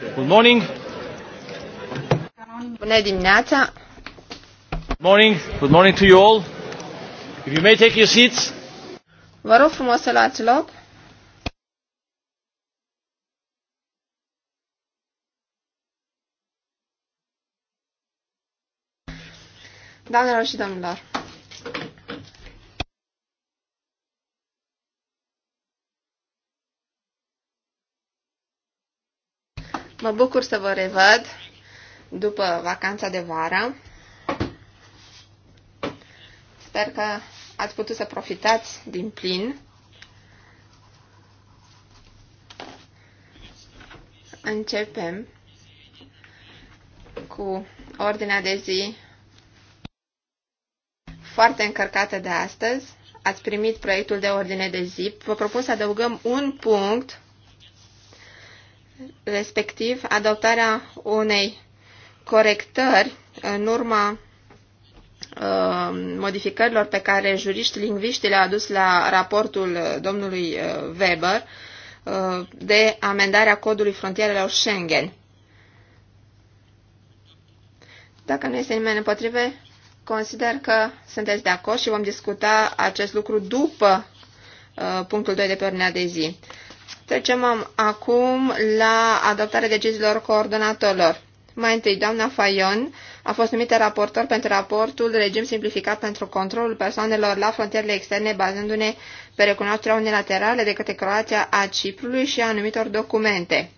Good morning. Bună dimineața. Good morning. Good morning to you all. If you may take your seats. Vă rog frumos să luați loc. Doamnelor și domnilor, Mă bucur să vă revăd după vacanța de vară. Sper că ați putut să profitați din plin. Începem cu ordinea de zi foarte încărcată de astăzi. Ați primit proiectul de ordine de zi. Vă propun să adăugăm un punct respectiv adoptarea unei corectări în urma uh, modificărilor pe care juriști lingviști le-au adus la raportul domnului uh, Weber uh, de amendarea codului frontierelor Schengen. Dacă nu este nimeni împotrive, consider că sunteți de acord și vom discuta acest lucru după punctul 2 de pe ordinea de zi. Trecem acum la adoptarea deciziilor coordonatorilor. Mai întâi, doamna Fayon a fost numită raportor pentru raportul Regim simplificat pentru controlul persoanelor la frontierele externe, bazându-ne pe recunoașterea unilaterală de către Croația a Ciprului și a anumitor documente.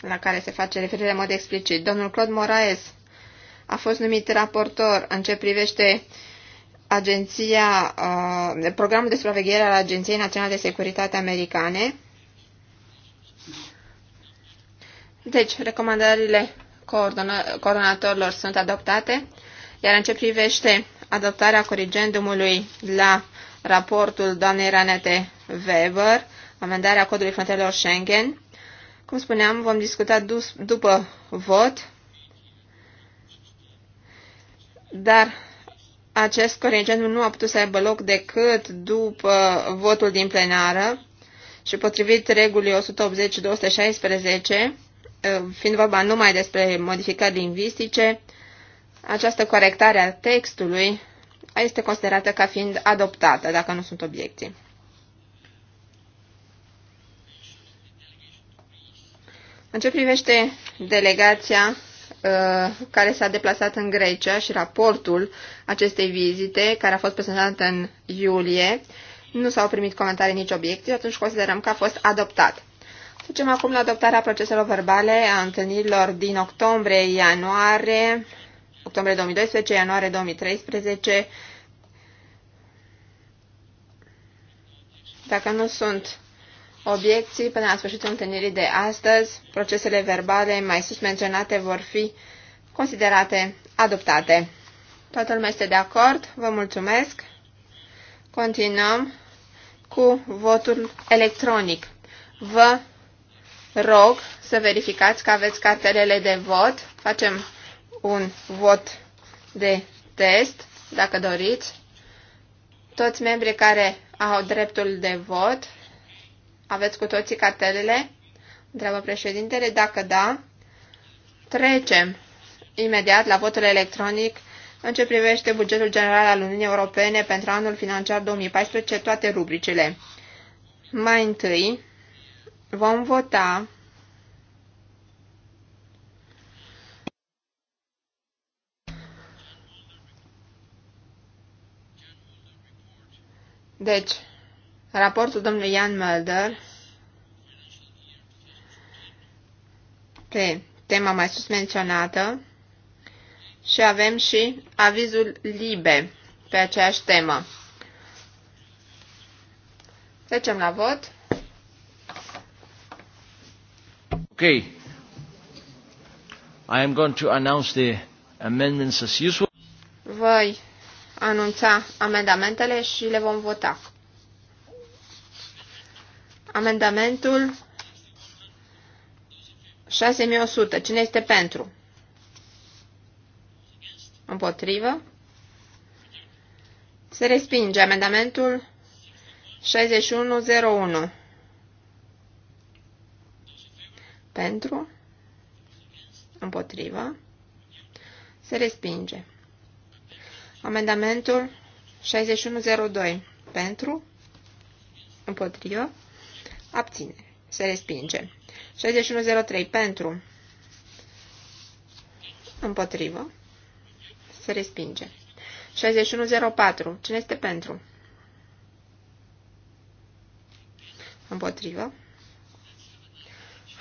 la care se face referire în mod explicit. Domnul Claude Moraes a fost numit raportor în ce privește uh, agenția, uh, programul de supraveghere al Agenției Naționale de Securitate Americane. Deci, recomandările coordonatorilor sunt adoptate, iar în ce privește adoptarea corigendumului la raportul doamnei Ranete Weber, amendarea codului frontelor Schengen, cum spuneam, vom discuta dus, după vot, dar acest coregentul nu a putut să aibă loc decât după votul din plenară și potrivit regulii 180-216, ă, fiind vorba numai despre modificări lingvistice, această corectare a textului este considerată ca fiind adoptată, dacă nu sunt obiecții. În ce privește delegația Uh, care s-a deplasat în Grecia și raportul acestei vizite, care a fost prezentat în iulie. Nu s-au primit comentarii nici obiecții, atunci considerăm că a fost adoptat. Trecem acum la adoptarea proceselor verbale a întâlnirilor din octombrie, ianuarie, octombrie 2012, ianuarie 2013. Dacă nu sunt obiecții până la sfârșitul întâlnirii de astăzi. Procesele verbale mai sus menționate vor fi considerate adoptate. Toată lumea este de acord. Vă mulțumesc. Continuăm cu votul electronic. Vă rog să verificați că aveți cartelele de vot. Facem un vot de test, dacă doriți. Toți membrii care au dreptul de vot aveți cu toții cartelele? Întreabă președintele. Dacă da, trecem imediat la votul electronic în ce privește bugetul general al Uniunii Europene pentru anul financiar 2014, toate rubricile. Mai întâi vom vota Deci, raportul domnului Ian Mulder pe tema mai sus menționată și avem și avizul LIBE pe aceeași temă. Trecem la vot. Ok. I am going to announce the amendments as usual. Voi anunța amendamentele și le vom vota. Amendamentul 6100. Cine este pentru? Împotrivă. Se respinge amendamentul 6101. Pentru. Împotrivă. Se respinge. Amendamentul 6102. Pentru. Împotrivă. Abține, Se respinge. 6103 pentru. Împotrivă. Se respinge. 6104. Cine este pentru? Împotrivă.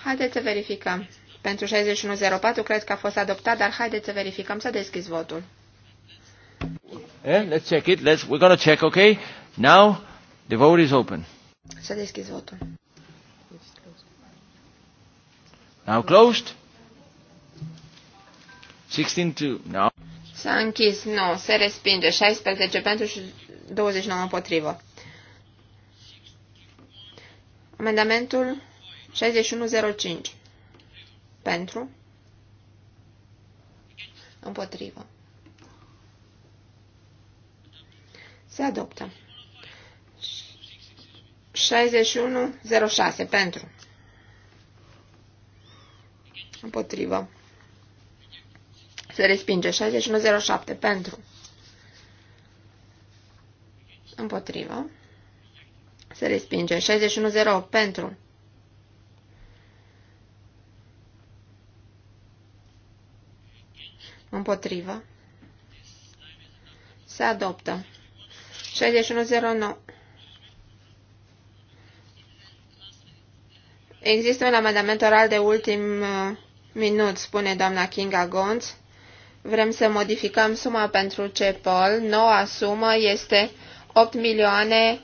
Haideți să verificăm. Pentru 6104 cred că a fost adoptat, dar haideți să verificăm să deschizi votul. Yeah, let's check it. Let's, we're going to check, okay? Now, the vote is open. Să deschizi votul. Now closed. 16 2 No. S-a închis, nu, No. se respinge, 16 pentru și 29 împotrivă. Amendamentul 6105. Pentru. Împotrivă. Se adoptă. 6106 pentru. Împotrivă. Se respinge. 6107 pentru. Împotrivă. Se respinge. 6108 pentru. Împotrivă. Se adoptă. 6109 Există un amendament oral de ultim uh, minut, spune doamna Kinga Gonț. Vrem să modificăm suma pentru CEPOL. Noua sumă este 8 milioane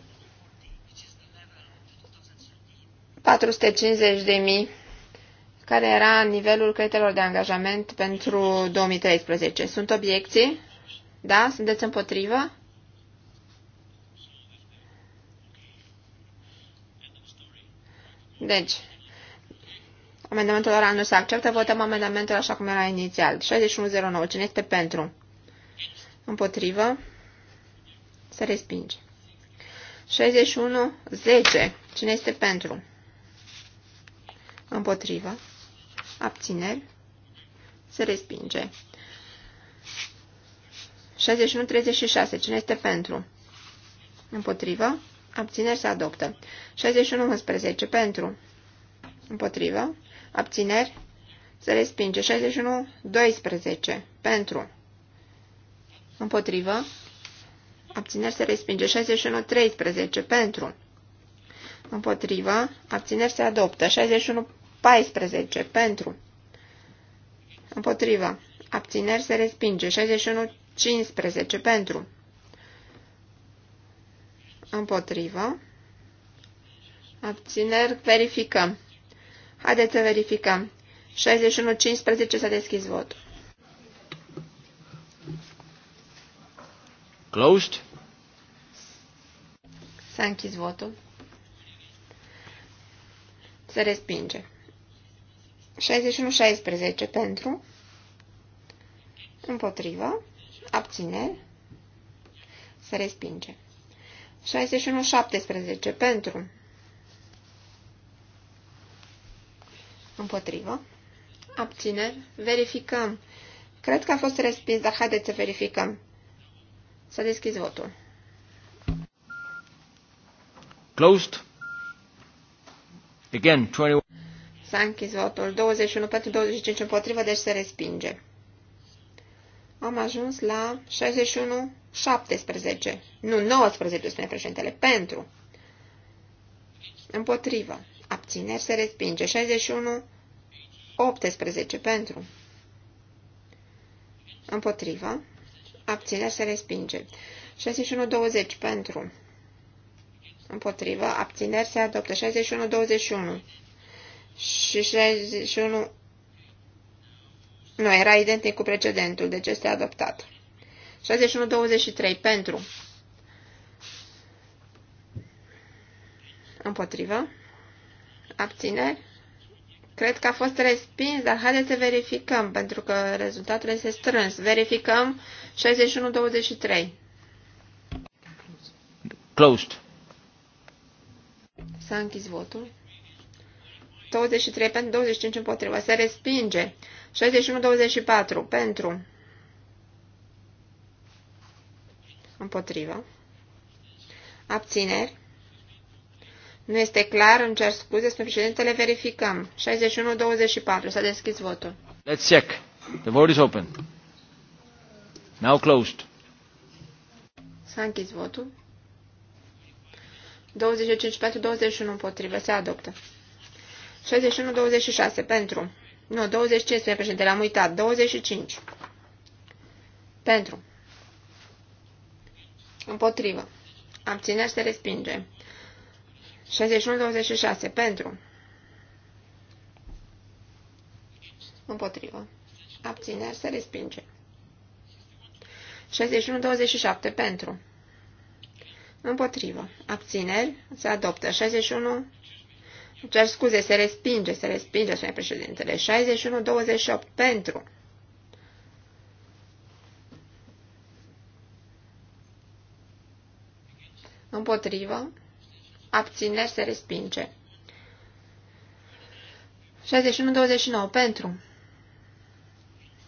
450 de mii, care era nivelul creditelor de angajament pentru 2013. Sunt obiecții? Da? Sunteți împotrivă? Deci, Amendamentul oral nu se acceptă. Votăm amendamentul așa cum era inițial. 6109. Cine este pentru? Împotrivă. Se respinge. 6110. Cine este pentru? Împotrivă. Abțineri. Se respinge. 6136. Cine este pentru? Împotrivă. Abțineri se adoptă. 6111. Pentru. Împotrivă abțineri, se respinge. 61, 12, pentru, împotrivă, abțineri, se respinge. 61, 13, pentru, împotrivă, abțineri, se adoptă. 61, 14, pentru, împotrivă, abțineri, se respinge. 61, 15, pentru, împotrivă, Abțineri verificăm. Haideți să verificăm. 61-15 s-a deschis votul. Closed. S-a închis votul. Se respinge. 61-16 pentru. Împotrivă. Abține. Se respinge. 61-17 pentru. Împotrivă. Abțineri. Verificăm. Cred că a fost respins, dar haideți să verificăm. Să deschizi votul. Closed. Again, 21. S-a închis votul. 21 pentru 25 împotrivă, deci se respinge. Am ajuns la 61, 17. Nu, 19, spune președintele. Pentru. Împotrivă abțineri se respinge. 61, 18 pentru, împotrivă, abțineri se respinge. 61, 20 pentru, împotrivă, abțineri se adoptă. 61, 21 și 61, nu, era identic cu precedentul, deci este adoptat. 61-23 pentru. Împotrivă. Abțineri? Cred că a fost respins, dar haideți să verificăm, pentru că rezultatul este strâns. Verificăm 61-23. Closed. S-a închis votul. 23 pentru 25 împotriva. Se respinge. 61-24 pentru. Împotriva. Abțineri. Nu este clar, îmi cer scuze, sunt președintele, verificăm. 61-24, s-a deschis votul. Let's check. The vote is open. Now closed. S-a închis votul. 25 21 împotrivă. Se adoptă. 61-26 pentru. Nu, 25, spune președintele, am uitat. 25. Pentru. Împotrivă. Abțineri se respinge. 61-26. Pentru. Împotrivă. Abțineri se respinge. 61-27. Pentru. Împotrivă. Abțineri se adoptă. 61. Cer scuze, se respinge, se respinge, spune președintele. 61-28. Pentru. Împotrivă abțineri se respinge. 61-29 pentru,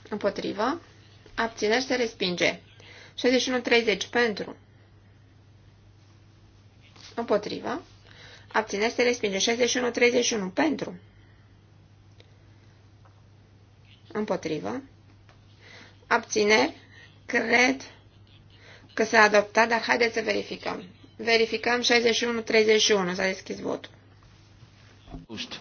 împotrivă, abțineri se respinge. 61-30 pentru, împotrivă, abțineri se respinge. 61-31 pentru, împotrivă, abțineri, cred că s-a adoptat, dar haideți să verificăm. Verificăm 61-31. S-a deschis votul. Ust.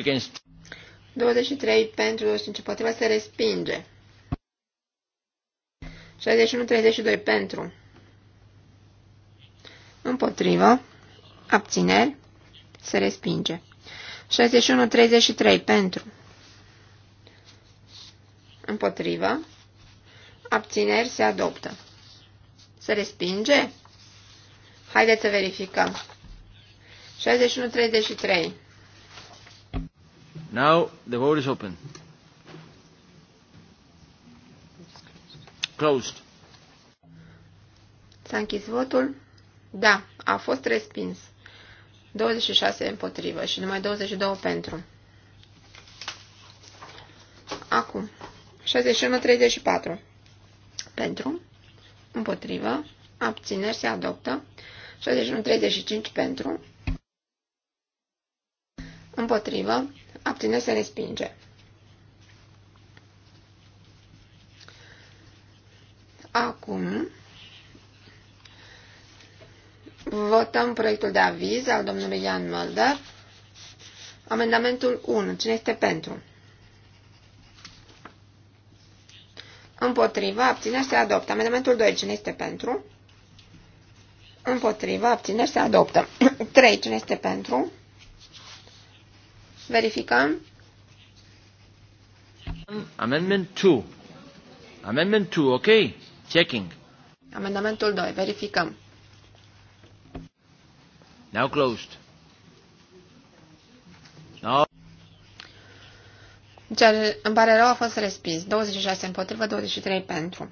against 23 pentru 25 potriva se respinge. 61-32 pentru. Împotrivă. Abțineri. Se respinge. 61-33 pentru. Împotrivă. Abțineri se adoptă. Se respinge? Haideți să verificăm. 61-33. Now the vote is open. Closed. S-a închis votul? Da, a fost respins. 26 împotrivă și numai 22 pentru. Acum. 61-34 pentru, împotrivă, abțineri se adoptă, 61-35 pentru, împotrivă, abțineri se respinge. Acum votăm proiectul de aviz al domnului Ian Mulder. Amendamentul 1. Cine este pentru? Împotrivă, abțineri, se adoptă. Amendamentul 2, cine este pentru? Împotrivă, abțineri, se adoptă. 3, cine este pentru? Verificăm. Amendment 2. Amendment 2, ok? Checking. Amendamentul 2, verificăm. Now closed. Now cel deci, îmi pare rău a fost respins. 26 împotrivă, 23 pentru.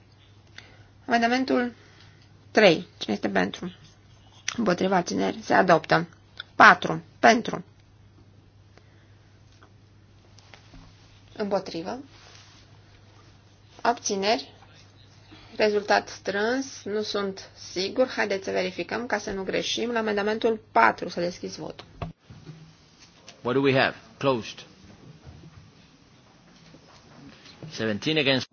Amendamentul 3. Cine este pentru? Împotriva țineri. Se adoptă. 4. Pentru. Împotrivă. Abțineri. Rezultat strâns. Nu sunt sigur. Haideți să verificăm ca să nu greșim. La amendamentul 4 să deschis votul. What do we have? Closed. 17 against.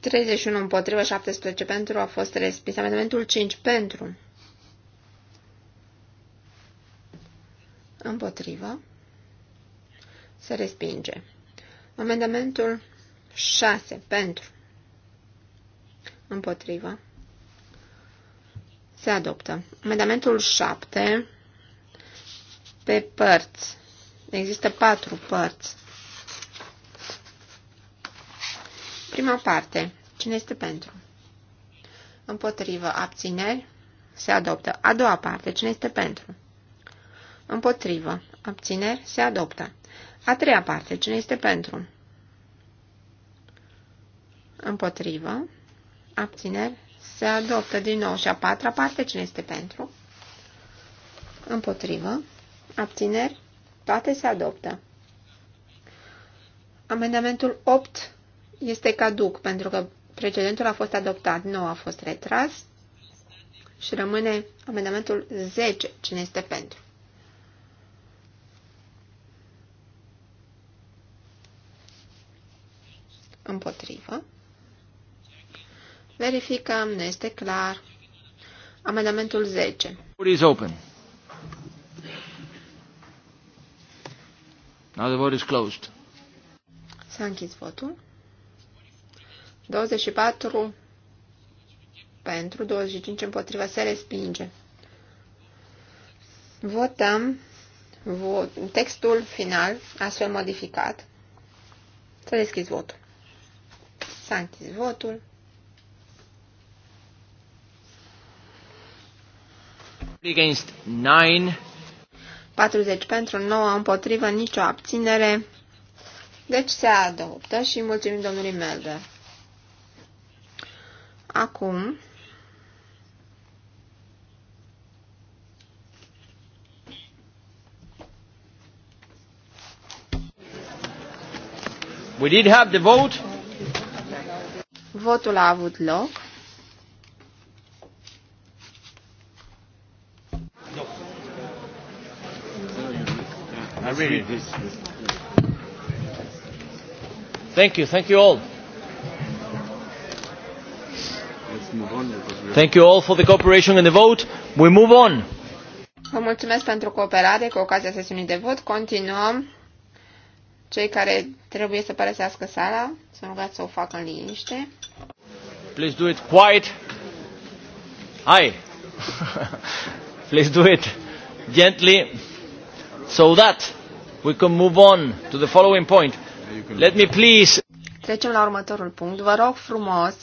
31 împotrivă, 17 pentru, a fost respins. Amendamentul 5 pentru. Împotrivă. Se respinge. Amendamentul 6 pentru. Împotrivă. Se adoptă. Amendamentul 7 pe părți. Există patru părți. Prima parte. Cine este pentru? Împotrivă. Abțineri. Se adoptă. A doua parte. Cine este pentru? Împotrivă. Abțineri. Se adoptă. A treia parte. Cine este pentru? Împotrivă. Abțineri. Se adoptă din nou. Și a patra parte. Cine este pentru? Împotrivă. Abțineri. Toate se adoptă. Amendamentul 8 este caduc pentru că precedentul a fost adoptat, nu a fost retras și rămâne amendamentul 10. Cine este pentru? Împotrivă. Verificăm, nu este clar. Amendamentul 10. Vote is open. Now the vote is closed. S-a închis votul. 24 pentru, 25 împotriva, se respinge. Votăm vot, textul final, astfel modificat. Să deschizi votul. Să închizi votul. Against 9. 40 pentru 9 împotrivă, nicio abținere. Deci se adoptă și mulțumim domnului Melder acum We did have the vote. Votul a avut loc. Thank you, thank you all. Thank you all for the cooperation and the vote. We move on. Vă mulțumesc pentru cooperare cu ocazia sesiunii de vot. Continuăm. Cei care trebuie să părăsească sala, să rugați să o facă în liniște. Please do it quiet. Hai! Please do it gently so that we can move on to the following point. Let me please... Trecem la următorul punct. Vă rog frumos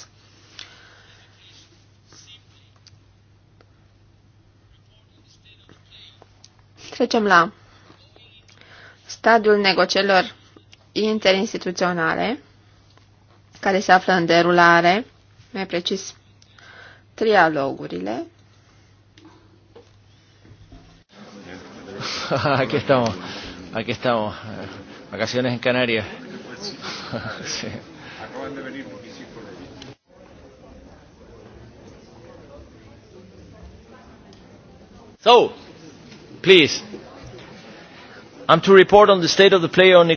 Trecem la stadiul negocierilor interinstituționale, care se află în derulare, mai precis, trialogurile. Aquí estamos, aquí estamos, eh, vacaciones en Canarias. sí. So, Please. Am to report on the state of the play on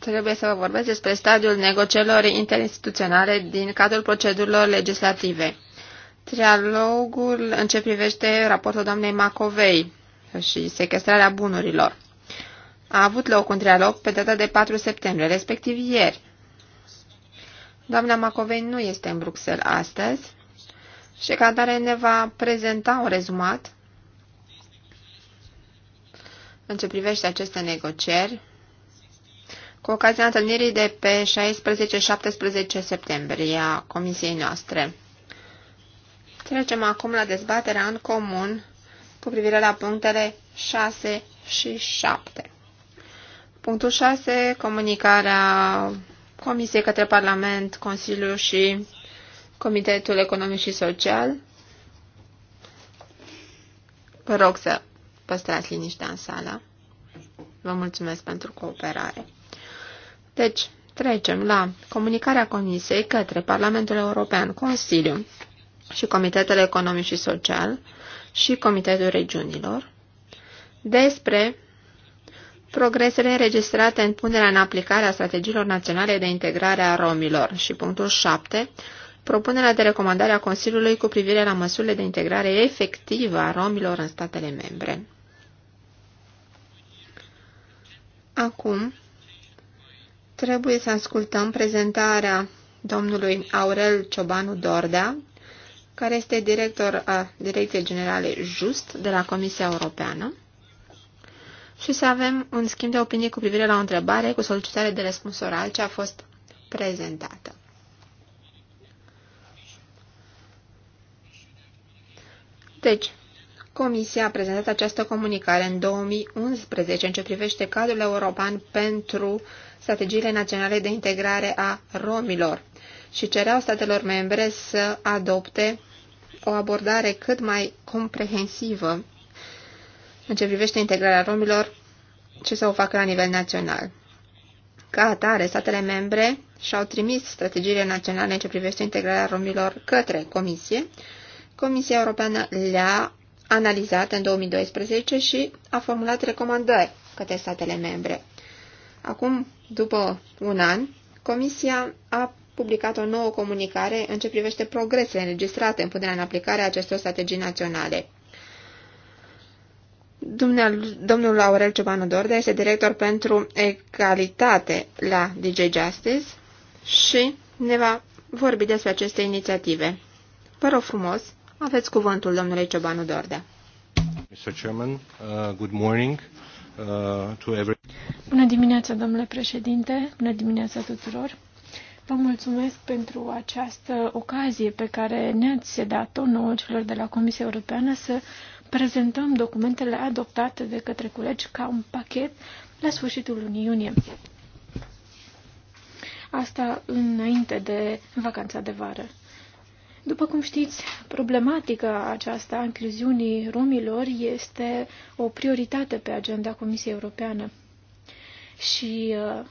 Trebuie să vă vorbesc despre stadiul negocierilor interinstituționale din cadrul procedurilor legislative. Trialogul în ce privește raportul doamnei Macovei și sequestrarea bunurilor. A avut loc un trialog pe data de 4 septembrie, respectiv ieri. Doamna Macovei nu este în Bruxelles astăzi și ca tare ne va prezenta un rezumat în ce privește aceste negocieri cu ocazia întâlnirii de pe 16-17 septembrie a comisiei noastre. Trecem acum la dezbaterea în comun cu privire la punctele 6 și 7. Punctul 6, comunicarea Comisiei către Parlament, Consiliu și Comitetul Economic și Social. Vă rog să păstrați liniștea în sală. Vă mulțumesc pentru cooperare. Deci, trecem la comunicarea Comisiei către Parlamentul European, Consiliu și Comitetul Economic și Social și Comitetul Regiunilor despre progresele înregistrate în punerea în aplicare a strategiilor naționale de integrare a romilor și punctul 7, propunerea de recomandare a Consiliului cu privire la măsurile de integrare efectivă a romilor în statele membre. Acum trebuie să ascultăm prezentarea domnului Aurel Ciobanu Dordea, care este director a Direcției Generale Just de la Comisia Europeană, și să avem un schimb de opinie cu privire la o întrebare cu solicitare de răspuns oral ce a fost prezentată. Deci, Comisia a prezentat această comunicare în 2011 în ce privește cadrul european pentru strategiile naționale de integrare a romilor și cereau statelor membre să adopte o abordare cât mai comprehensivă în ce privește integrarea romilor ce să o facă la nivel național. Ca atare, statele membre și-au trimis strategiile naționale în ce privește integrarea romilor către Comisie. Comisia Europeană le-a analizat în 2012 și a formulat recomandări către statele membre. Acum, după un an, Comisia a publicat o nouă comunicare în ce privește progresele înregistrate în punerea în aplicare a acestor strategii naționale. Domnul Aurel Ciobanu Dorda este director pentru egalitate la DJ Justice și ne va vorbi despre aceste inițiative. Vă rog frumos aveți cuvântul, domnule Ciobanu Dordea. Mr. Chairman, uh, good morning uh, to every... Bună dimineața, domnule președinte, bună dimineața tuturor. Vă mulțumesc pentru această ocazie pe care ne-ați dat-o nouă celor de la Comisia Europeană să prezentăm documentele adoptate de către colegi ca un pachet la sfârșitul lunii iunie. Asta înainte de vacanța de vară. După cum știți, problematica aceasta a incluziunii romilor este o prioritate pe agenda Comisiei Europeană. Și uh,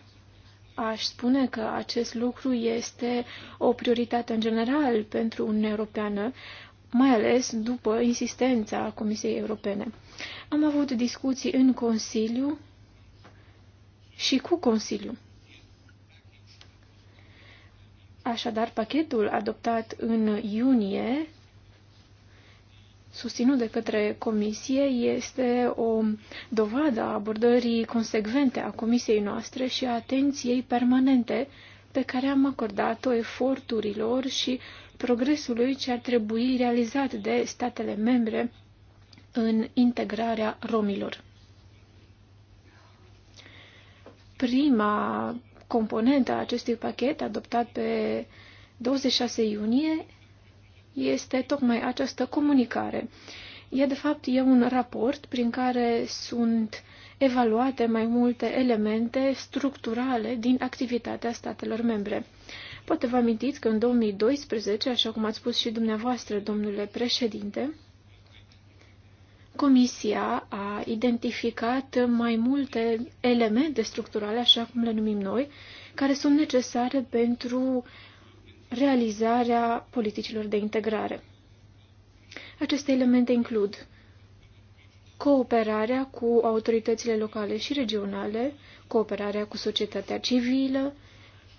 aș spune că acest lucru este o prioritate în general pentru Uniunea Europeană, mai ales după insistența Comisiei Europene. Am avut discuții în Consiliu și cu Consiliu. Așadar, pachetul adoptat în iunie, susținut de către Comisie, este o dovadă a abordării consecvente a Comisiei noastre și a atenției permanente pe care am acordat-o eforturilor și progresului ce ar trebui realizat de statele membre în integrarea romilor. Prima componentă a acestui pachet adoptat pe 26 iunie este tocmai această comunicare. E, de fapt, e un raport prin care sunt evaluate mai multe elemente structurale din activitatea statelor membre. Poate vă amintiți că în 2012, așa cum ați spus și dumneavoastră, domnule președinte, Comisia a identificat mai multe elemente structurale, așa cum le numim noi, care sunt necesare pentru realizarea politicilor de integrare. Aceste elemente includ cooperarea cu autoritățile locale și regionale, cooperarea cu societatea civilă,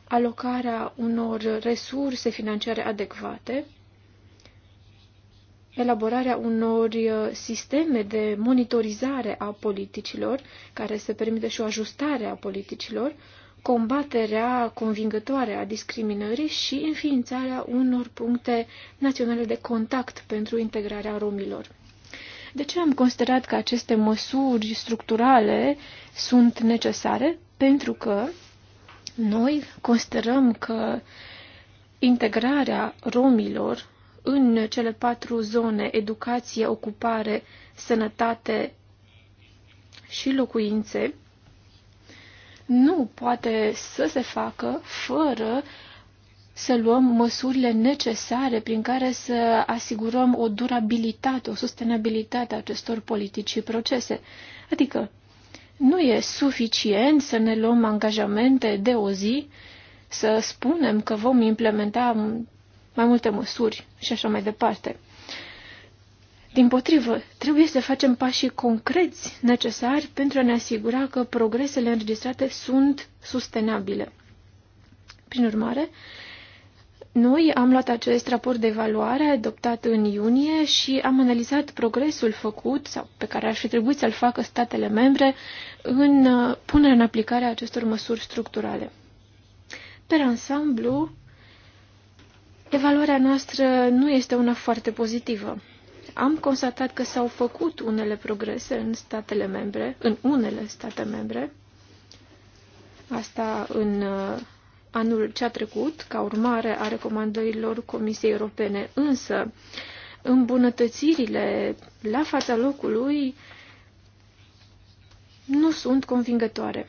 alocarea unor resurse financiare adecvate, elaborarea unor uh, sisteme de monitorizare a politicilor, care se permite și o ajustare a politicilor, combaterea convingătoare a discriminării și înființarea unor puncte naționale de contact pentru integrarea romilor. De ce am considerat că aceste măsuri structurale sunt necesare? Pentru că noi considerăm că integrarea romilor în cele patru zone, educație, ocupare, sănătate și locuințe, nu poate să se facă fără să luăm măsurile necesare prin care să asigurăm o durabilitate, o sustenabilitate a acestor politici și procese. Adică, nu e suficient să ne luăm angajamente de o zi, să spunem că vom implementa mai multe măsuri și așa mai departe. Din potrivă, trebuie să facem pașii concreți necesari pentru a ne asigura că progresele înregistrate sunt sustenabile. Prin urmare, noi am luat acest raport de evaluare adoptat în iunie și am analizat progresul făcut sau pe care ar fi trebuit să-l facă statele membre în uh, punerea în aplicare a acestor măsuri structurale. Per ansamblu, Evaluarea noastră nu este una foarte pozitivă. Am constatat că s-au făcut unele progrese în statele membre, în unele state membre, asta în uh, anul ce a trecut, ca urmare a recomandărilor Comisiei Europene, însă îmbunătățirile la fața locului nu sunt convingătoare.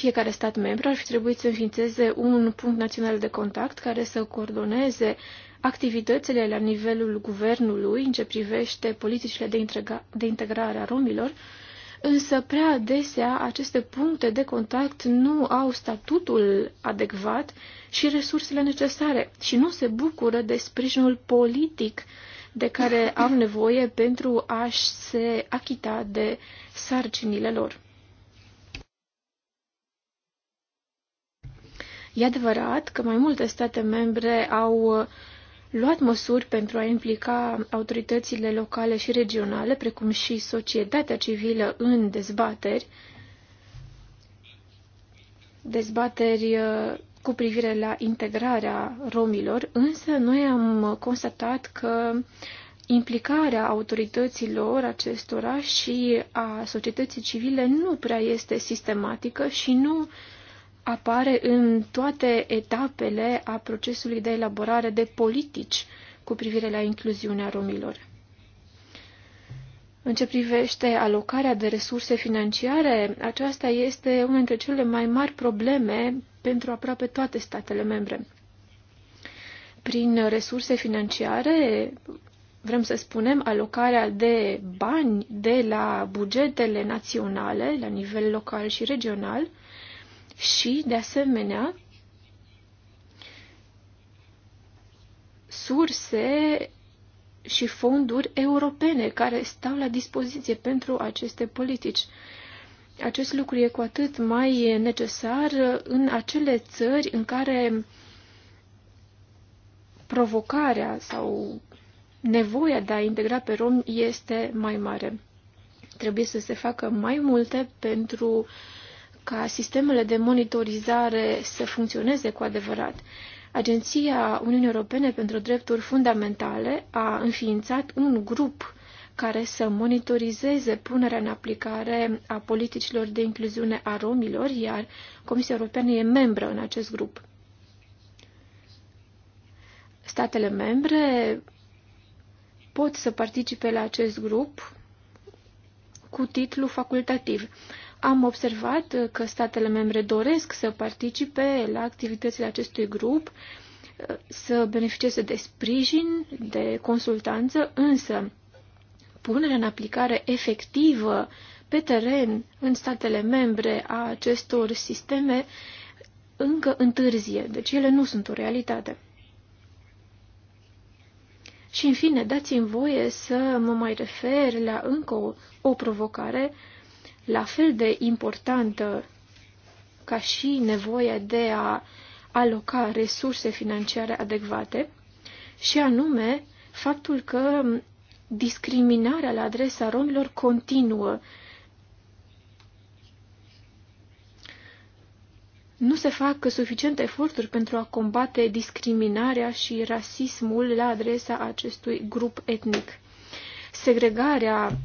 Fiecare stat membru ar fi trebuit să înființeze un punct național de contact care să coordoneze activitățile la nivelul guvernului în ce privește politicile de, integra- de integrare a romilor, însă prea adesea aceste puncte de contact nu au statutul adecvat și resursele necesare și nu se bucură de sprijinul politic de care au nevoie pentru a-și se achita de sarcinile lor. E adevărat că mai multe state membre au uh, luat măsuri pentru a implica autoritățile locale și regionale, precum și societatea civilă în dezbateri, dezbateri uh, cu privire la integrarea romilor, însă noi am constatat că implicarea autorităților acestora și a societății civile nu prea este sistematică și nu apare în toate etapele a procesului de elaborare de politici cu privire la incluziunea romilor. În ce privește alocarea de resurse financiare, aceasta este una dintre cele mai mari probleme pentru aproape toate statele membre. Prin resurse financiare, vrem să spunem, alocarea de bani de la bugetele naționale, la nivel local și regional, și, de asemenea, surse și fonduri europene care stau la dispoziție pentru aceste politici. Acest lucru e cu atât mai necesar în acele țări în care provocarea sau nevoia de a integra pe romi este mai mare. Trebuie să se facă mai multe pentru ca sistemele de monitorizare să funcționeze cu adevărat, Agenția Uniunii Europene pentru Drepturi Fundamentale a înființat un grup care să monitorizeze punerea în aplicare a politicilor de incluziune a romilor, iar Comisia Europeană e membră în acest grup. Statele membre pot să participe la acest grup cu titlu facultativ. Am observat că statele membre doresc să participe la activitățile acestui grup, să beneficieze de sprijin, de consultanță, însă punerea în aplicare efectivă pe teren în statele membre a acestor sisteme încă întârzie, deci ele nu sunt o realitate. Și în fine, dați-mi voie să mă mai refer la încă o, o provocare la fel de importantă ca și nevoia de a aloca resurse financiare adecvate, și anume faptul că discriminarea la adresa romilor continuă. Nu se fac suficiente eforturi pentru a combate discriminarea și rasismul la adresa acestui grup etnic. Segregarea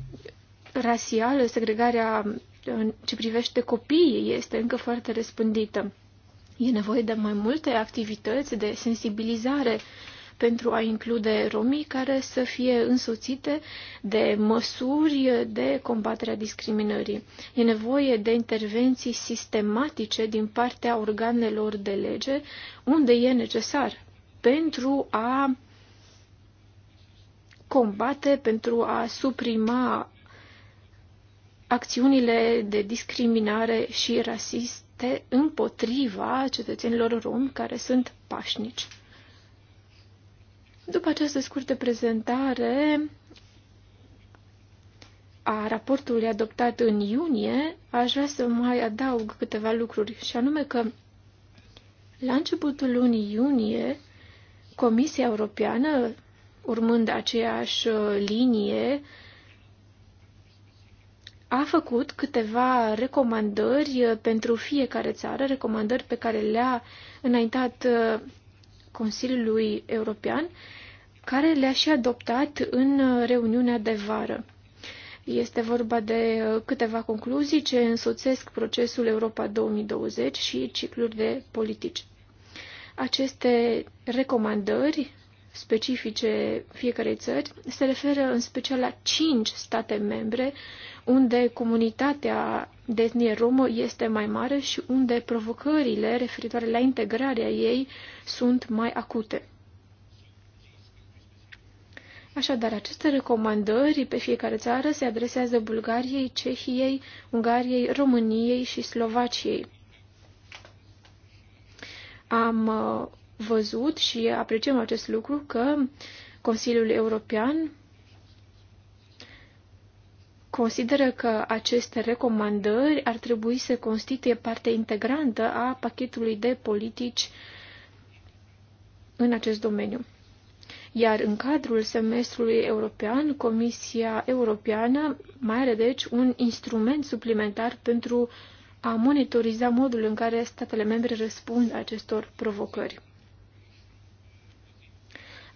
rasială, segregarea în ce privește copiii este încă foarte răspândită. E nevoie de mai multe activități de sensibilizare pentru a include romii care să fie însoțite de măsuri de combatere a discriminării. E nevoie de intervenții sistematice din partea organelor de lege unde e necesar pentru a combate, pentru a suprima acțiunile de discriminare și rasiste împotriva cetățenilor romi care sunt pașnici. După această scurtă prezentare a raportului adoptat în iunie, aș vrea să mai adaug câteva lucruri, și anume că la începutul lunii iunie, Comisia Europeană, urmând aceeași linie a făcut câteva recomandări uh, pentru fiecare țară, recomandări pe care le-a înaintat uh, Consiliului European, care le-a și adoptat în uh, reuniunea de vară. Este vorba de câteva concluzii ce însoțesc procesul Europa 2020 și cicluri de politici. Aceste recomandări specifice fiecarei țări se referă în special la cinci state membre unde comunitatea de etnie romă este mai mare și unde provocările referitoare la integrarea ei sunt mai acute. Așadar, aceste recomandări pe fiecare țară se adresează Bulgariei, Cehiei, Ungariei, României și Slovaciei. Am uh, văzut și apreciem acest lucru că Consiliul European consideră că aceste recomandări ar trebui să constituie parte integrantă a pachetului de politici în acest domeniu. Iar în cadrul semestrului european, Comisia Europeană mai are deci un instrument suplimentar pentru a monitoriza modul în care statele membre răspund acestor provocări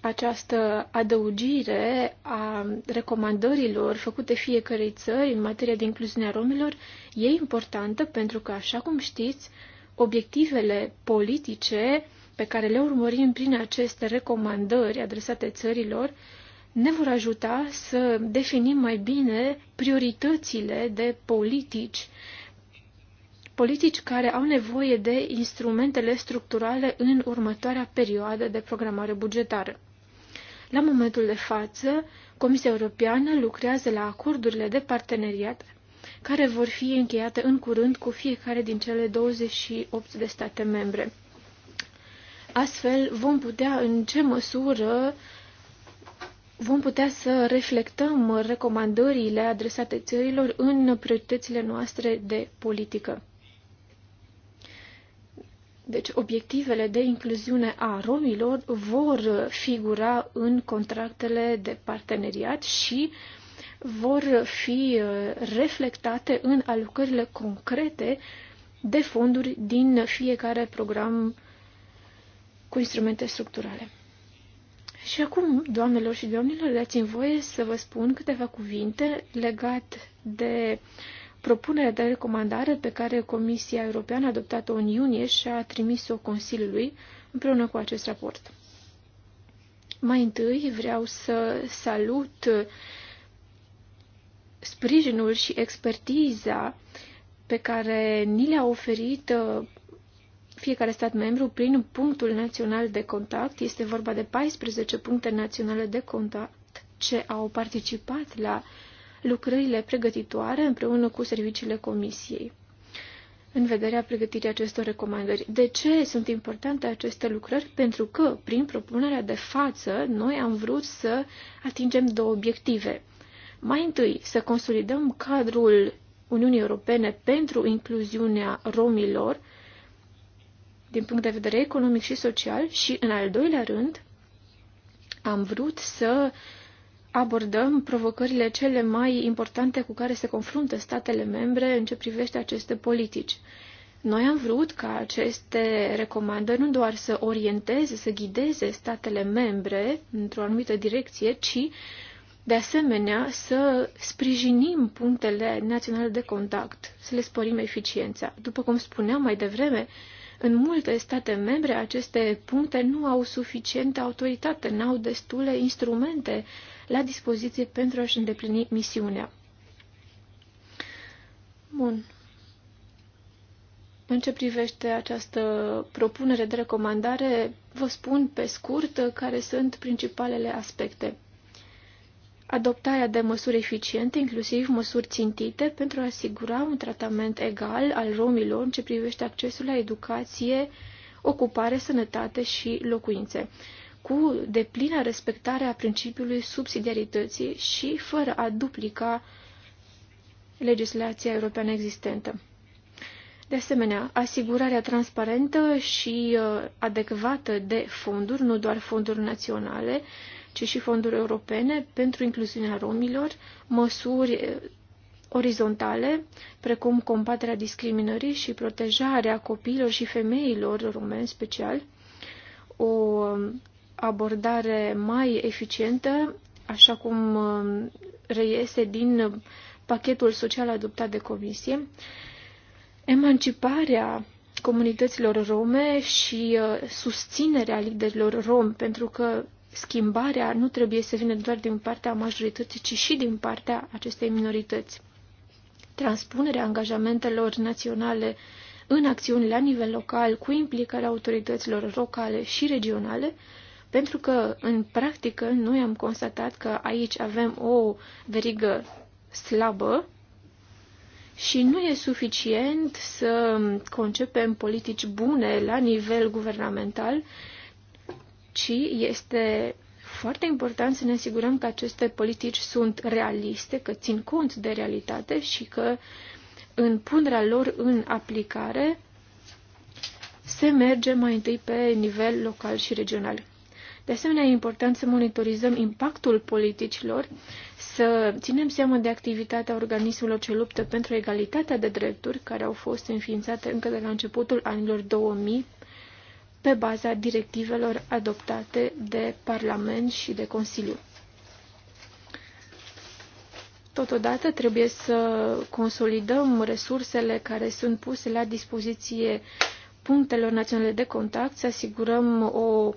această adăugire a recomandărilor făcute fiecarei țări în materie de incluziunea a romilor e importantă pentru că, așa cum știți, obiectivele politice pe care le urmărim prin aceste recomandări adresate țărilor ne vor ajuta să definim mai bine prioritățile de politici, politici care au nevoie de instrumentele structurale în următoarea perioadă de programare bugetară. La momentul de față, Comisia Europeană lucrează la acordurile de parteneriat care vor fi încheiate în curând cu fiecare din cele 28 de state membre. Astfel, vom putea în ce măsură vom putea să reflectăm recomandările adresate țărilor în prioritățile noastre de politică. Deci obiectivele de incluziune a romilor vor figura în contractele de parteneriat și vor fi uh, reflectate în alocările concrete de fonduri din fiecare program cu instrumente structurale. Și acum, doamnelor și domnilor, dați-mi voie să vă spun câteva cuvinte legat de uh, Propunerea de recomandare pe care Comisia Europeană a adoptat-o în iunie și a trimis-o Consiliului împreună cu acest raport. Mai întâi vreau să salut sprijinul și expertiza pe care ni le-a oferit uh, fiecare stat membru prin punctul național de contact. Este vorba de 14 puncte naționale de contact ce au participat la lucrările pregătitoare împreună cu serviciile comisiei în vederea pregătirii acestor recomandări. De ce sunt importante aceste lucrări? Pentru că, prin propunerea de față, noi am vrut să atingem două obiective. Mai întâi, să consolidăm cadrul Uniunii Europene pentru incluziunea romilor din punct de vedere economic și social și, în al doilea rând, am vrut să uh, abordăm provocările cele mai importante cu care se confruntă statele membre în ce privește aceste politici. Noi am vrut ca aceste recomandări nu doar să orienteze, să ghideze statele membre într-o anumită direcție, ci de asemenea să sprijinim punctele naționale de contact, să le sporim eficiența. După cum spuneam mai devreme, în multe state membre aceste puncte nu au suficientă autoritate, nu au destule instrumente la dispoziție pentru a-și îndeplini misiunea. Bun. În ce privește această propunere de recomandare, vă spun pe scurt care sunt principalele aspecte. Adoptarea de măsuri eficiente, inclusiv măsuri țintite, pentru a asigura un tratament egal al romilor în ce privește accesul la educație, ocupare, sănătate și locuințe cu deplină respectare a principiului subsidiarității și fără a duplica legislația europeană existentă. De asemenea, asigurarea transparentă și uh, adecvată de fonduri, nu doar fonduri naționale, ci și fonduri europene pentru incluziunea romilor, măsuri uh, orizontale, precum combaterea discriminării și protejarea copiilor și femeilor în special, o um, abordare mai eficientă, așa cum uh, reiese din pachetul social adoptat de comisie, emanciparea comunităților rome și uh, susținerea liderilor rom, pentru că schimbarea nu trebuie să vină doar din partea majorității, ci și din partea acestei minorități. Transpunerea angajamentelor naționale în acțiuni la nivel local, cu implicarea autorităților locale și regionale, pentru că, în practică, noi am constatat că aici avem o verigă slabă și nu e suficient să concepem politici bune la nivel guvernamental, ci este foarte important să ne asigurăm că aceste politici sunt realiste, că țin cont de realitate și că în punerea lor în aplicare se merge mai întâi pe nivel local și regional. De asemenea, e important să monitorizăm impactul politicilor, să ținem seama de activitatea organismelor ce luptă pentru egalitatea de drepturi, care au fost înființate încă de la începutul anilor 2000, pe baza directivelor adoptate de Parlament și de Consiliu. Totodată trebuie să consolidăm resursele care sunt puse la dispoziție punctelor naționale de contact, să asigurăm o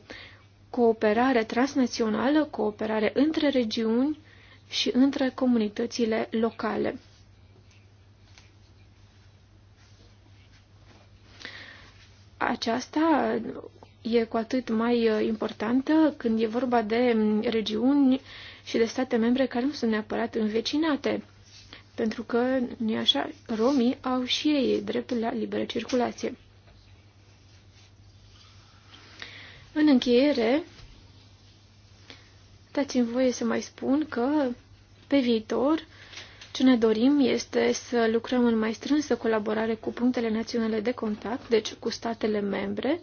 cooperare transnațională, cooperare între regiuni și între comunitățile locale. Aceasta e cu atât mai uh, importantă când e vorba de mm, regiuni și de state membre care nu sunt neapărat învecinate. Pentru că, nu așa, romii au și ei dreptul la liberă circulație. În încheiere, dați-mi voie să mai spun că pe viitor ce ne dorim este să lucrăm în mai strânsă colaborare cu punctele naționale de contact, deci cu statele membre,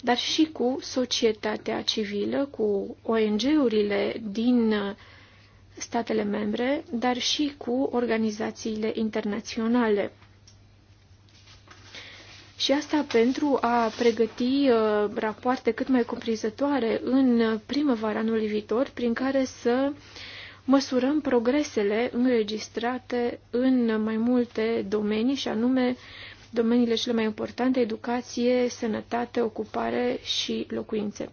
dar și cu societatea civilă, cu ONG-urile din statele membre, dar și cu organizațiile internaționale. Și asta pentru a pregăti uh, rapoarte cât mai cuprinzătoare în primăvara anului viitor, prin care să măsurăm progresele înregistrate în mai multe domenii, și anume domeniile cele mai importante, educație, sănătate, ocupare și locuințe.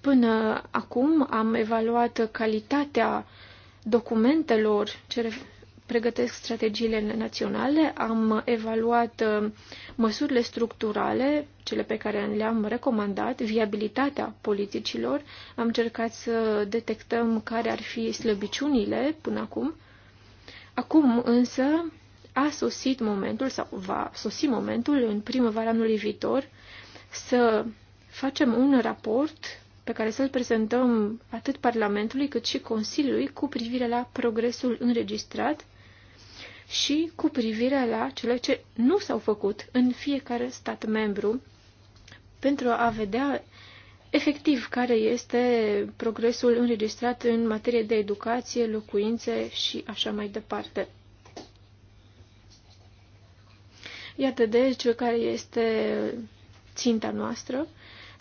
Până acum am evaluat calitatea documentelor ce pregătesc strategiile naționale, am evaluat uh, măsurile structurale, cele pe care le-am recomandat, viabilitatea politicilor, am încercat să detectăm care ar fi slăbiciunile până acum. Acum însă a sosit momentul, sau va sosi momentul în primăvara anului viitor, să facem un raport pe care să-l prezentăm atât Parlamentului cât și Consiliului cu privire la progresul înregistrat și cu privire la cele ce nu s-au făcut în fiecare stat membru pentru a vedea efectiv care este progresul înregistrat în materie de educație, locuințe și așa mai departe. Iată deci care este ținta noastră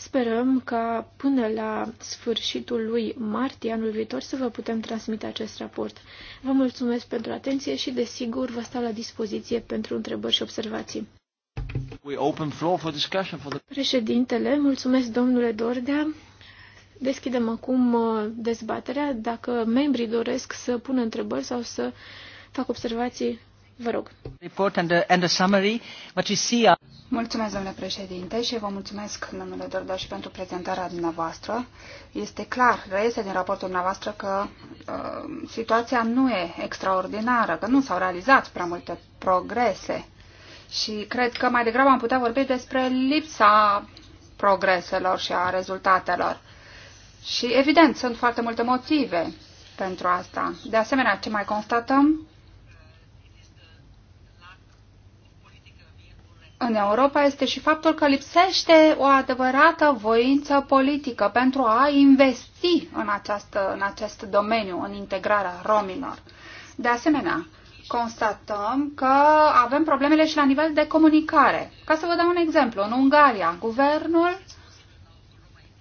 Sperăm ca până la sfârșitul lui martie anul viitor să vă putem transmite acest raport. Vă mulțumesc pentru atenție și, desigur, vă stau la dispoziție pentru întrebări și observații. We open floor for discussion for the... Președintele, mulțumesc domnule Dordea. Deschidem acum uh, dezbaterea. Dacă membrii doresc să pună întrebări sau să fac observații, vă rog. Report and and summary, what you see are... Mulțumesc, domnule președinte, și vă mulțumesc, domnule Dorda, și pentru prezentarea dumneavoastră. Este clar, reiese din raportul dumneavoastră că uh, situația nu e extraordinară, că nu s-au realizat prea multe progrese și cred că mai degrabă am putea vorbi despre lipsa progreselor și a rezultatelor. Și evident, sunt foarte multe motive pentru asta. De asemenea, ce mai constatăm în Europa este și faptul că lipsește o adevărată voință politică pentru a investi în, această, în acest domeniu, în integrarea romilor. De asemenea, constatăm că avem problemele și la nivel de comunicare. Ca să vă dau un exemplu, în Ungaria, guvernul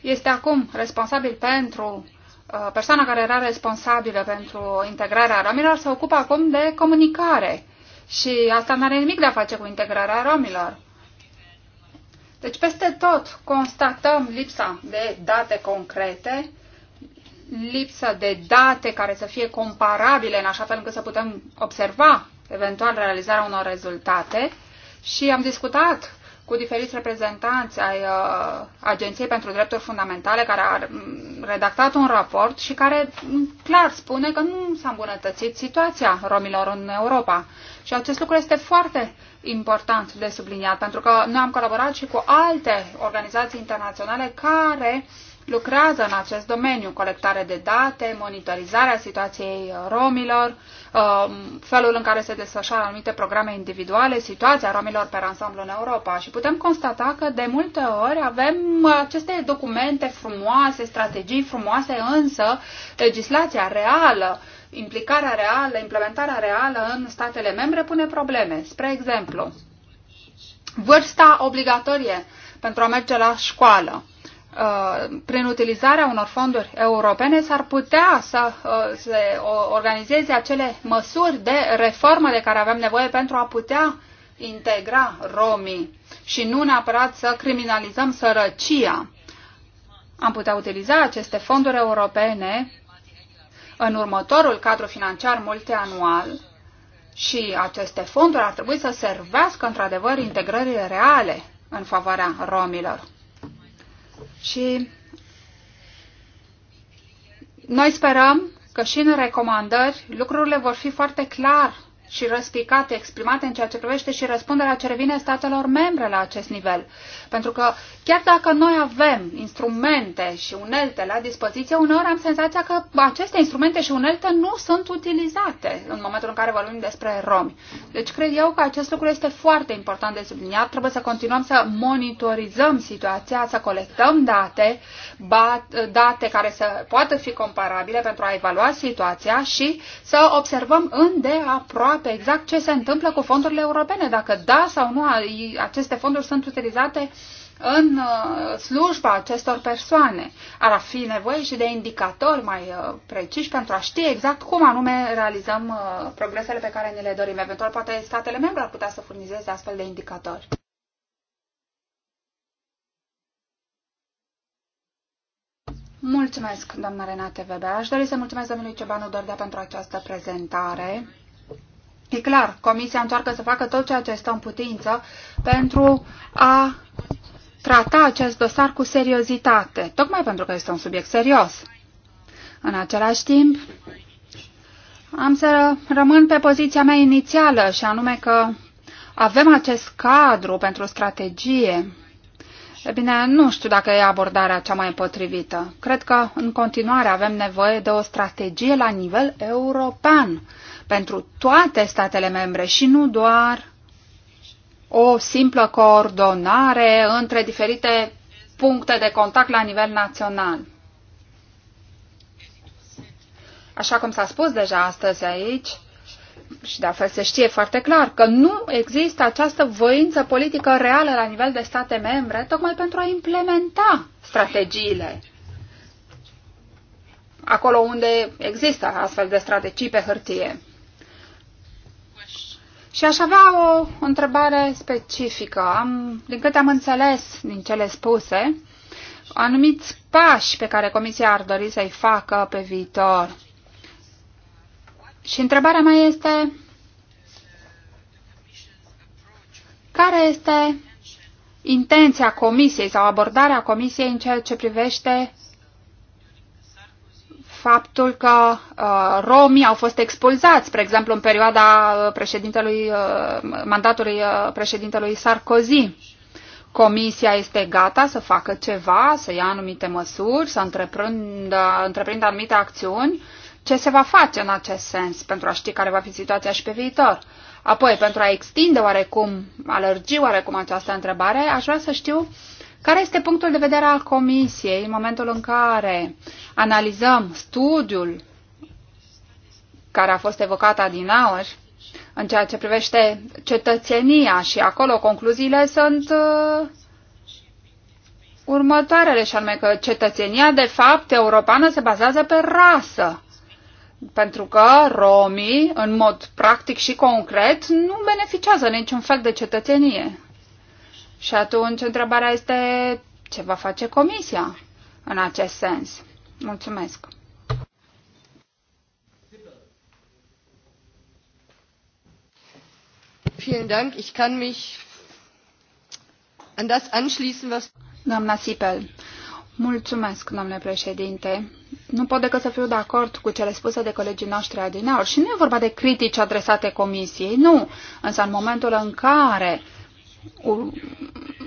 este acum responsabil pentru uh, persoana care era responsabilă pentru integrarea romilor se ocupă acum de comunicare și asta nu are nimic de a face cu integrarea romilor. Deci, peste tot, constatăm lipsa de date concrete, lipsa de date care să fie comparabile în așa fel încât să putem observa eventual realizarea unor rezultate și am discutat cu diferiți reprezentanți ai uh, Agenției pentru Drepturi Fundamentale, care a mm, redactat un raport și care mm, clar spune că nu s-a îmbunătățit situația romilor în Europa. Și acest lucru este foarte important de subliniat, pentru că noi am colaborat și cu alte organizații internaționale care lucrează în acest domeniu, colectare de date, monitorizarea situației romilor, uh, Um, felul în care se desfășoară anumite programe individuale, situația romilor pe ansamblu în Europa. Și putem constata că de multe ori avem aceste documente frumoase, strategii frumoase, însă legislația reală, implicarea reală, implementarea reală în statele membre pune probleme. Spre exemplu, vârsta obligatorie pentru a merge la școală. Uh, prin utilizarea unor fonduri europene s-ar putea să uh, se organizeze acele măsuri de reformă de care avem nevoie pentru a putea integra romii și nu neapărat să criminalizăm sărăcia. Am putea utiliza aceste fonduri europene în următorul cadru financiar multianual și aceste fonduri ar trebui să servească într-adevăr integrării reale în favoarea romilor. Și noi sperăm că și în recomandări lucrurile vor fi foarte clar și răspicate, exprimate în ceea ce privește și răspunderea ce revine statelor membre la acest nivel. Pentru că chiar dacă noi avem instrumente și unelte la dispoziție, uneori am senzația că aceste instrumente și unelte nu sunt utilizate în momentul în care vorbim despre romi. Deci cred eu că acest lucru este foarte important de subliniat. Trebuie să continuăm să monitorizăm situația, să colectăm date, date care să poată fi comparabile pentru a evalua situația și să observăm îndeaproape exact ce se întâmplă cu fondurile europene, dacă da sau nu aceste fonduri sunt utilizate în uh, slujba acestor persoane. Ar fi nevoie și de indicatori mai uh, preciși pentru a ști exact cum anume realizăm uh, progresele pe care ne le dorim. Eventual, poate statele membre ar putea să furnizeze astfel de indicatori. Mulțumesc, doamna Renate Weber. Aș dori să mulțumesc domnului Cebanu Dordea pentru această prezentare. E clar, Comisia încearcă să facă tot ceea ce stă în putință pentru a trata acest dosar cu seriozitate, tocmai pentru că este un subiect serios. În același timp, am să rămân pe poziția mea inițială și anume că avem acest cadru pentru strategie. E bine, nu știu dacă e abordarea cea mai potrivită. Cred că în continuare avem nevoie de o strategie la nivel european pentru toate statele membre și nu doar o simplă coordonare între diferite puncte de contact la nivel național. Așa cum s-a spus deja astăzi aici, și de altfel se știe foarte clar că nu există această voință politică reală la nivel de state membre, tocmai pentru a implementa strategiile. Acolo unde există astfel de strategii pe hârtie. Și aș avea o întrebare specifică. Am, din câte am înțeles din cele spuse, anumiți pași pe care Comisia ar dori să-i facă pe viitor. Și întrebarea mea este care este intenția Comisiei sau abordarea Comisiei în ceea ce privește faptul că uh, romii au fost expulzați, spre exemplu, în perioada uh, președintelui, uh, mandatului uh, președintelui Sarkozy. Comisia este gata să facă ceva, să ia anumite măsuri, să întreprindă, întreprindă anumite acțiuni. Ce se va face în acest sens pentru a ști care va fi situația și pe viitor? Apoi, pentru a extinde oarecum, alergi, oarecum această întrebare, aș vrea să știu uh, care este punctul de vedere al Comisiei în momentul în care analizăm studiul care a fost evocat adinaori în ceea ce privește cetățenia și acolo concluziile sunt uh, următoarele și anume că cetățenia de fapt europeană se bazează pe rasă. Pentru că romii, în mod practic și concret, nu beneficiază niciun fel de cetățenie. Și atunci întrebarea este ce va face Comisia în acest sens. Mulțumesc. Vielen Dank. Ich kann mich an das anschließen, was. Doamna Sipel, mulțumesc, domnule președinte. Nu pot decât să fiu de acord cu cele spuse de colegii noștri adinaur. Și nu e vorba de critici adresate comisiei, nu. Însă în momentul în care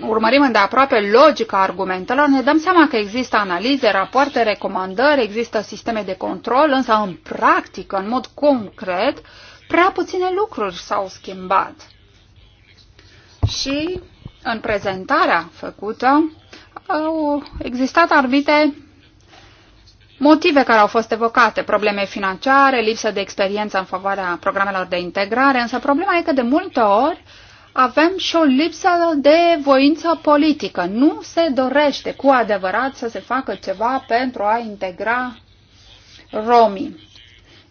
urmărim îndeaproape logica argumentelor, ne dăm seama că există analize, rapoarte, recomandări, există sisteme de control, însă în practică, în mod concret, prea puține lucruri s-au schimbat. Și în prezentarea făcută au existat arbite motive care au fost evocate, probleme financiare, lipsă de experiență în favoarea programelor de integrare, însă problema e că de multe ori avem și o lipsă de voință politică. Nu se dorește cu adevărat să se facă ceva pentru a integra romii.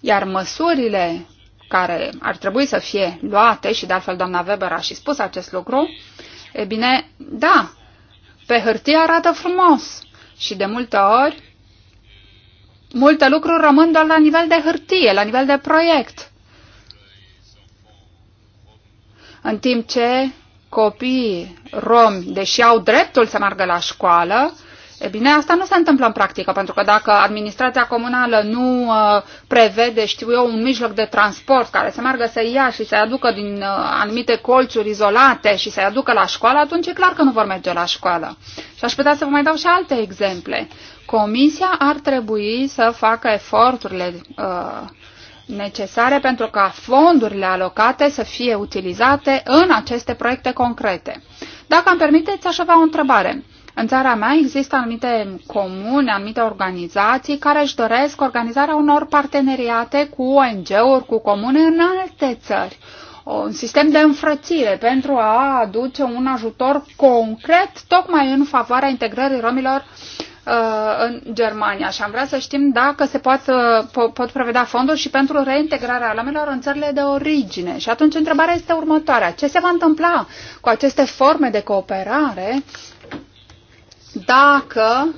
Iar măsurile care ar trebui să fie luate, și de altfel doamna Weber a și spus acest lucru, e bine, da, pe hârtie arată frumos și de multe ori multe lucruri rămân doar la nivel de hârtie, la nivel de proiect. în timp ce copiii romi, deși au dreptul să meargă la școală, E bine, asta nu se întâmplă în practică, pentru că dacă administrația comunală nu uh, prevede, știu eu, un mijloc de transport care să meargă să ia și să-i aducă din uh, anumite colțuri izolate și să-i aducă la școală, atunci e clar că nu vor merge la școală. Și aș putea să vă mai dau și alte exemple. Comisia ar trebui să facă eforturile uh, necesare pentru ca fondurile alocate să fie utilizate în aceste proiecte concrete. Dacă îmi permiteți, aș avea o întrebare. În țara mea există anumite comune, anumite organizații care își doresc organizarea unor parteneriate cu ONG-uri, cu comune în alte țări. Un sistem de înfrățire pentru a aduce un ajutor concret tocmai în favoarea integrării romilor uh, Uh, în Germania și am vrea să știm dacă se pot, pot preveda fonduri și pentru reintegrarea oamenilor în țările de origine. Și atunci întrebarea este următoarea. Ce se va întâmpla cu aceste forme de cooperare dacă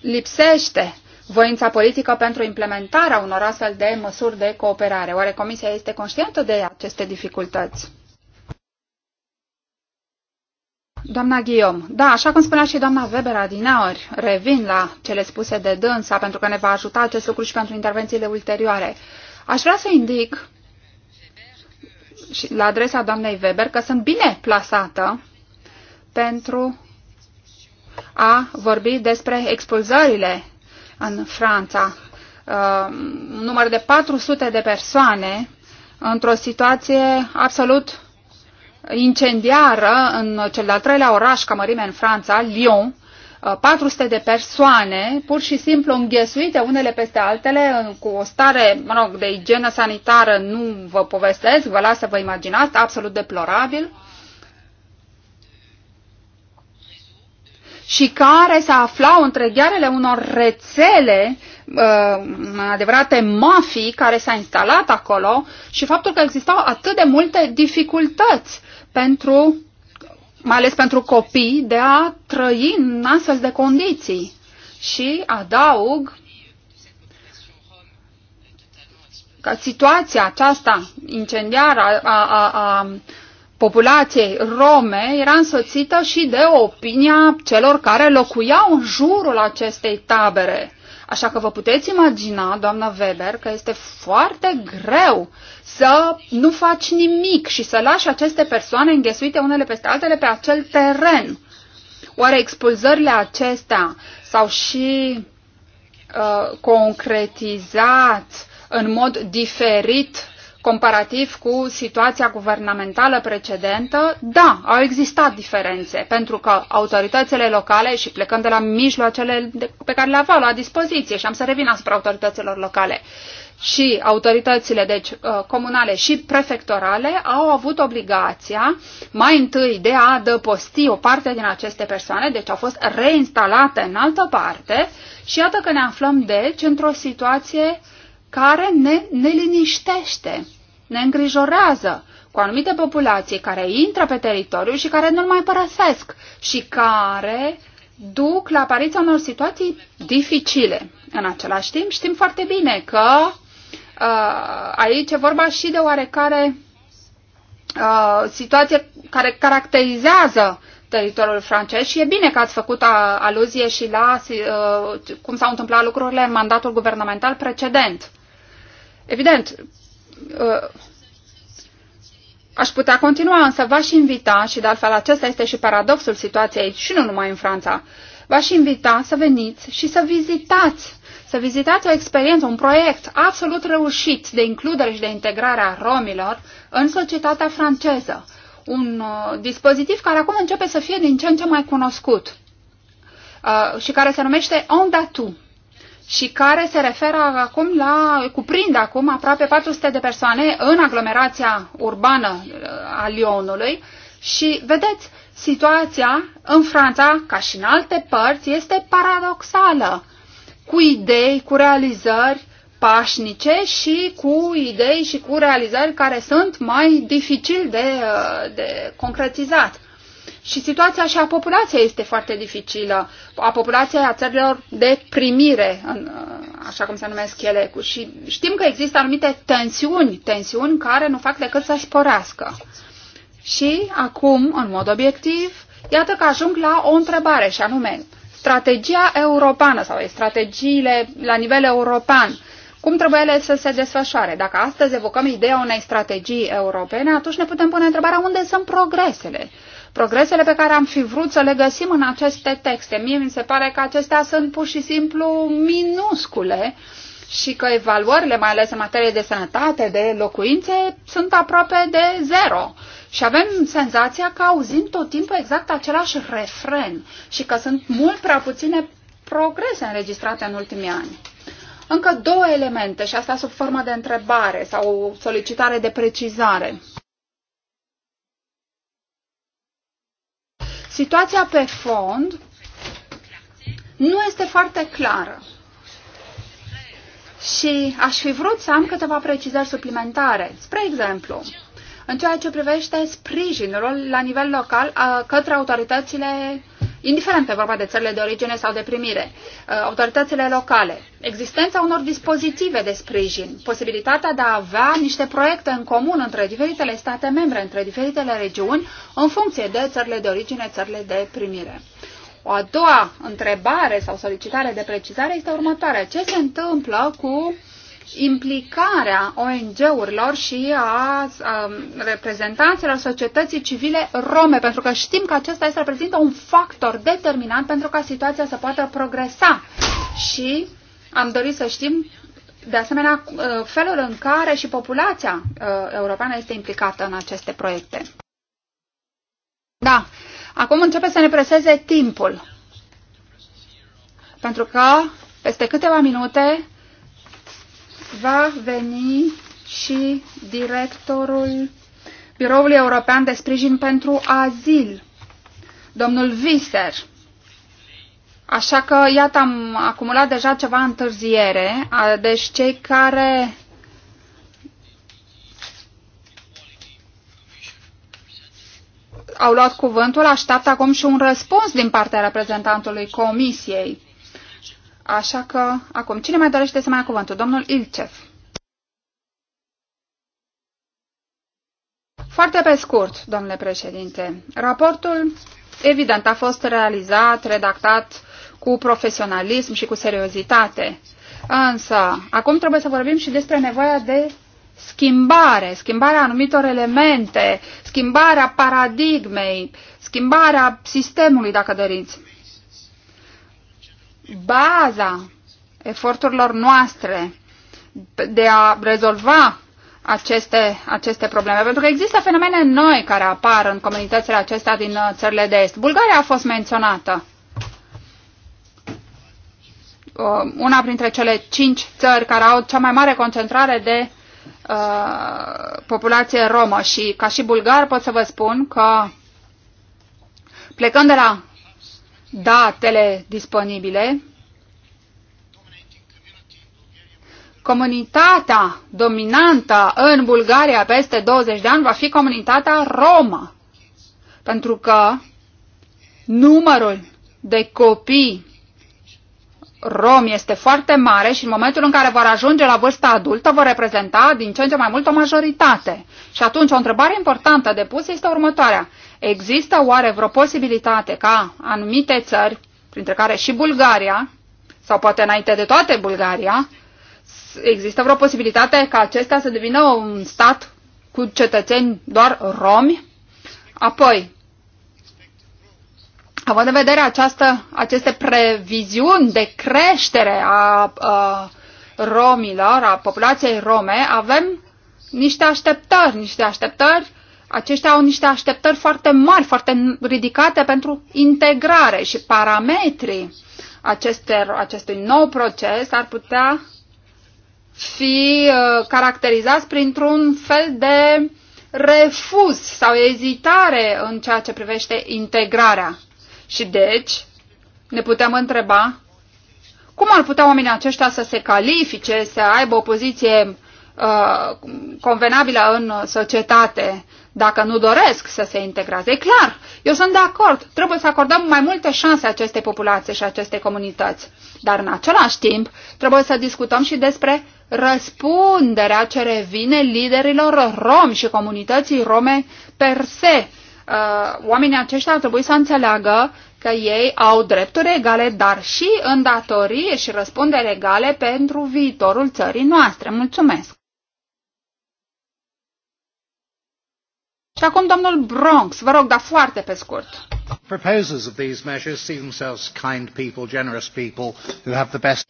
lipsește voința politică pentru implementarea unor astfel de măsuri de cooperare. Oare Comisia este conștientă de aceste dificultăți? Doamna Guillaume, da, așa cum spunea și doamna Weber adineori, revin la cele spuse de dânsa, pentru că ne va ajuta acest lucru și pentru intervențiile ulterioare. Aș vrea să indic la adresa doamnei Weber că sunt bine plasată pentru a vorbi despre expulzările în Franța. Uh, un număr de 400 de persoane într-o situație absolut incendiară în cel de-al treilea oraș ca mărime în Franța, Lyon, 400 uh, de persoane, pur și simplu înghesuite unele peste altele, cu o stare, mă rog, de igienă sanitară, nu vă povestesc, vă las să vă imaginați, absolut deplorabil. și care se aflau între ghearele unor rețele, uh, adevărate mafii care s-a instalat acolo și faptul că existau atât de multe dificultăți pentru, mai ales pentru copii, de a trăi în astfel de condiții. Și adaug că situația aceasta incendiară a, a, a populației rome era însoțită și de opinia celor care locuiau în jurul acestei tabere. Așa că vă puteți imagina, doamna Weber, că este foarte greu să nu faci nimic și să lași aceste persoane înghesuite unele peste altele pe acel teren. Oare expulzările acestea sau și uh, concretizat în mod diferit comparativ cu situația guvernamentală precedentă, da, au existat diferențe, pentru că autoritățile locale, și plecând de la mijloacele pe care le aveau la dispoziție, și am să revin asupra autorităților locale, și autoritățile deci, uh, comunale și prefectorale au avut obligația mai întâi de a adăposti o parte din aceste persoane, deci au fost reinstalate în altă parte și iată că ne aflăm deci într-o situație uh, care ne neliniștește, ne îngrijorează cu anumite populații care intră pe teritoriu și care nu-l mai părăsesc și care duc la apariția unor situații dificile. În același timp știm foarte bine că uh, aici e vorba și de oarecare uh, situație care caracterizează teritoriul francez și e bine că ați făcut uh, aluzie și la uh, cum s-au întâmplat lucrurile în mandatul guvernamental precedent. Uh, Evident, uh, aș putea continua, însă v-aș invita, și de altfel acesta este și paradoxul situației, și nu numai în Franța, v-aș invita să veniți și să vizitați să vizitați o experiență, un proiect absolut reușit de includere și de integrare a romilor în societatea franceză. Un uh, dispozitiv care acum începe să fie din ce în ce mai cunoscut uh, și care se numește Ondatou și care se referă acum la, cuprinde acum aproape 400 de persoane în aglomerația urbană uh, a Lyonului și vedeți, situația în Franța, ca și în alte părți, este paradoxală, cu idei, cu realizări pașnice și cu idei și cu realizări care sunt mai dificil de, uh, de concretizat și situația și a populației este foarte dificilă, a populației a țărilor de primire, în, uh, așa cum se numesc ele. Și știm că există anumite tensiuni, tensiuni care nu fac decât să sporească. Și acum, în mod obiectiv, iată că ajung la o întrebare și anume, strategia europeană sau strategiile la nivel european, cum trebuie ele să se desfășoare? Dacă astăzi evocăm ideea unei strategii europene, atunci ne putem pune întrebarea unde sunt progresele progresele pe care am fi vrut să le găsim în aceste texte. Mie mi se pare că acestea sunt pur și simplu minuscule și că evaluările, mai ales în materie de sănătate, de locuințe, sunt aproape de zero. Și avem senzația că auzim tot timpul exact același refren și că sunt mult prea puține progrese înregistrate în ultimii ani. Încă două elemente, și asta sub formă de întrebare sau solicitare de precizare. Situația pe fond nu este foarte clară. Și aș fi vrut să am câteva precizări suplimentare. Spre exemplu, în ceea ce privește sprijinul la nivel local uh, către autoritățile indiferent că e vorba de țările de origine sau de primire, uh, autoritățile locale, existența unor dispozitive de sprijin, posibilitatea de a avea niște proiecte în comun între diferitele state membre, între diferitele regiuni, în funcție de țările de origine, țările de primire. O a doua întrebare sau solicitare de precizare este următoarea. Ce se întâmplă cu uh, implicarea ONG-urilor și a, reprezentanților societății civile rome, pentru că știm că acesta este reprezintă un factor determinant pentru ca situația să poată progresa. Și am dorit să știm, de asemenea, ă, felul în care și populația ă, europeană este implicată în aceste proiecte. Da, acum începe să ne preseze timpul, pentru că peste câteva minute va veni și directorul Biroului European de Sprijin pentru Azil, domnul Viser. Așa că, iată, am acumulat deja ceva întârziere, deci cei care au luat cuvântul așteaptă acum și un răspuns din partea reprezentantului Comisiei. Așa că, acum, cine mai dorește să mai ia cuvântul? Domnul Ilcev. Foarte pe scurt, domnule președinte, raportul, evident, a fost realizat, redactat cu profesionalism și cu seriozitate. Însă, acum trebuie să vorbim și despre nevoia de schimbare, schimbarea anumitor elemente, schimbarea paradigmei, schimbarea sistemului, dacă doriți baza eforturilor noastre de a rezolva aceste, aceste probleme. Pentru că există fenomene noi care apar în comunitățile acestea din uh, țările de est. Bulgaria a fost menționată. Uh, una printre cele cinci țări care au cea mai mare concentrare de uh, populație romă și ca și bulgar pot să vă spun că plecând de la datele disponibile, comunitatea dominantă în Bulgaria peste 20 de ani va fi comunitatea romă, pentru că numărul de copii romi este foarte mare și în momentul în care vor ajunge la vârsta adultă vor reprezenta din ce în ce mai mult o majoritate. Și atunci o întrebare importantă de pus este următoarea. Există oare vreo posibilitate ca anumite țări, printre care și Bulgaria, sau poate înainte de toate Bulgaria, există vreo posibilitate ca acesta să devină un stat cu cetățeni doar romi? Apoi, având în vedere această, aceste previziuni de creștere a, a romilor, a populației rome, avem niște așteptări, niște așteptări aceștia au niște așteptări foarte mari, foarte ridicate pentru integrare și parametrii acestor, acestui nou proces ar putea fi uh, caracterizați printr-un fel de refuz sau ezitare în ceea ce privește integrarea. Și deci ne putem întreba cum ar putea oamenii aceștia să se califice, să aibă o poziție uh, convenabilă în societate, dacă nu doresc să se integreze. E clar, eu sunt de acord, trebuie să acordăm mai multe șanse acestei populații și acestei comunități. Dar în același timp, trebuie să discutăm și despre răspunderea ce revine liderilor romi și comunității rome per se. Uh, oamenii aceștia ar trebui să înțeleagă că ei au drepturi egale, dar și îndatorie și răspundere egale pentru viitorul țării noastre. Mulțumesc! Și acum domnul Bronx, vă rog, dar foarte pe scurt.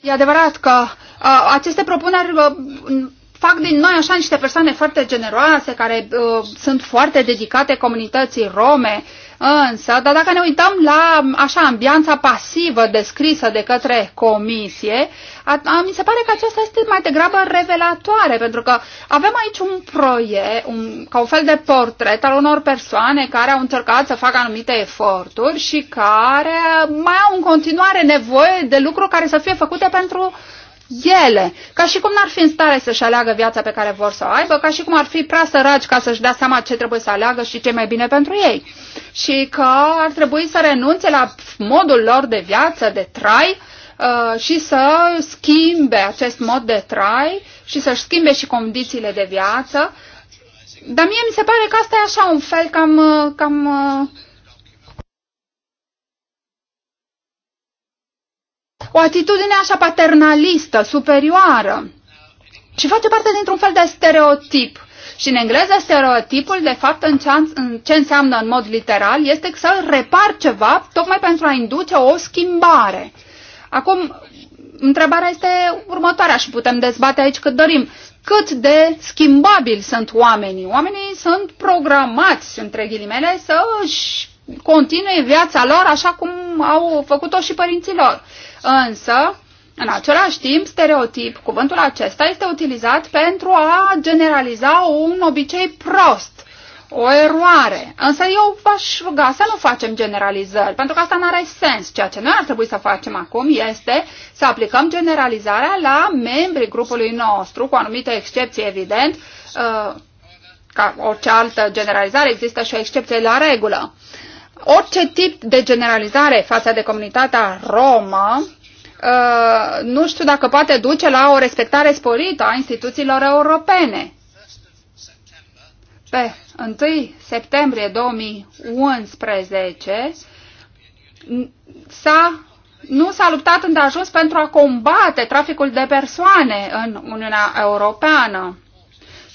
E adevărat că uh, aceste propuneri uh, fac din noi așa niște persoane foarte generoase care uh, sunt foarte dedicate comunității rome Însă, dar dacă ne uităm la așa ambianța pasivă descrisă de către comisie, a, a, mi se pare că aceasta este mai degrabă revelatoare, pentru că avem aici un proiect, un, ca un fel de portret al unor persoane care au încercat să facă anumite eforturi și care mai au în continuare nevoie de lucruri care să fie făcute pentru uh, ele, ca și cum n-ar fi în stare să-și aleagă viața pe care vor să o aibă, ca și cum ar fi prea săraci ca să-și dea seama ce trebuie să aleagă și ce mai bine pentru ei. Și că ar trebui să renunțe la modul lor de viață, de trai, uh, și să schimbe acest mod de trai și să-și schimbe și condițiile de viață. Dar mie mi se pare că asta e așa un fel cam, uh, cam uh, o atitudine așa paternalistă, superioară. Și face parte dintr-un fel de stereotip. Și în engleză stereotipul, de fapt, în ce, în ce înseamnă în mod literal, este să repar ceva tocmai pentru a induce o schimbare. Acum, întrebarea este următoarea și putem dezbate aici cât dorim. Cât de schimbabili sunt oamenii? Oamenii sunt programați, între ghilimele, să își continue viața lor așa cum au făcut-o și părinții lor. Însă, în același timp, stereotip, cuvântul acesta este utilizat pentru a generaliza un obicei prost, o eroare. Însă eu v-aș ruga să nu facem generalizări, pentru că asta nu are sens. Ceea ce noi ar trebui să facem acum este să aplicăm generalizarea la membrii grupului nostru, cu anumite excepții, evident, uh, ca orice altă generalizare, există și o excepție la regulă. Orice tip de generalizare față de comunitatea romă uh, nu știu dacă poate duce la o respectare sporită a instituțiilor europene. Pe 1 septembrie 2011 s-a, nu s-a luptat îndeajuns pentru a combate traficul de persoane în Uniunea Europeană.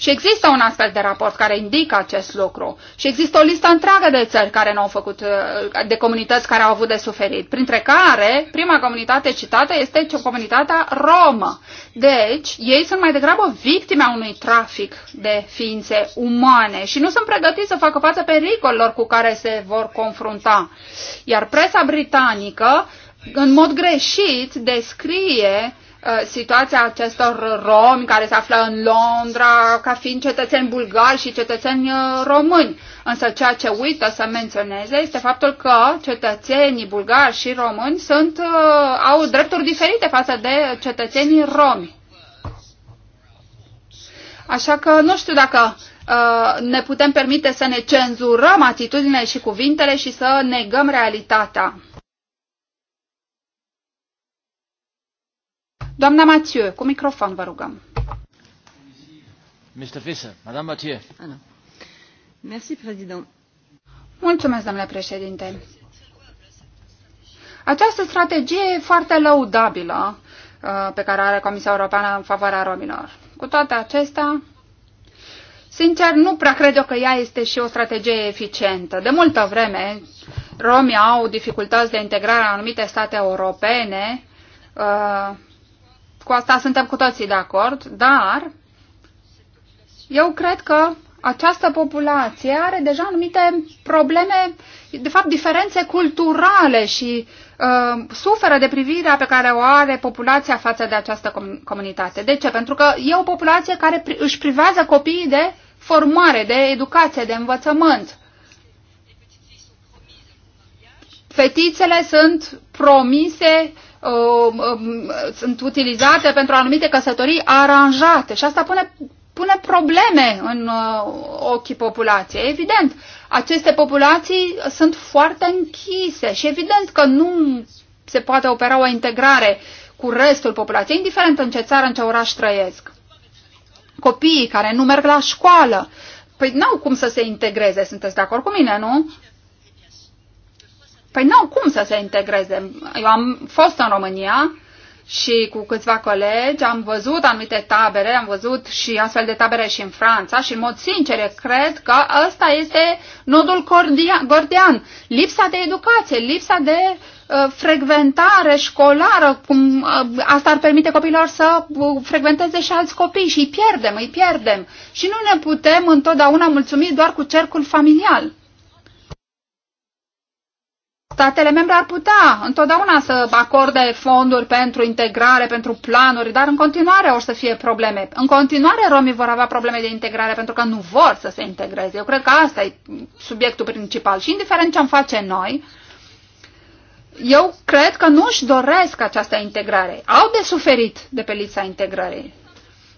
Și există un astfel de raport care indică acest lucru. Și există o listă întreagă de țări care nu au făcut, uh, de comunități care au avut de suferit, printre care prima comunitate citată este comunitatea romă. Deci, ei sunt mai degrabă victime a unui trafic de ființe umane și nu sunt pregătiți să facă față pericolelor cu care se vor confrunta. Iar presa britanică în mod greșit descrie Uh, situația acestor romi care se află în Londra ca fiind cetățeni bulgari și cetățeni uh, români. Însă ceea ce uită să menționeze este faptul că cetățenii bulgari și români sunt, uh, au drepturi diferite față de cetățenii romi. Așa că nu știu dacă ne putem permite să ne cenzurăm atitudinile și cuvintele și să negăm realitatea. Doamna Mathieu, cu microfon vă rugăm. Mr. Fischer, Madame Mathieu. Ana. Merci, Président. Mulțumesc, domnule președinte. Această strategie e foarte lăudabilă uh, pe care are Comisia Europeană în favoarea romilor. Cu toate acestea, sincer, nu prea cred eu că ea este și o strategie eficientă. De multă vreme, romii au dificultăți de integrare în anumite state europene, uh, cu asta suntem cu toții de acord, dar eu cred că această populație are deja anumite probleme, de fapt diferențe culturale și uh, suferă de privirea pe care o are populația față de această com comunitate. De ce? Pentru că e o populație care pri își privează copiii de formare, de educație, de învățământ. Fetițele sunt promise uh, Uh, um, sunt utilizate pentru anumite căsătorii aranjate și asta pune, pune probleme în uh, ochii populației. Evident, aceste populații sunt foarte închise și evident că nu se poate opera o integrare cu restul populației, indiferent în ce țară, în ce oraș trăiesc. Copiii care nu merg la școală, păi n-au cum să se integreze, sunteți de acord cu mine, nu? Păi nu cum să se integreze. Eu am fost în România și cu câțiva colegi am văzut anumite tabere, am văzut și astfel de tabere și în Franța și în mod sincer cred că ăsta este nodul gordian. Lipsa de educație, lipsa de uh, frecventare școlară, cum uh, asta ar permite copiilor să uh, frecventeze și alți copii și îi pierdem, îi pierdem. Și nu ne putem întotdeauna mulțumi doar cu cercul familial statele membre ar putea întotdeauna să acorde fonduri pentru integrare, pentru planuri, dar în continuare o să fie probleme. În continuare romii vor avea probleme de integrare pentru că nu vor să se integreze. Eu cred că asta e subiectul principal și indiferent ce am face noi, eu cred că nu își doresc această integrare. Au de suferit de pe lipsa integrării.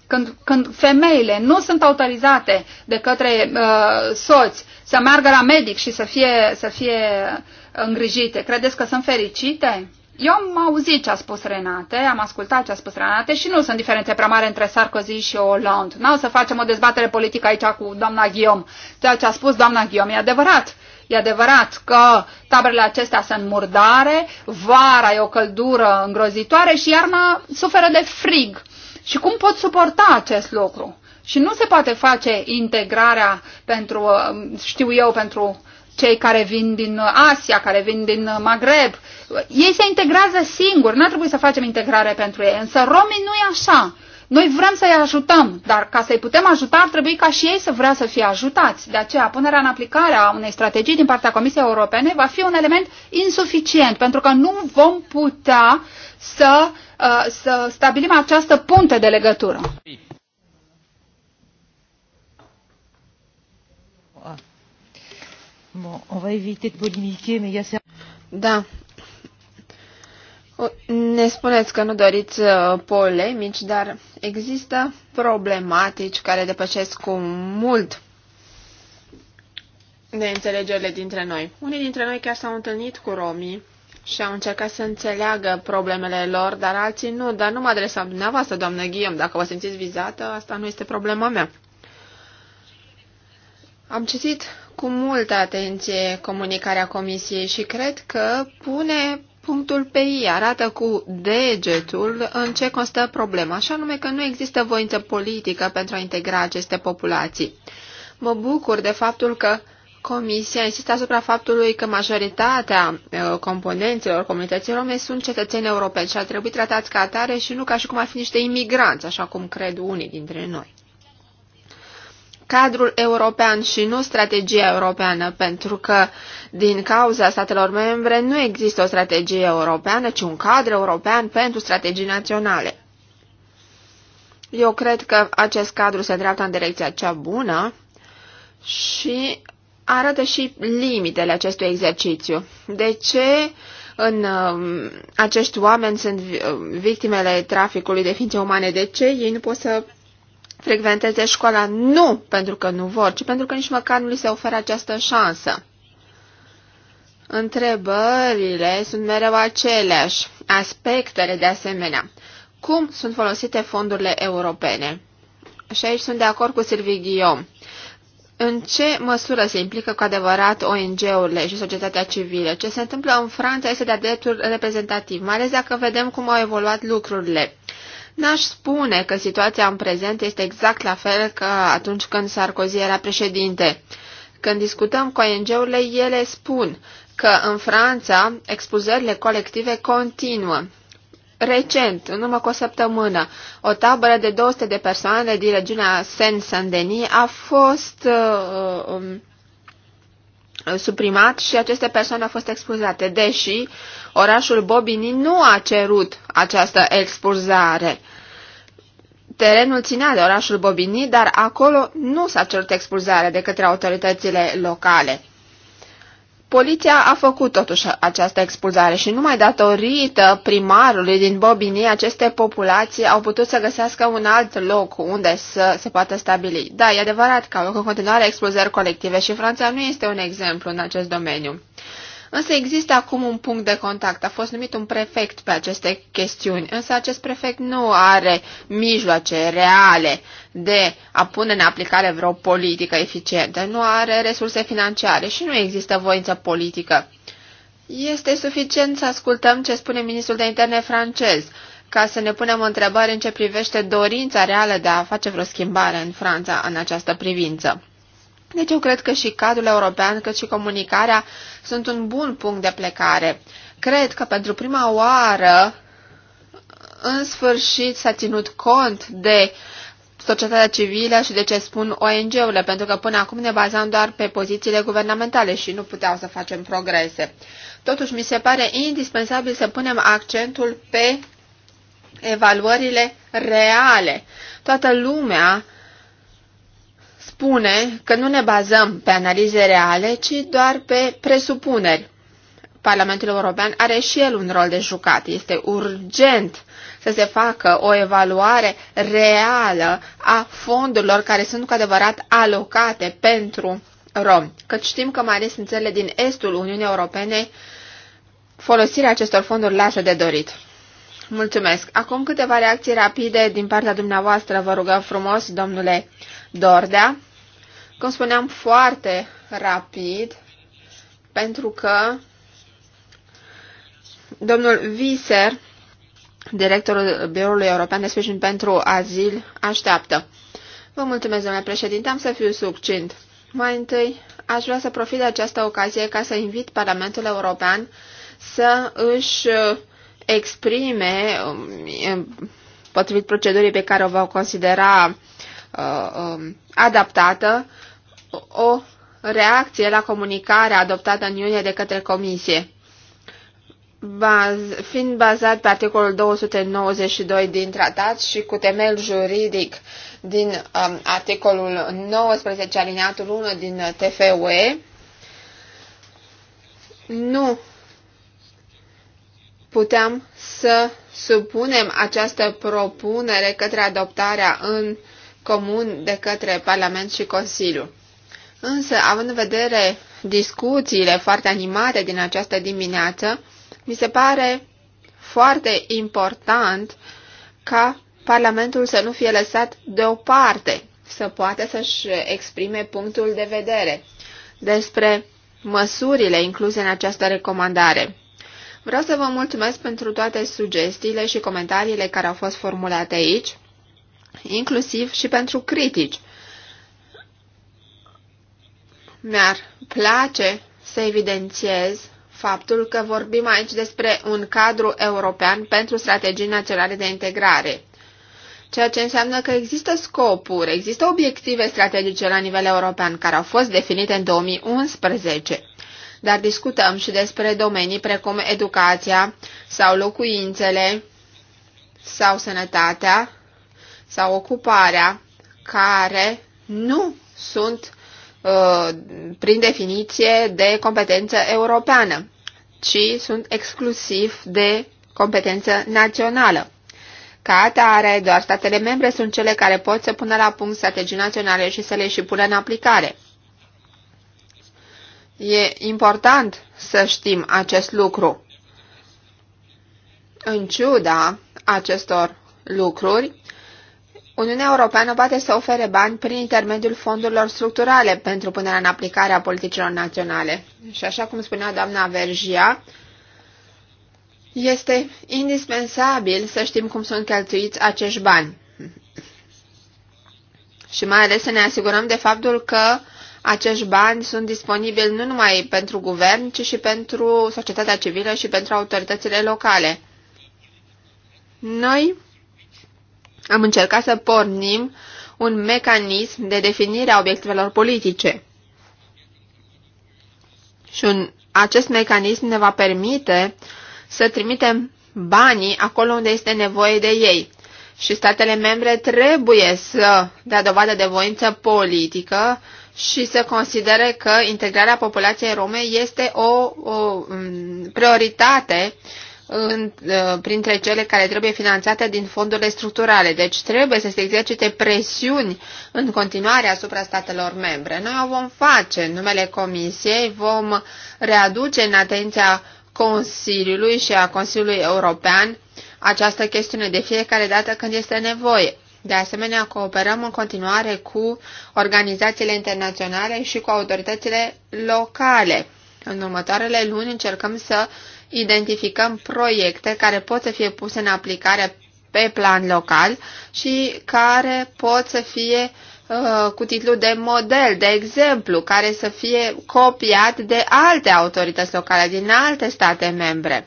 Când, când femeile nu sunt autorizate de către uh, soți să meargă la medic și să fie, să fie uh, îngrijite, credeți că sunt fericite? Eu am auzit ce a spus Renate, am ascultat ce a spus Renate și nu sunt diferențe prea mari între Sarkozy și Hollande. Nu o să facem o dezbatere politică aici cu doamna Guillaume. Ceea ce a spus doamna Guillaume e adevărat. E adevărat că taberele acestea sunt murdare, vara e o căldură îngrozitoare și iarna suferă de frig. Și cum pot suporta acest lucru? Și nu se poate face integrarea pentru, știu eu, pentru cei care vin din Asia, care vin din Maghreb. Ei se integrează singuri, nu trebuie să facem integrare pentru ei, însă romii nu e așa. Noi vrem să-i ajutăm, dar ca să-i putem ajuta ar trebui ca și ei să vrea să fie ajutați. De aceea, punerea în aplicare a unei strategii din partea Comisiei Europene va fi un element insuficient, pentru că nu vom putea să, uh, să stabilim această punte de legătură. Bon, on va éviter de polémiquer, mais il y a Da. Ne spuneți că nu doriți uh, polemici, dar există problematici care depășesc cu mult neînțelegerile dintre noi. Unii dintre noi chiar s-au întâlnit cu romii și au încercat să înțeleagă problemele lor, dar alții nu. Dar nu mă adresam dumneavoastră, doamnă Ghiom. Dacă vă simțiți vizată, asta nu este problema mea. Am citit cu multă atenție comunicarea comisiei și cred că pune punctul pe i, arată cu degetul în ce constă problema, așa nume că nu există voință politică pentru a integra aceste populații. Mă bucur de faptul că Comisia insistă asupra faptului că majoritatea uh, componenților comunității rome sunt cetățeni europeni și ar trebui tratați ca atare și nu ca și cum ar fi niște imigranți, așa cum cred unii dintre noi cadrul european și nu strategia europeană, pentru că din cauza statelor membre nu există o strategie europeană, ci un cadru european pentru strategii naționale. Eu cred că acest cadru se îndreaptă în direcția cea bună și arată și limitele acestui exercițiu. De ce în um, acești oameni sunt um, victimele traficului de ființe umane? De ce ei nu pot să frecventeze școala nu pentru că nu vor, ci pentru că nici măcar nu li se oferă această șansă. Întrebările sunt mereu aceleași, aspectele de asemenea. Cum sunt folosite fondurile europene? Și aici sunt de acord cu Silvi Guillaume. În ce măsură se implică cu adevărat ONG-urile și societatea civilă? Ce se întâmplă în Franța este de-a dreptul reprezentativ, mai ales dacă vedem cum au evoluat lucrurile. N-aș spune că situația în prezent este exact la fel ca atunci când Sarkozy era președinte. Când discutăm cu ONG-urile, ele spun că în Franța expuzările colective continuă. Recent, în urmă cu o săptămână, o tabără de 200 de persoane din regiunea Seine-Saint-Denis a fost uh, um, Uh, suprimat și aceste persoane au fost expulzate, deși orașul Bobini nu a cerut această expulzare. Terenul ținea de orașul Bobini, dar acolo nu s-a cerut expulzare de către autoritățile locale. Poliția a făcut totuși această expulzare și numai datorită primarului din Bobinie, aceste populații au putut să găsească un alt loc unde să se poată stabili. Da, e adevărat că au în continuare expulzări colective și Franța nu este un exemplu în acest domeniu. Însă există acum un punct de contact. A fost numit un prefect pe aceste chestiuni, însă acest prefect nu are mijloace reale de a pune în aplicare vreo politică eficientă, nu are resurse financiare și nu există voință politică. Este suficient să ascultăm ce spune ministrul de interne francez, ca să ne punem întrebări în ce privește dorința reală de a face vreo schimbare în Franța în această privință. Deci eu cred că și cadrul european, cât și comunicarea sunt un bun punct de plecare. Cred că pentru prima oară, în sfârșit, s-a ținut cont de societatea civilă și de ce spun ONG-urile, pentru că până acum ne bazam doar pe pozițiile guvernamentale și nu puteau să facem progrese. Totuși, mi se pare indispensabil să punem accentul pe evaluările reale. Toată lumea spune că nu ne bazăm pe analize reale, ci doar pe presupuneri. Parlamentul European are și el un rol de jucat. Este urgent să se facă o evaluare reală a fondurilor care sunt cu adevărat alocate pentru romi, Că știm că mai ales în țările din estul Uniunii Europene folosirea acestor fonduri lasă de dorit. Mulțumesc. Acum câteva reacții rapide din partea dumneavoastră, vă rugăm frumos, domnule Dordea cum spuneam, foarte rapid, pentru că domnul Viser, directorul Biroului European de Sprijin pentru Azil, așteaptă. Vă mulțumesc, domnule președinte, am să fiu succint. Mai întâi, aș vrea să profit de această ocazie ca să invit Parlamentul European să își uh, exprime, um, potrivit procedurii pe care o va considera uh, um, adaptată, o reacție la comunicarea adoptată în iunie de către Comisie. Baz, fiind bazat pe articolul 292 din tratat și cu temel juridic din um, articolul 19 alineatul 1 din TFUE, nu puteam să supunem această propunere către adoptarea în comun de către Parlament și Consiliu. Însă, având în vedere discuțiile foarte animate din această dimineață, mi se pare foarte important ca Parlamentul să nu fie lăsat deoparte, să poată să-și exprime punctul de vedere despre măsurile incluse în această recomandare. Vreau să vă mulțumesc pentru toate sugestiile și comentariile care au fost formulate aici, inclusiv și pentru critici mi-ar place să evidențiez faptul că vorbim aici despre un cadru european pentru strategii naționale de integrare, ceea ce înseamnă că există scopuri, există obiective strategice la nivel european care au fost definite în 2011, dar discutăm și despre domenii precum educația sau locuințele sau sănătatea sau ocuparea care nu sunt Uh, prin definiție, de competență europeană, ci sunt exclusiv de competență națională. Ca atare, doar statele membre sunt cele care pot să pună la punct strategii naționale și să le și pună în aplicare. E important să știm acest lucru. În ciuda acestor lucruri, Uniunea Europeană poate să ofere bani prin intermediul fondurilor structurale pentru punerea în aplicare a politicilor naționale. Și așa cum spunea doamna Vergia, este indispensabil să știm cum sunt cheltuiți acești bani. Și mai ales să ne asigurăm de faptul că acești bani sunt disponibili nu numai pentru guvern, ci și pentru societatea civilă și pentru autoritățile locale. Noi am încercat să pornim un mecanism de definire a obiectivelor politice. Și un, acest mecanism ne va permite să trimitem banii acolo unde este nevoie de ei. Și statele membre trebuie să dea dovadă de voință politică și să considere că integrarea populației rome este o, o prioritate în, uh, printre cele care trebuie finanțate din fondurile structurale. Deci trebuie să se exercite presiuni în continuare asupra statelor membre. Noi o vom face în numele Comisiei, vom readuce în atenția Consiliului și a Consiliului European această chestiune de fiecare dată când este nevoie. De asemenea, cooperăm în continuare cu organizațiile internaționale și cu autoritățile locale. În următoarele luni încercăm să uh, identificăm proiecte care pot să fie puse în aplicare pe plan local și care pot să fie uh, cu titlu de model, de exemplu, care să fie copiat de alte autorități locale din alte state membre,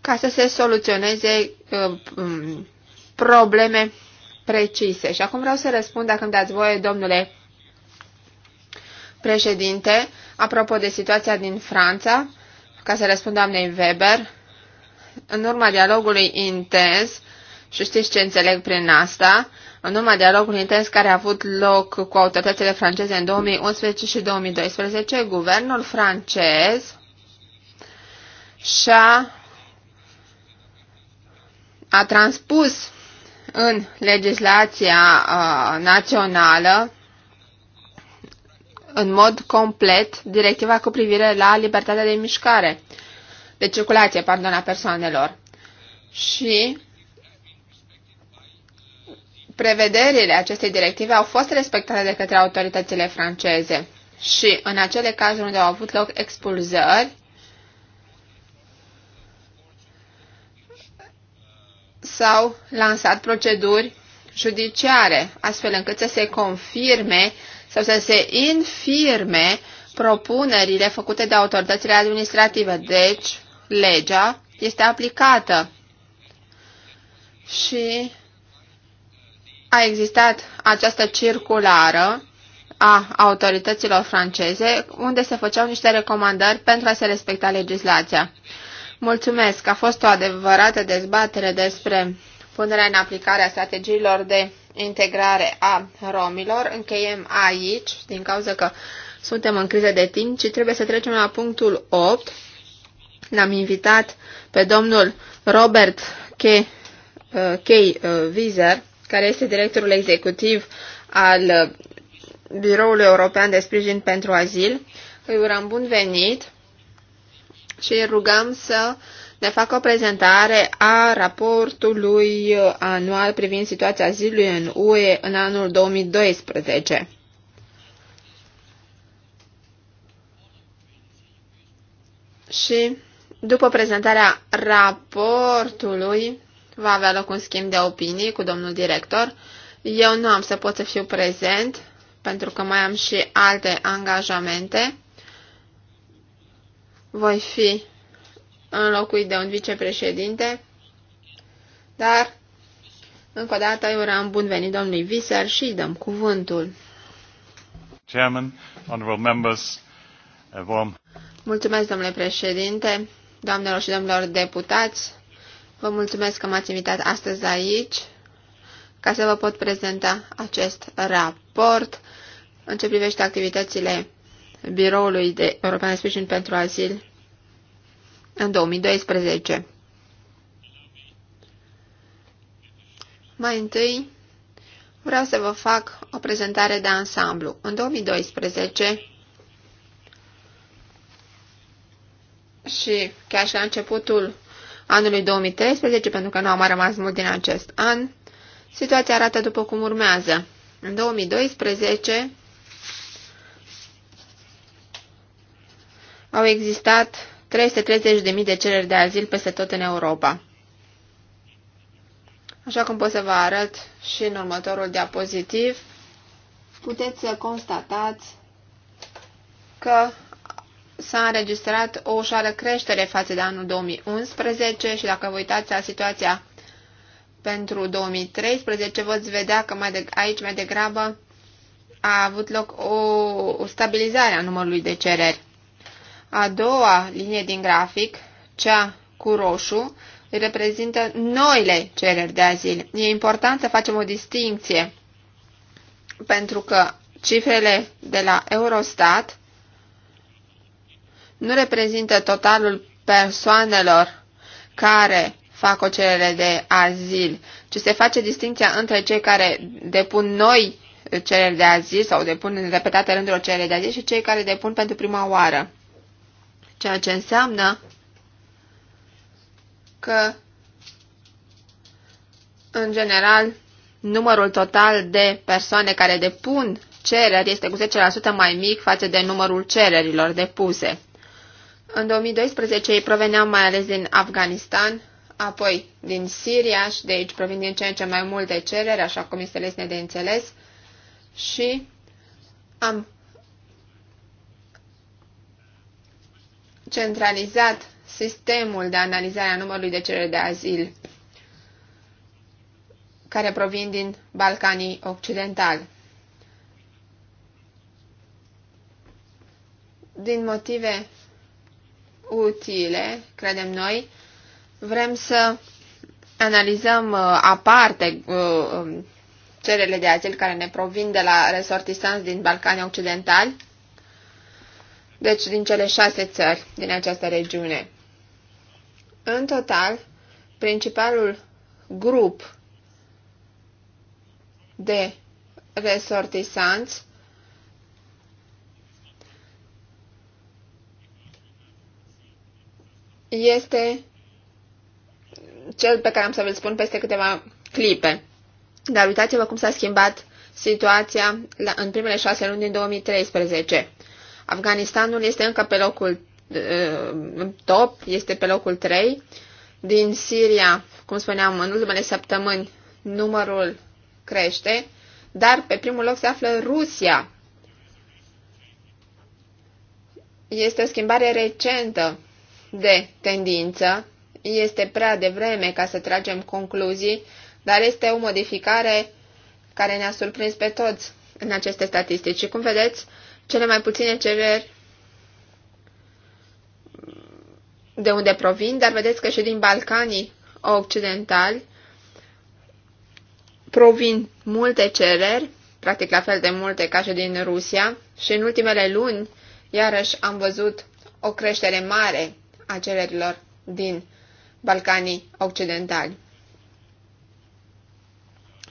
ca să se soluționeze uh, um, probleme precise. Și acum vreau să răspund, dacă îmi dați voie, domnule președinte, apropo de situația din Franța, ca să răspund doamnei Weber, în urma dialogului intens, și știți ce înțeleg prin asta, în urma dialogului intens care a avut loc cu autoritățile franceze în 2011 și 2012, guvernul francez și-a a transpus în legislația uh, națională în mod complet directiva cu privire la libertatea de mișcare, de circulație, pardon, a persoanelor. Și prevederile acestei directive au fost respectate de către autoritățile franceze și în acele cazuri unde au avut loc expulzări, s-au lansat proceduri judiciare, astfel încât să se confirme sau să se infirme propunerile făcute de autoritățile administrative. Deci, legea este aplicată. Și a existat această circulară a autorităților franceze, unde se făceau niște recomandări pentru a se respecta legislația. Mulțumesc! A fost o adevărată dezbatere despre punerea în aplicare a strategiilor de integrare a romilor. Încheiem aici, din cauza că suntem în criză de timp, ci trebuie să trecem la punctul 8. L-am invitat pe domnul Robert K. Uh, K. Uh, care este directorul executiv al uh, Biroului European de Sprijin pentru Azil. Îi urăm bun venit și îi rugăm să uh, ne facă o prezentare a raportului anual privind situația zilului în UE în anul 2012. Și după prezentarea raportului va avea loc un schimb de opinii cu domnul director. Eu nu am să pot să fiu prezent pentru că mai am și alte angajamente. Voi fi înlocuit de un vicepreședinte, dar, încă o dată, eu eram bun venit domnului Viser și îi dăm cuvântul. Chairman, honorable members, warm. Mulțumesc, domnule președinte, doamnelor și domnilor deputați. Vă mulțumesc că m-ați invitat astăzi aici ca să vă pot prezenta acest raport în ce privește activitățile Biroului de European Sprijin pentru Azil în 2012. Mai întâi, vreau să vă fac o prezentare de ansamblu. În 2012 și chiar și la începutul anului 2013, pentru că nu am rămas mult din acest an, situația arată după cum urmează. În 2012 au existat 330.000 de cereri de azil peste tot în Europa. Așa cum pot să vă arăt și în următorul diapozitiv, puteți să constatați că s-a înregistrat o ușoară creștere față de anul 2011 și dacă vă uitați la situația pentru 2013, veți vedea că mai de, aici mai degrabă a avut loc o, o stabilizare a numărului de cereri. A doua linie din grafic, cea cu roșu, reprezintă noile cereri de azil. E important să facem o distinție, pentru că cifrele de la Eurostat nu reprezintă totalul persoanelor care fac o cerere de azil, ci se face distinția între cei care depun noi cereri de azil sau depun în repetate rânduri o cerere de azil și cei care depun pentru prima oară ceea ce înseamnă că, în general, numărul total de persoane care depun cereri este cu 10% mai mic față de numărul cererilor depuse. În 2012 ei proveneau mai ales din Afganistan, apoi din Siria și de aici provin din ce în ce mai multe cereri, așa cum este lesne de înțeles, și am centralizat sistemul de analizare a numărului de cereri de azil care provin din Balcanii Occidentali. Din motive utile, credem noi, vrem să analizăm uh, aparte uh, um, cererile de azil care ne provin de la resortistanți din Balcanii Occidentali deci din cele șase țări din această regiune. În total, principalul grup de resortisanți este cel pe care am să vă spun peste câteva clipe. Dar uitați-vă cum s-a schimbat situația la, în primele șase luni din 2013. Afganistanul este încă pe locul uh, top, este pe locul 3. Din Siria, cum spuneam, în ultimele săptămâni numărul crește, dar pe primul loc se află Rusia. Este o schimbare recentă de tendință. Este prea devreme ca să tragem concluzii, dar este o modificare care ne-a surprins pe toți în aceste statistici. Și cum vedeți, cele mai puține cereri de unde provin, dar vedeți că și din Balcanii Occidentali provin multe cereri, practic la fel de multe ca și din Rusia, și în ultimele luni, iarăși, am văzut o creștere mare a cererilor din Balcanii Occidentali.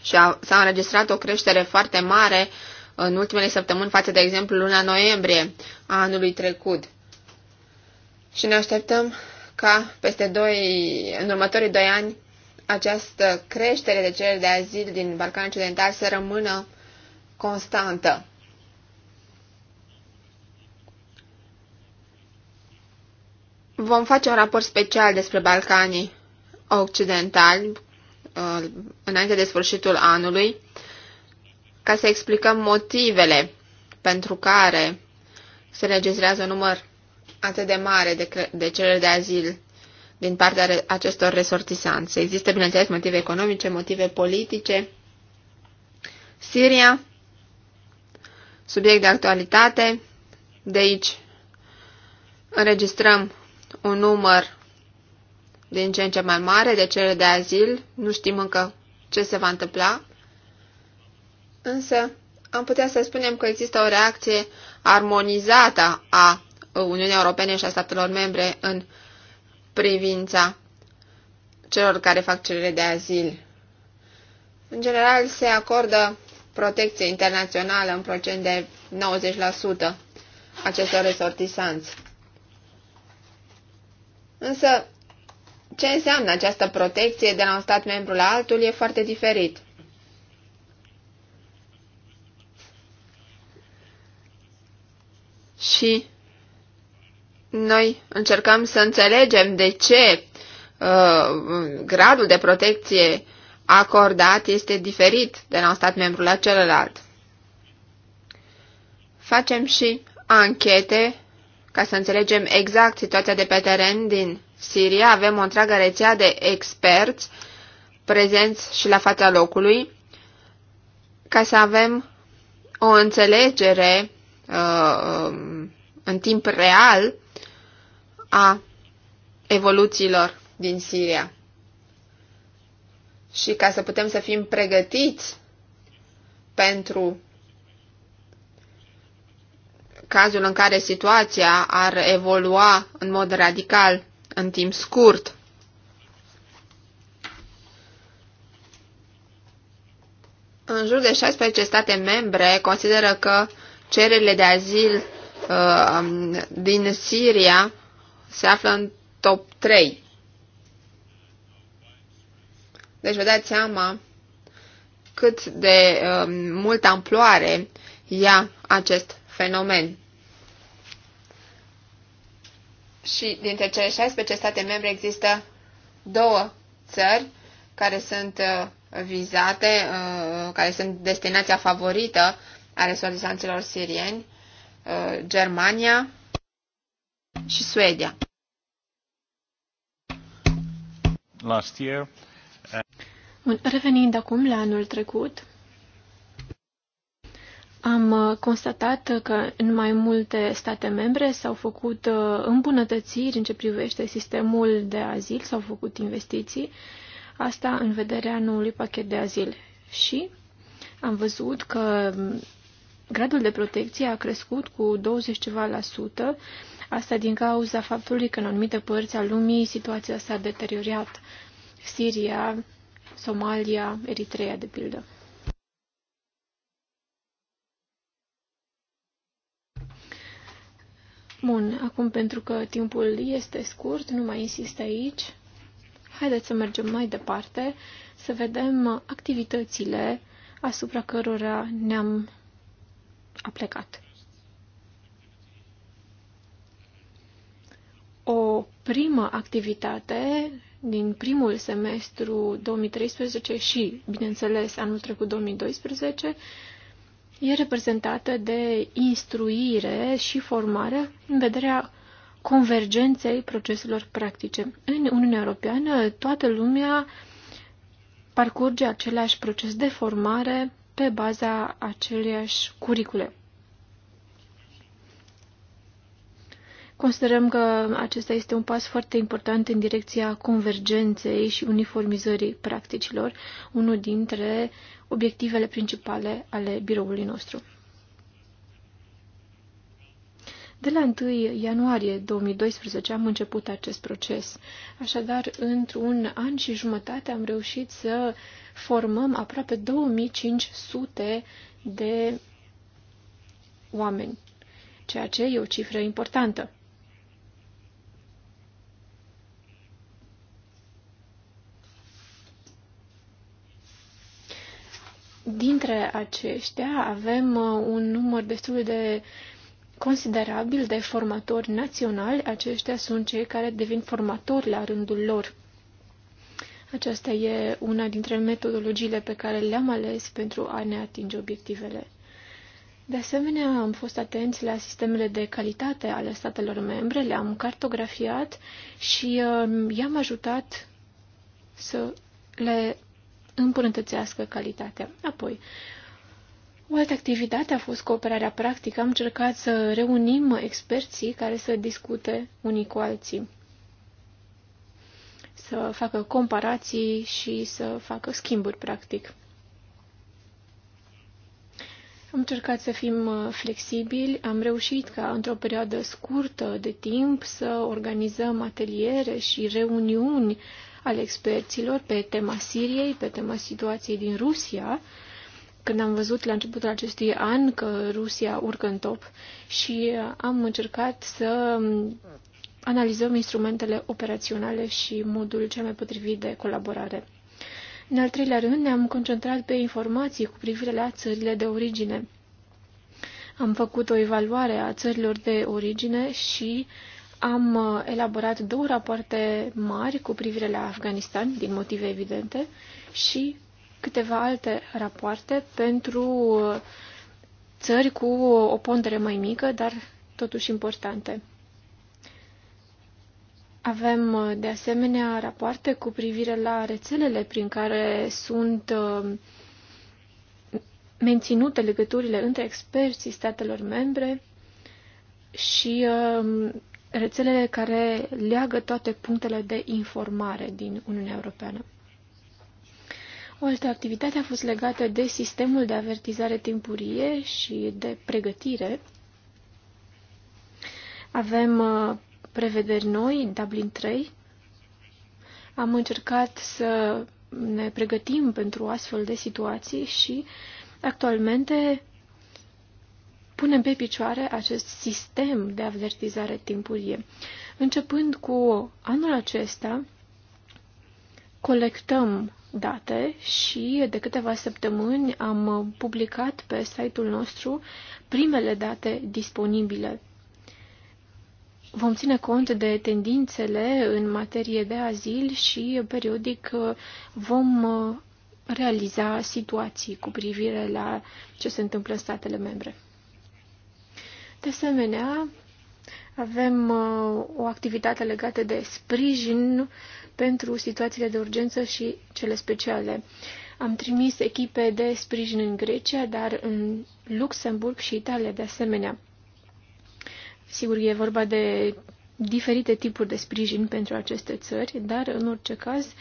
Și s-a înregistrat o creștere foarte mare în ultimele săptămâni față de exemplu luna noiembrie a anului trecut. Și ne așteptăm ca peste doi, în următorii doi ani această creștere de cereri de azil din Balcanul Occidental să rămână constantă. Vom face un raport special despre Balcanii Occidentali uh, înainte de sfârșitul anului ca să explicăm motivele pentru care se registrează un număr atât de mare de, de cereri de azil din partea acestor resortisanți. Există, bineînțeles, motive economice, motive politice. Siria, subiect de actualitate, de aici înregistrăm un număr din ce în ce mai mare de cereri de azil, nu știm încă ce se va întâmpla, Însă am putea să spunem că există o reacție armonizată a Uniunii Europene și a statelor membre în privința celor care fac cerere de azil. În general, se acordă protecție internațională în procent de 90% acestor resortisanți. Însă, ce înseamnă această protecție de la un stat membru la altul e foarte diferit. și noi încercăm să înțelegem de ce uh, gradul de protecție acordat este diferit de la un stat membru la celălalt. Facem și anchete ca să înțelegem exact situația de pe teren din Siria. Avem o întreagă rețea de experți prezenți și la fața locului ca să avem o înțelegere uh, um, în timp real a evoluțiilor din Siria. Și ca să putem să fim pregătiți pentru cazul în care situația ar evolua în mod radical în timp scurt. În jur de 16 state membre consideră că cererile de azil Uh, din Siria se află în top 3. Deci vă dați seama cât de um, multă amploare ia acest fenomen. Și dintre cele 16 state membre există două țări care sunt uh, vizate, uh, care sunt destinația favorită a resortisanților sirieni, Uh, Germania și Suedia. Last year. Bun, revenind acum la anul trecut, am uh, constatat că în mai multe state membre s-au făcut uh, îmbunătățiri în ce privește sistemul de azil, s-au făcut investiții, asta în vederea noului pachet de azil. Și am văzut că gradul de protecție a crescut cu 20 ceva la sută, asta din cauza faptului că în anumite părți a lumii situația s-a deteriorat. Siria, Somalia, Eritrea, de pildă. Bun, acum pentru că timpul este scurt, nu mai insist aici. Haideți să mergem mai departe, să vedem activitățile asupra cărora ne-am a plecat. O primă activitate din primul semestru 2013 și, bineînțeles, anul trecut 2012, e reprezentată de instruire și formare în vederea convergenței proceselor practice. În Uniunea Europeană, toată lumea parcurge același proces de formare pe baza aceleiași curicule. Considerăm că acesta este un pas foarte important în direcția convergenței și uniformizării practicilor, unul dintre obiectivele principale ale biroului nostru. De la 1 ianuarie 2012 am început acest proces. Așadar, într-un an și jumătate am reușit să formăm aproape 2500 de oameni, ceea ce e o cifră importantă. Dintre aceștia avem uh, un număr destul de uh, considerabil de formatori naționali, aceștia sunt cei care devin formatori la rândul lor. Aceasta e una dintre metodologiile pe care le-am ales pentru a ne atinge obiectivele. De asemenea, am fost atenți la sistemele de calitate ale statelor membre, le-am cartografiat și uh, i-am ajutat să le împărântățească calitatea. Apoi, o altă activitate a fost cooperarea practică. Am încercat să reunim experții care să discute unii cu alții, să facă comparații și să facă schimburi practic. Am încercat să fim uh, flexibili, am reușit ca într-o perioadă scurtă de timp să organizăm ateliere și reuniuni ale experților pe tema Siriei, pe tema situației din Rusia, când am văzut la începutul acestui an că Rusia urcă în top și am încercat să analizăm instrumentele operaționale și modul cel mai potrivit de colaborare. În al treilea rând, ne-am concentrat pe informații cu privire la țările de origine. Am făcut o evaluare a țărilor de origine și am elaborat două rapoarte mari cu privire la Afganistan, din motive evidente, și câteva alte rapoarte pentru uh, țări cu o pondere mai mică, dar totuși importante. Avem uh, de asemenea rapoarte cu privire la rețelele prin care sunt uh, menținute legăturile între experții statelor membre și rețelele care leagă toate punctele de informare din Uniunea Europeană. O altă activitate a fost legată de sistemul de avertizare timpurie și de pregătire. Avem uh, prevederi noi, Dublin 3. Am încercat să ne pregătim pentru astfel de situații și actualmente punem pe picioare acest sistem de avertizare timpurie. Începând cu anul acesta, colectăm date și de câteva săptămâni am publicat pe site-ul nostru primele date disponibile. Vom ține cont de tendințele în materie de azil și periodic vom realiza situații cu privire la ce se întâmplă în statele membre. De asemenea, avem uh, o activitate legată de sprijin pentru situațiile de urgență și cele speciale. Am trimis echipe de sprijin în Grecia, dar în Luxemburg și Italia de asemenea. Sigur, e vorba de diferite tipuri de sprijin pentru aceste țări, dar, în orice caz,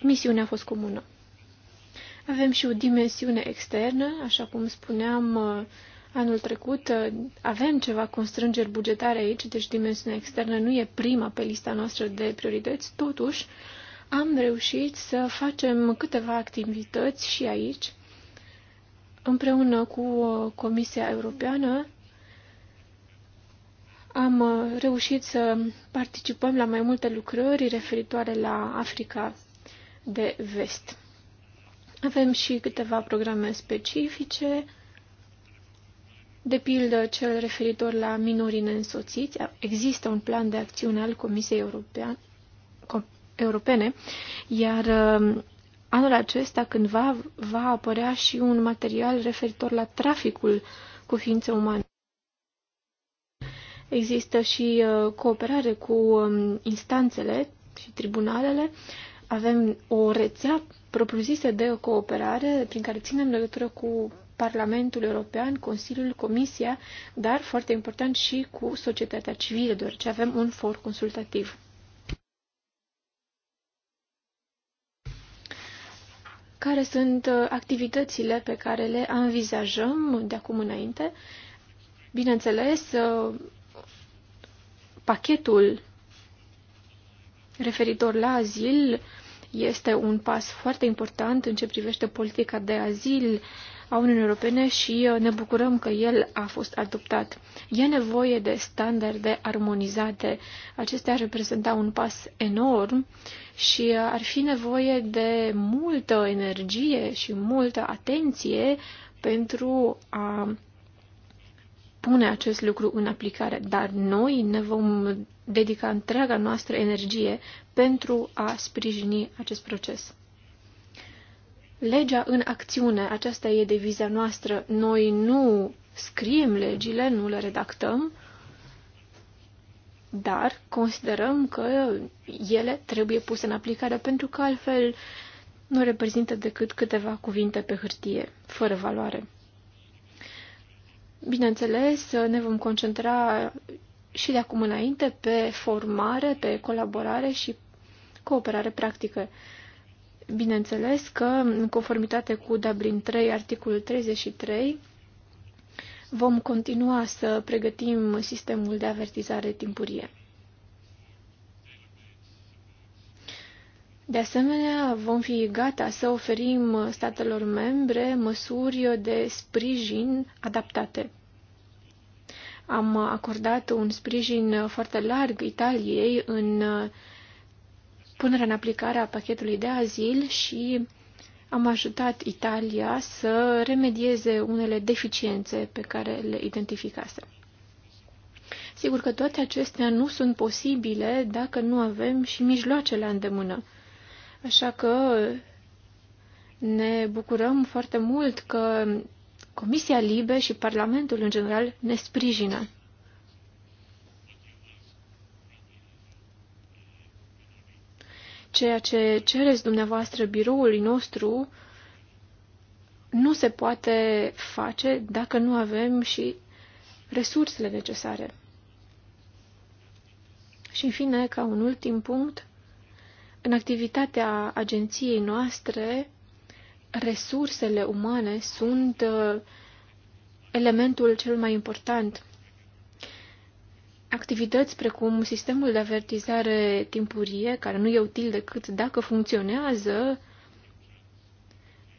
misiunea a fost comună. Avem și o dimensiune externă, așa cum spuneam, Anul trecut uh, avem ceva constrângeri bugetare aici, deci dimensiunea externă nu e prima pe lista noastră de priorități, totuși am reușit să facem câteva activități și aici, împreună cu uh, Comisia Europeană, am uh, reușit să participăm la mai multe lucrări referitoare la Africa de Vest. Avem și câteva programe specifice, de pildă, cel referitor la minorii neînsoțiți, există un plan de acțiune al Comisiei European, Europene, iar um, anul acesta când va apărea și un material referitor la traficul cu ființe umane. Există și uh, cooperare cu um, instanțele și tribunalele. Avem o rețea propriu-zisă de cooperare prin care ținem legătură cu Parlamentul European, Consiliul, Comisia, dar, foarte important, și cu societatea civilă, deoarece avem un for consultativ. Care sunt uh, activitățile pe care le anvizajăm de acum înainte? Bineînțeles, uh, pachetul referitor la azil este un pas foarte important în ce privește politica de azil, a Uniunii Europene și uh, ne bucurăm că el a fost adoptat. E nevoie de standarde armonizate. Acestea ar reprezenta un pas enorm și uh, ar fi nevoie de multă energie și multă atenție pentru a pune acest lucru în aplicare, dar noi ne vom dedica întreaga noastră energie pentru a sprijini acest proces. Legea în acțiune, aceasta e deviza noastră. Noi nu scriem legile, nu le redactăm, dar considerăm că ele trebuie puse în aplicare pentru că altfel nu reprezintă decât câteva cuvinte pe hârtie, fără valoare. Bineînțeles, ne vom concentra și de acum înainte pe formare, pe colaborare și cooperare practică. Bineînțeles că, în conformitate cu Dublin 3, articolul 33, vom continua să pregătim sistemul de avertizare timpurie. De asemenea, vom fi gata să oferim statelor membre măsuri de sprijin adaptate. Am acordat un sprijin foarte larg Italiei în punerea în aplicare a pachetului de azil și am ajutat Italia să remedieze unele deficiențe pe care le identificase. Sigur că toate acestea nu sunt posibile dacă nu avem și mijloace la îndemână. Așa că ne bucurăm foarte mult că Comisia Libe și Parlamentul în general ne sprijină. ceea ce cereți dumneavoastră biroului nostru nu se poate face dacă nu avem și resursele necesare. Și, în fine, ca un ultim punct, în activitatea agenției noastre, resursele umane sunt uh, elementul cel mai important activități precum sistemul de avertizare timpurie, care nu e util decât dacă funcționează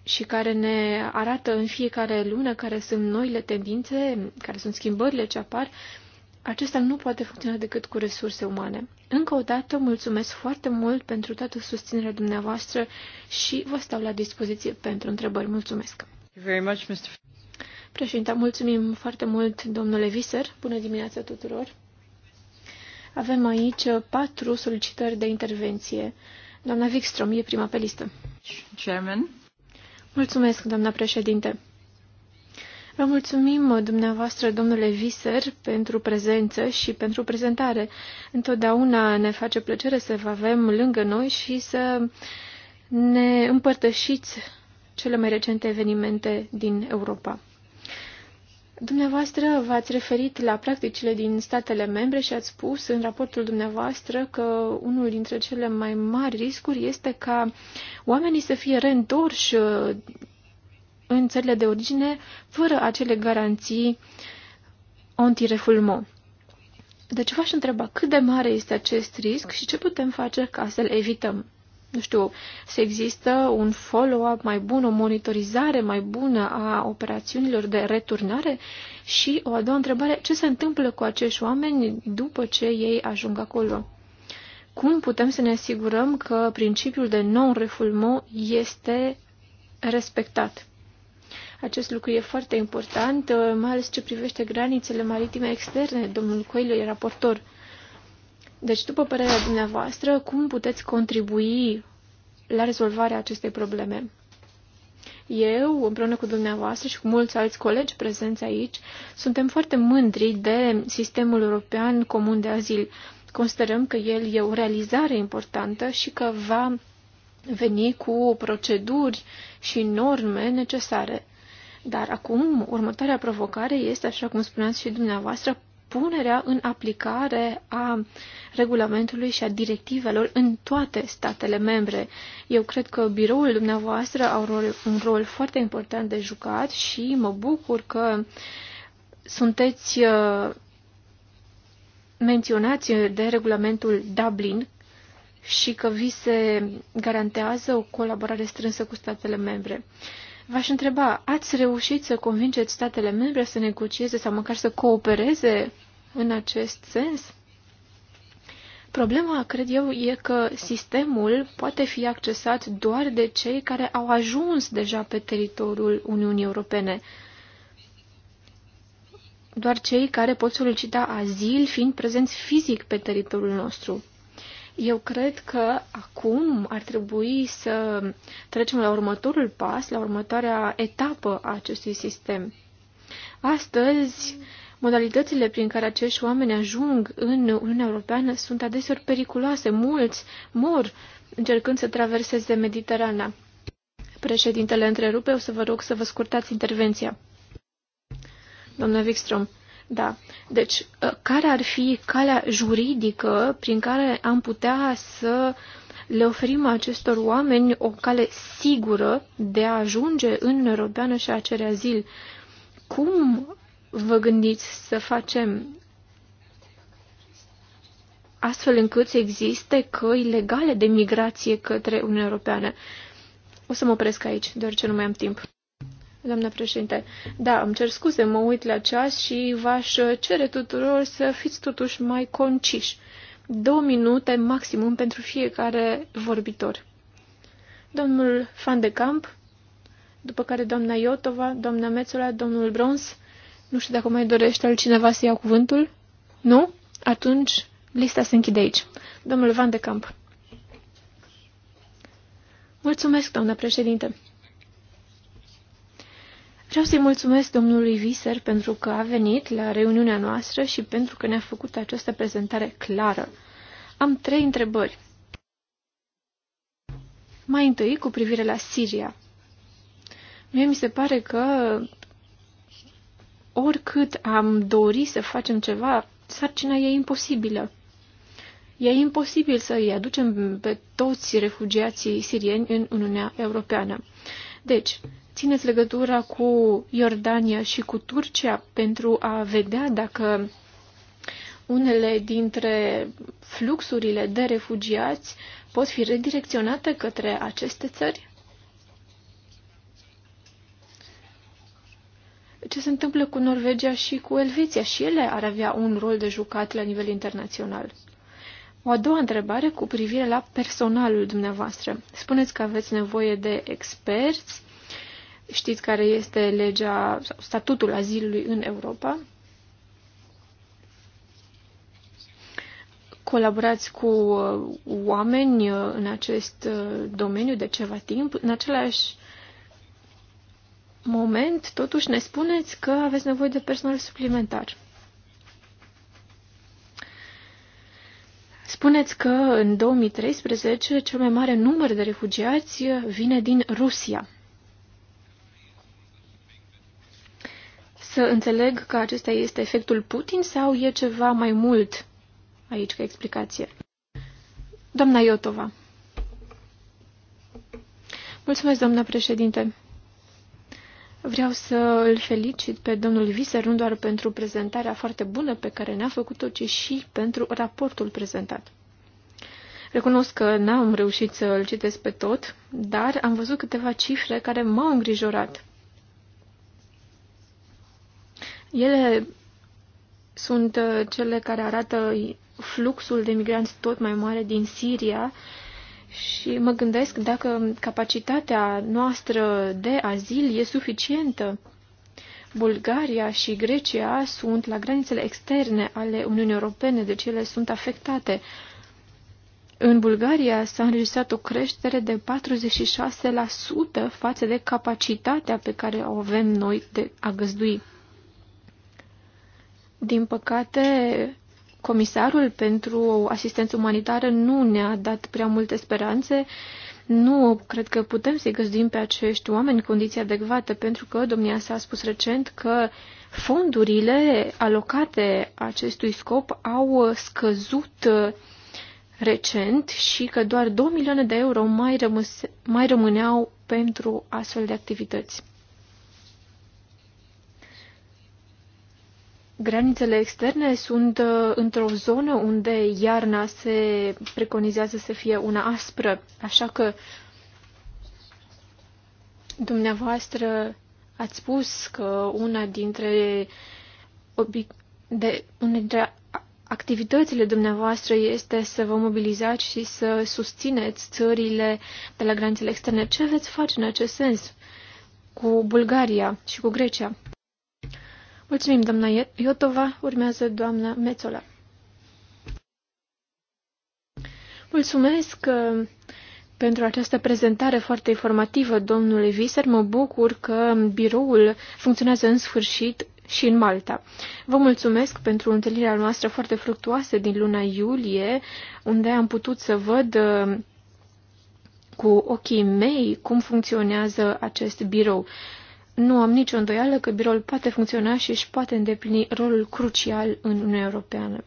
și care ne arată în fiecare lună care sunt noile tendințe, care sunt schimbările ce apar, acesta nu poate funcționa decât cu resurse umane. Încă o dată, mulțumesc foarte mult pentru toată susținerea dumneavoastră și vă stau la dispoziție pentru întrebări. Mulțumesc! Președinte, mulțumim foarte mult, domnule Viser. Bună dimineața tuturor! Avem aici uh, patru solicitări de intervenție. Doamna Wikström e prima pe listă. Chairman. Mulțumesc, doamna președinte. Vă mulțumim uh, dumneavoastră, domnule Viser, pentru prezență și pentru prezentare. Întotdeauna ne face plăcere să vă avem lângă noi și să ne împărtășiți cele mai recente evenimente din Europa. Dumneavoastră v-ați referit la practicile din statele membre și ați spus în raportul dumneavoastră că unul dintre cele mai mari riscuri este ca oamenii să fie reîntorși uh, în țările de origine fără acele garanții antirefulmo. Deci v-aș întreba cât de mare este acest risc și ce putem face ca să-l evităm nu știu, să există un follow-up mai bun, o monitorizare mai bună a operațiunilor de returnare? Și o a doua întrebare, ce se întâmplă cu acești oameni după ce ei ajung acolo? Cum putem să ne asigurăm că principiul de non-refoulement este respectat? Acest lucru e foarte important, mai ales ce privește granițele maritime externe. Domnul Coelho e raportor. Deci, după părerea dumneavoastră, cum puteți contribui la rezolvarea acestei probleme? Eu, împreună cu dumneavoastră și cu mulți alți colegi prezenți aici, suntem foarte mândri de sistemul european comun de azil. Considerăm că el e o realizare importantă și că va veni cu proceduri și norme necesare. Dar acum, următoarea provocare este, așa cum spuneați și dumneavoastră, punerea în aplicare a regulamentului și a directivelor în toate statele membre. Eu cred că biroul dumneavoastră au un rol foarte important de jucat și mă bucur că sunteți uh, menționați de regulamentul Dublin și că vi se garantează o colaborare strânsă cu statele membre. V-aș întreba, ați reușit să convingeți statele membre să negocieze sau măcar să coopereze în acest sens? Problema, cred eu, e că sistemul poate fi accesat doar de cei care au ajuns deja pe teritoriul Uniunii Europene. Doar cei care pot solicita azil fiind prezenți fizic pe teritoriul nostru. Eu cred că acum ar trebui să trecem la următorul pas, la următoarea etapă a acestui sistem. Astăzi, mm modalitățile prin care acești oameni ajung în Uniunea Europeană sunt adeseori periculoase. Mulți mor încercând să traverseze Mediterana. Președintele întrerupe, o să vă rog să vă scurtați intervenția. Domnule Wikström, da. Deci, ă, care ar fi calea juridică prin care am putea să le oferim acestor oameni o cale sigură de a ajunge în Europeană și a cere azil? Cum vă gândiți să facem astfel încât să existe căi legale de migrație către Uniunea Europeană. O să mă opresc aici, deoarece nu mai am timp. Doamna președinte, da, îmi cer scuze, mă uit la ceas și v-aș cere tuturor să fiți totuși mai conciși. Două minute maximum pentru fiecare vorbitor. Domnul Fan de Camp, după care doamna Iotova, doamna Mețula, domnul Brons nu știu dacă mai dorește altcineva să iau cuvântul? Nu? Atunci lista se închide aici. Domnul Van de Camp. Mulțumesc, doamna președinte. Vreau să-i mulțumesc domnului Viser pentru că a venit la reuniunea noastră și pentru că ne-a făcut această prezentare clară. Am trei întrebări. Mai întâi, cu privire la Siria. Mie mi se pare că oricât am dori să facem ceva, sarcina e imposibilă. E imposibil să îi aducem pe toți refugiații sirieni în Uniunea Europeană. Deci, țineți legătura cu Iordania și cu Turcia pentru a vedea dacă unele dintre fluxurile de refugiați pot fi redirecționate către aceste țări? ce se întâmplă cu Norvegia și cu Elveția. Și ele ar avea un rol de jucat la nivel internațional. O a doua întrebare cu privire la personalul dumneavoastră. Spuneți că aveți nevoie de experți, știți care este legea statutul azilului în Europa. Colaborați cu uh, oameni uh, în acest uh, domeniu de ceva timp. În același moment, totuși, ne spuneți că aveți nevoie de personal suplimentar. Spuneți că în 2013 cel mai mare număr de refugiați vine din Rusia. Să înțeleg că acesta este efectul Putin sau e ceva mai mult aici ca explicație? Doamna Iotova. Mulțumesc, doamna președinte. Vreau să îl felicit pe domnul Viser nu doar pentru prezentarea foarte bună pe care ne-a făcut-o, ci și pentru raportul prezentat. Recunosc că n-am reușit să îl citesc pe tot, dar am văzut câteva cifre care m-au îngrijorat. Ele sunt uh, cele care arată fluxul de migranți tot mai mare din Siria și mă gândesc dacă capacitatea noastră de azil e suficientă. Bulgaria și Grecia sunt la granițele externe ale Uniunii Europene, deci ele sunt afectate. În Bulgaria s-a înregistrat o creștere de 46% față de capacitatea pe care o avem noi de a găzdui. Din păcate, comisarul pentru asistență umanitară nu ne-a dat prea multe speranțe. Nu cred că putem să-i găzduim pe acești oameni în condiții adecvate, pentru că domnia s-a spus recent că fondurile alocate acestui scop au scăzut uh, recent și că doar 2 milioane de euro mai, rămâse, mai rămâneau pentru astfel de activități. Granițele externe sunt uh, într-o zonă unde iarna se preconizează să fie una aspră, așa că dumneavoastră ați spus că una dintre, de, una dintre activitățile dumneavoastră este să vă mobilizați și să susțineți țările de la granițele externe. Ce veți face în acest sens cu Bulgaria și cu Grecia? Mulțumim, doamna Iotova. Urmează doamna Mețola. Mulțumesc uh, pentru această prezentare foarte informativă, domnule Viser. Mă bucur că biroul funcționează în sfârșit și în Malta. Vă mulțumesc pentru întâlnirea noastră foarte fructuoasă din luna iulie, unde am putut să văd uh, cu ochii mei cum funcționează acest birou. Nu am nicio îndoială că biroul poate funcționa și își poate îndeplini rolul crucial în Uniunea Europeană.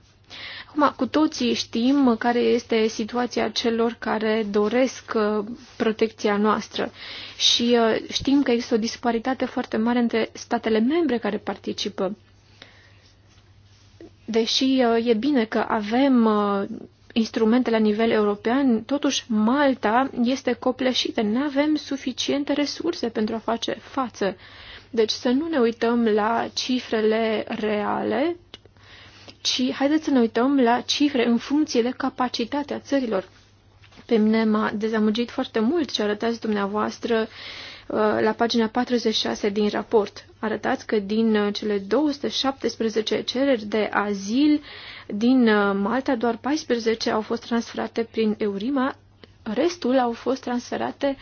Acum, cu toții știm care este situația celor care doresc uh, protecția noastră și uh, știm că există o disparitate foarte mare între statele membre care participă. Deși uh, e bine că avem instrumente la nivel european, totuși Malta este copleșită. Nu avem suficiente resurse pentru a face față. Deci să nu ne uităm la cifrele reale, ci haideți să ne uităm la cifre în funcție de capacitatea țărilor. Pe mine m-a dezamăgit foarte mult ce arătați dumneavoastră uh, la pagina 46 din raport. Arătați că din uh, cele 217 cereri de azil, din uh, Malta, doar 14 au fost transferate prin Eurima, restul au fost transferate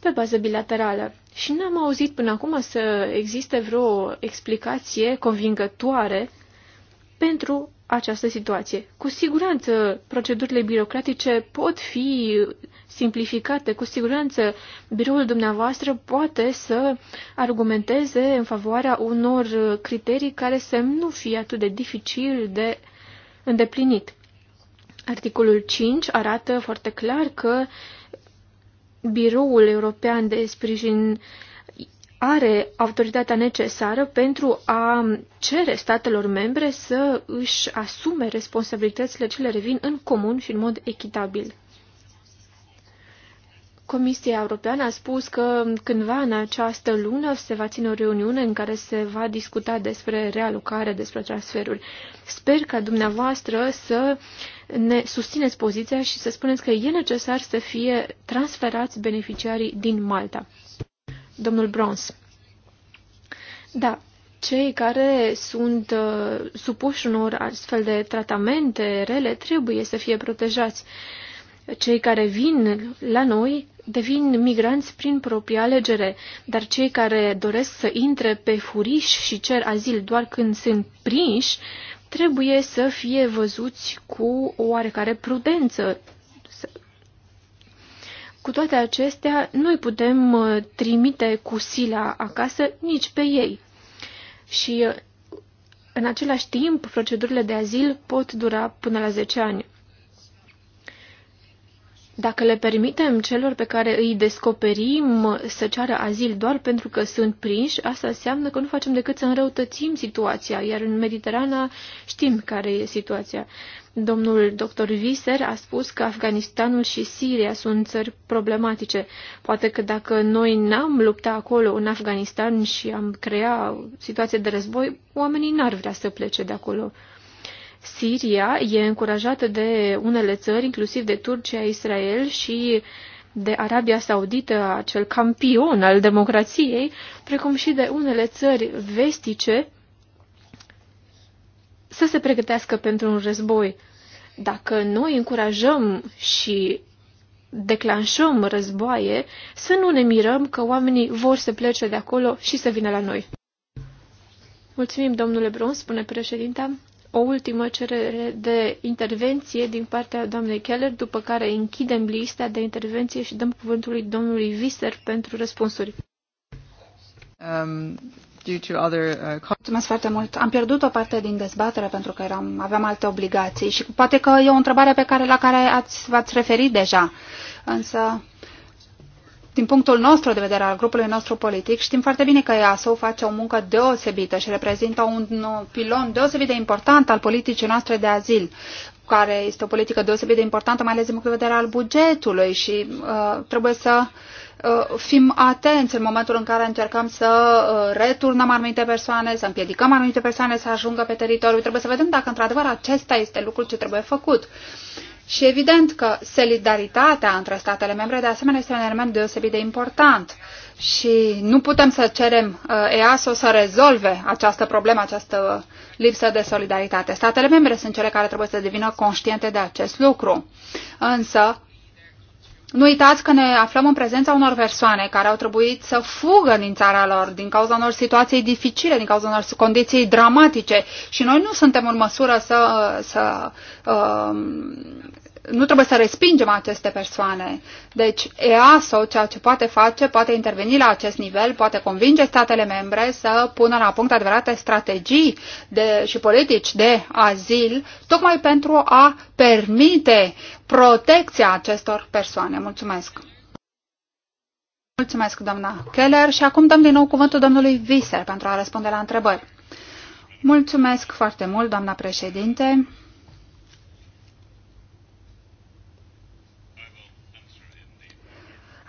pe bază bilaterală. Și n-am auzit până acum să existe vreo explicație convingătoare pentru această situație. Cu siguranță, procedurile birocratice pot fi simplificate, cu siguranță biroul dumneavoastră poate să argumenteze în favoarea unor criterii care să nu fie atât de dificil de îndeplinit. Articolul 5 arată foarte clar că Biroul European de Sprijin are autoritatea necesară pentru a cere statelor membre să își asume responsabilitățile ce le revin în comun și în mod echitabil. Comisia Europeană a spus că cândva în această lună se va ține o reuniune în care se va discuta despre realocare, despre transferuri. Sper ca dumneavoastră să ne susțineți poziția și să spuneți că e necesar să fie transferați beneficiarii din Malta. Domnul Brons. Da, cei care sunt uh, supuși unor astfel de tratamente rele trebuie să fie protejați. Cei care vin la noi devin migranți prin propria alegere, dar cei care doresc să intre pe furiș și cer azil doar când sunt prinși, trebuie să fie văzuți cu o oarecare prudență. Cu toate acestea, noi putem uh, trimite cu sila acasă nici pe ei. Și, uh, în același timp, procedurile de azil pot dura până la 10 ani. Dacă le permitem celor pe care îi descoperim să ceară azil doar pentru că sunt prinși, asta înseamnă că nu facem decât să înrăutățim situația, iar în Mediterana știm care e situația. Domnul dr. Viser a spus că Afganistanul și Siria sunt țări problematice. Poate că dacă noi n-am luptat acolo în Afganistan și am creat situație de război, oamenii n-ar vrea să plece de acolo. Siria e încurajată de unele țări, inclusiv de Turcia, Israel și de Arabia Saudită, acel campion al democrației, precum și de unele țări vestice, să se pregătească pentru un război. Dacă noi încurajăm și declanșăm războaie, să nu ne mirăm că oamenii vor să plece de acolo și să vină la noi. Mulțumim, domnule Brun, spune președinta o ultimă cerere de intervenție din partea doamnei Keller, după care închidem lista de intervenție și dăm cuvântul lui domnului Viser pentru răspunsuri. Um, due to other, uh... Mulțumesc foarte mult. Am pierdut o parte din dezbatere pentru că eram, aveam alte obligații și poate că e o întrebare pe care, la care ați, v-ați referit deja, însă din punctul nostru de vedere al grupului nostru politic, știm foarte bine că EASO face o muncă deosebită și reprezintă un pilon deosebit de important al politicii noastre de azil, care este o politică deosebit de importantă, mai ales din punct de vedere al bugetului și uh, trebuie să uh, fim atenți în momentul în care încercăm să uh, returnăm anumite persoane, să împiedicăm anumite persoane să ajungă pe teritoriu. Trebuie să vedem dacă într-adevăr acesta este lucrul ce trebuie făcut. Și evident că solidaritatea între statele membre de asemenea este un element deosebit de important și nu putem să cerem uh, EASO să rezolve această problemă, această lipsă de solidaritate. Statele membre sunt cele care trebuie să devină conștiente de acest lucru. Însă nu uitați că ne aflăm în prezența unor persoane care au trebuit să fugă din țara lor din cauza unor situații dificile, din cauza unor condiții dramatice și noi nu suntem în măsură să, să uh, nu trebuie să respingem aceste persoane. Deci EASO, ceea ce poate face, poate interveni la acest nivel, poate convinge statele membre să pună la punct adevărate strategii de, și politici de azil, tocmai pentru a permite protecția acestor persoane. Mulțumesc! Mulțumesc, doamna Keller, și acum dăm din nou cuvântul domnului Viser pentru a răspunde la întrebări. Mulțumesc foarte mult, doamna președinte.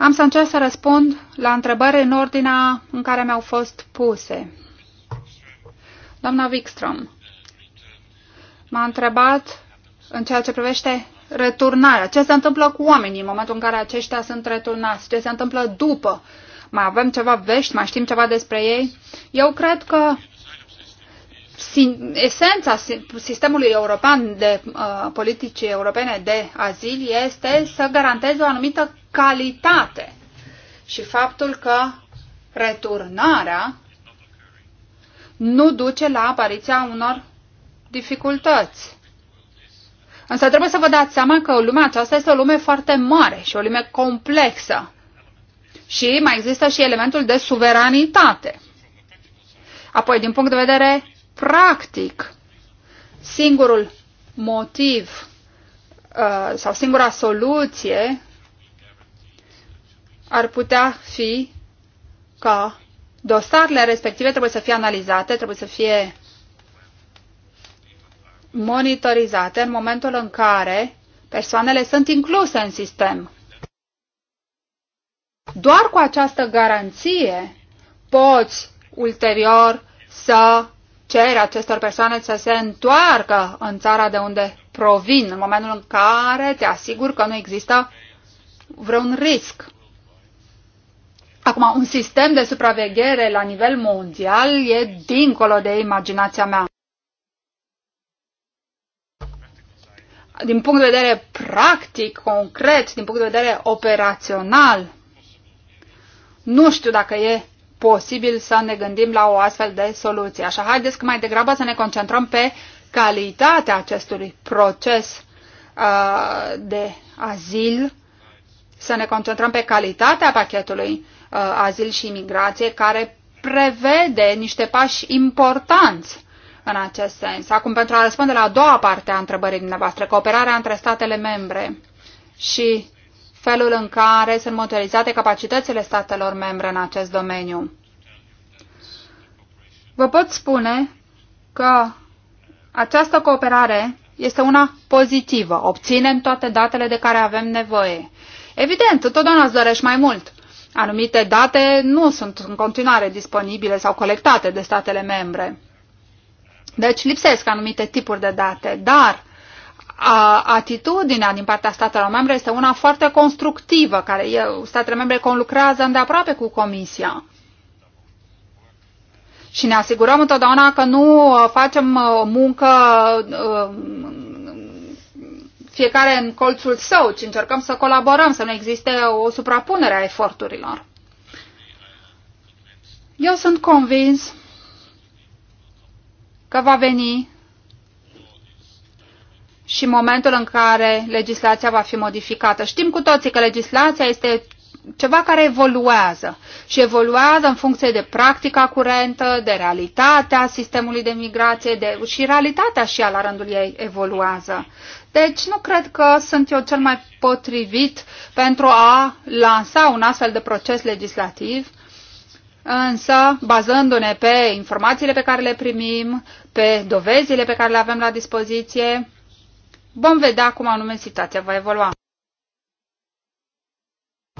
Am să încerc să răspund la întrebări în ordinea în care mi-au fost puse. Doamna Wikström m-a întrebat în ceea ce privește returnarea. Ce se întâmplă cu oamenii în momentul în care aceștia sunt returnați? Ce se întâmplă după? Mai avem ceva vești? Mai știm ceva despre ei? Eu cred că esența sistemului european de uh, politici europene de azil este să garanteze o anumită calitate și faptul că returnarea nu duce la apariția unor dificultăți. Însă trebuie să vă dați seama că lumea aceasta este o lume foarte mare și o lume complexă. Și mai există și elementul de suveranitate. Apoi, din punct de vedere practic, singurul motiv uh, sau singura soluție ar putea fi că dosarele respective trebuie să fie analizate, trebuie să fie monitorizate în momentul în care persoanele sunt incluse în sistem. Doar cu această garanție poți ulterior să ceri acestor persoane să se întoarcă în țara de unde provin, în momentul în care te asiguri că nu există vreun risc. Acum, un sistem de supraveghere la nivel mondial e dincolo de imaginația mea. Din punct de vedere practic, concret, din punct de vedere operațional, nu știu dacă e posibil să ne gândim la o astfel de soluție. Așa, haideți că mai degrabă să ne concentrăm pe calitatea acestui proces uh, de azil, să ne concentrăm pe calitatea pachetului Uh, azil și imigrație, care prevede niște pași importanți în acest sens. Acum, pentru a răspunde la a doua parte a întrebării dumneavoastră, cooperarea între statele membre și felul în care sunt motorizate capacitățile statelor membre în acest domeniu. Vă pot spune că această cooperare este una pozitivă. Obținem toate datele de care avem nevoie. Evident, întotdeauna îți dorești mai mult. Anumite date nu sunt în continuare disponibile sau colectate de statele membre. Deci lipsesc anumite tipuri de date, dar a, atitudinea din partea statelor membre este una foarte constructivă, care eu, statele membre conlucrează îndeaproape cu Comisia. Și ne asigurăm întotdeauna că nu uh, facem o uh, muncă uh, fiecare în colțul său, ci încercăm să colaborăm, să nu existe o suprapunere a eforturilor. Eu sunt convins că va veni și momentul în care legislația va fi modificată. Știm cu toții că legislația este ceva care evoluează și evoluează în funcție de practica curentă, de realitatea sistemului de migrație de, și realitatea și ea la rândul ei evoluează. Deci nu cred că sunt eu cel mai potrivit pentru a lansa un astfel de proces legislativ, însă bazându-ne pe informațiile pe care le primim, pe dovezile pe care le avem la dispoziție, vom vedea cum anume situația va evolua.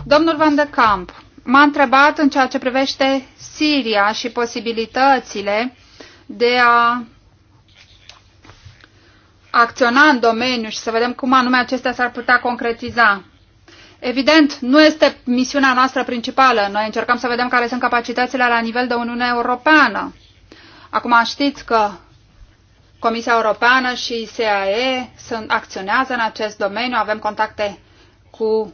Domnul Van de Camp m-a întrebat în ceea ce privește Siria și posibilitățile de a acționa în domeniu și să vedem cum anume acestea s-ar putea concretiza. Evident, nu este misiunea noastră principală. Noi încercăm să vedem care sunt capacitățile la nivel de Uniune Europeană. Acum știți că Comisia Europeană și CAE sunt, acționează în acest domeniu, avem contacte cu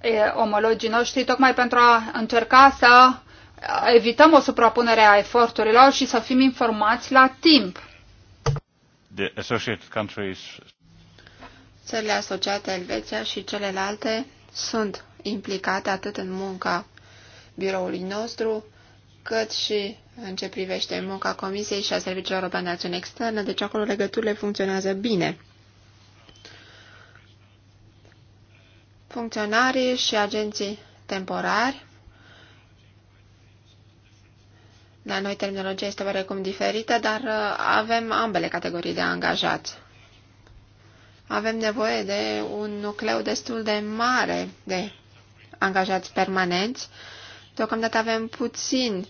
e, omologii noștri, tocmai pentru a încerca să evităm o suprapunere a eforturilor și să fim informați la timp the associated countries. Țările asociate Elveția și celelalte sunt implicate atât în munca biroului nostru, cât și în ce privește munca Comisiei și a serviciilor Europene de Acțiune Externă, deci acolo legăturile funcționează bine. Funcționarii și agenții temporari La noi terminologia este oarecum diferită, dar uh, avem ambele categorii de angajați. Avem nevoie de un nucleu destul de mare de angajați permanenți. Deocamdată avem puțin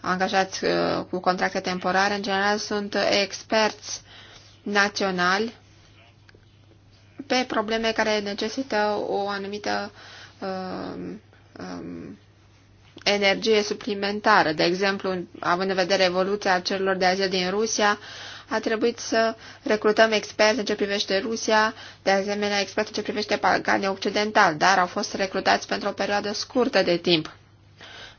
angajați uh, cu contracte temporare. În general sunt experți naționali pe probleme care necesită o anumită uh, um, energie suplimentară. De exemplu, având în vedere evoluția celor de azi din Rusia, a trebuit să recrutăm experți în ce privește Rusia, de asemenea experți în ce privește Balcanii Occidental, dar au fost recrutați pentru o perioadă scurtă de timp.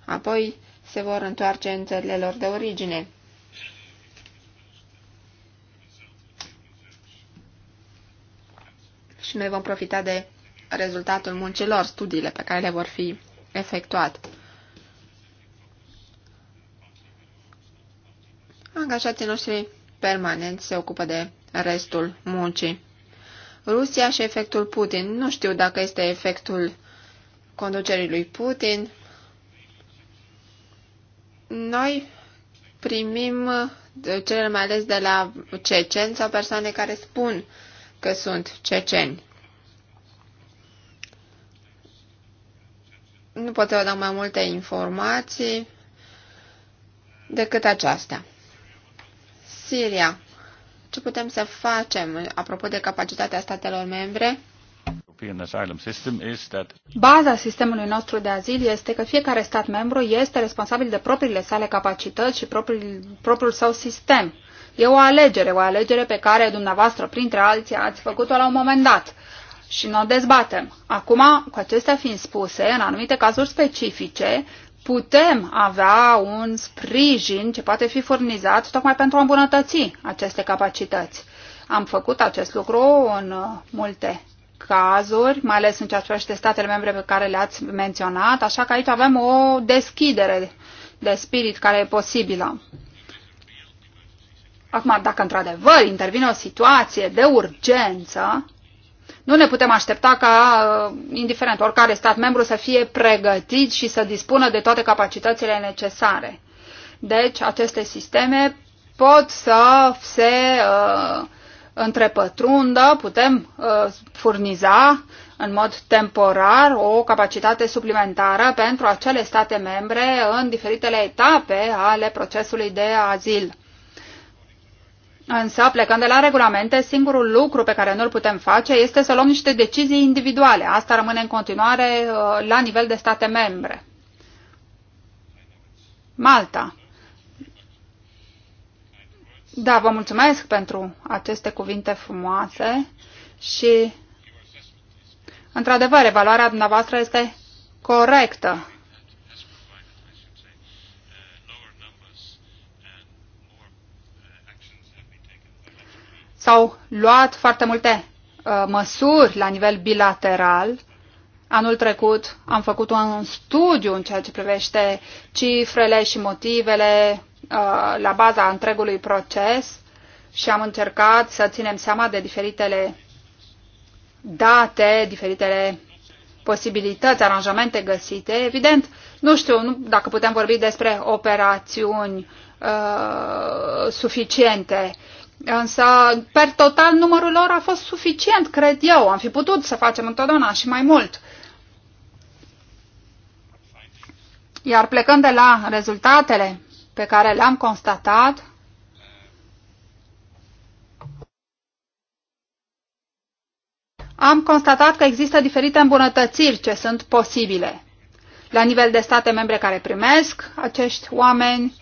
Apoi se vor întoarce în țările lor de origine. Și noi vom profita de rezultatul muncilor, studiile pe care le vor fi efectuate. angajații noștri permanent se ocupă de restul muncii. Rusia și efectul Putin. Nu știu dacă este efectul conducerii lui Putin. Noi primim cele mai ales de la ceceni sau persoane care spun că sunt ceceni. Nu pot să vă dau mai multe informații decât aceasta. Siria. Ce putem să facem apropo de capacitatea statelor membre? Baza sistemului nostru de azil este că fiecare stat membru este responsabil de propriile sale capacități și propriul, propriul său sistem. E o alegere, o alegere pe care dumneavoastră, printre alții, ați făcut-o la un moment dat și nu o dezbatem. Acum, cu acestea fiind spuse, în anumite cazuri specifice, putem avea un sprijin ce poate fi furnizat tocmai pentru a îmbunătăți aceste capacități. Am făcut acest lucru în uh, multe cazuri, mai ales în ceea ce privește statele membre pe care le-ați menționat, așa că aici avem o deschidere de spirit care e posibilă. Acum, dacă într-adevăr intervine o situație de urgență, nu ne putem aștepta ca, uh, indiferent oricare stat membru, să fie pregătit și să dispună de toate capacitățile necesare. Deci, aceste sisteme pot să se uh, întrepătrundă, putem uh, furniza în mod temporar o capacitate suplimentară pentru acele state membre în diferitele etape ale procesului de azil. Însă, plecând de la regulamente, singurul lucru pe care nu-l putem face este să luăm niște decizii individuale. Asta rămâne în continuare uh, la nivel de state membre. Malta. Da, vă mulțumesc pentru aceste cuvinte frumoase și, într-adevăr, evaluarea dumneavoastră este corectă. S-au luat foarte multe uh, măsuri la nivel bilateral. Anul trecut am făcut un studiu în ceea ce privește cifrele și motivele uh, la baza întregului proces și am încercat să ținem seama de diferitele date, diferitele posibilități, aranjamente găsite. Evident, nu știu nu, dacă putem vorbi despre operațiuni uh, suficiente. Însă, per total, numărul lor a fost suficient, cred eu. Am fi putut să facem întotdeauna și mai mult. Iar plecând de la rezultatele pe care le-am constatat, am constatat că există diferite îmbunătățiri ce sunt posibile. La nivel de state membre care primesc acești oameni,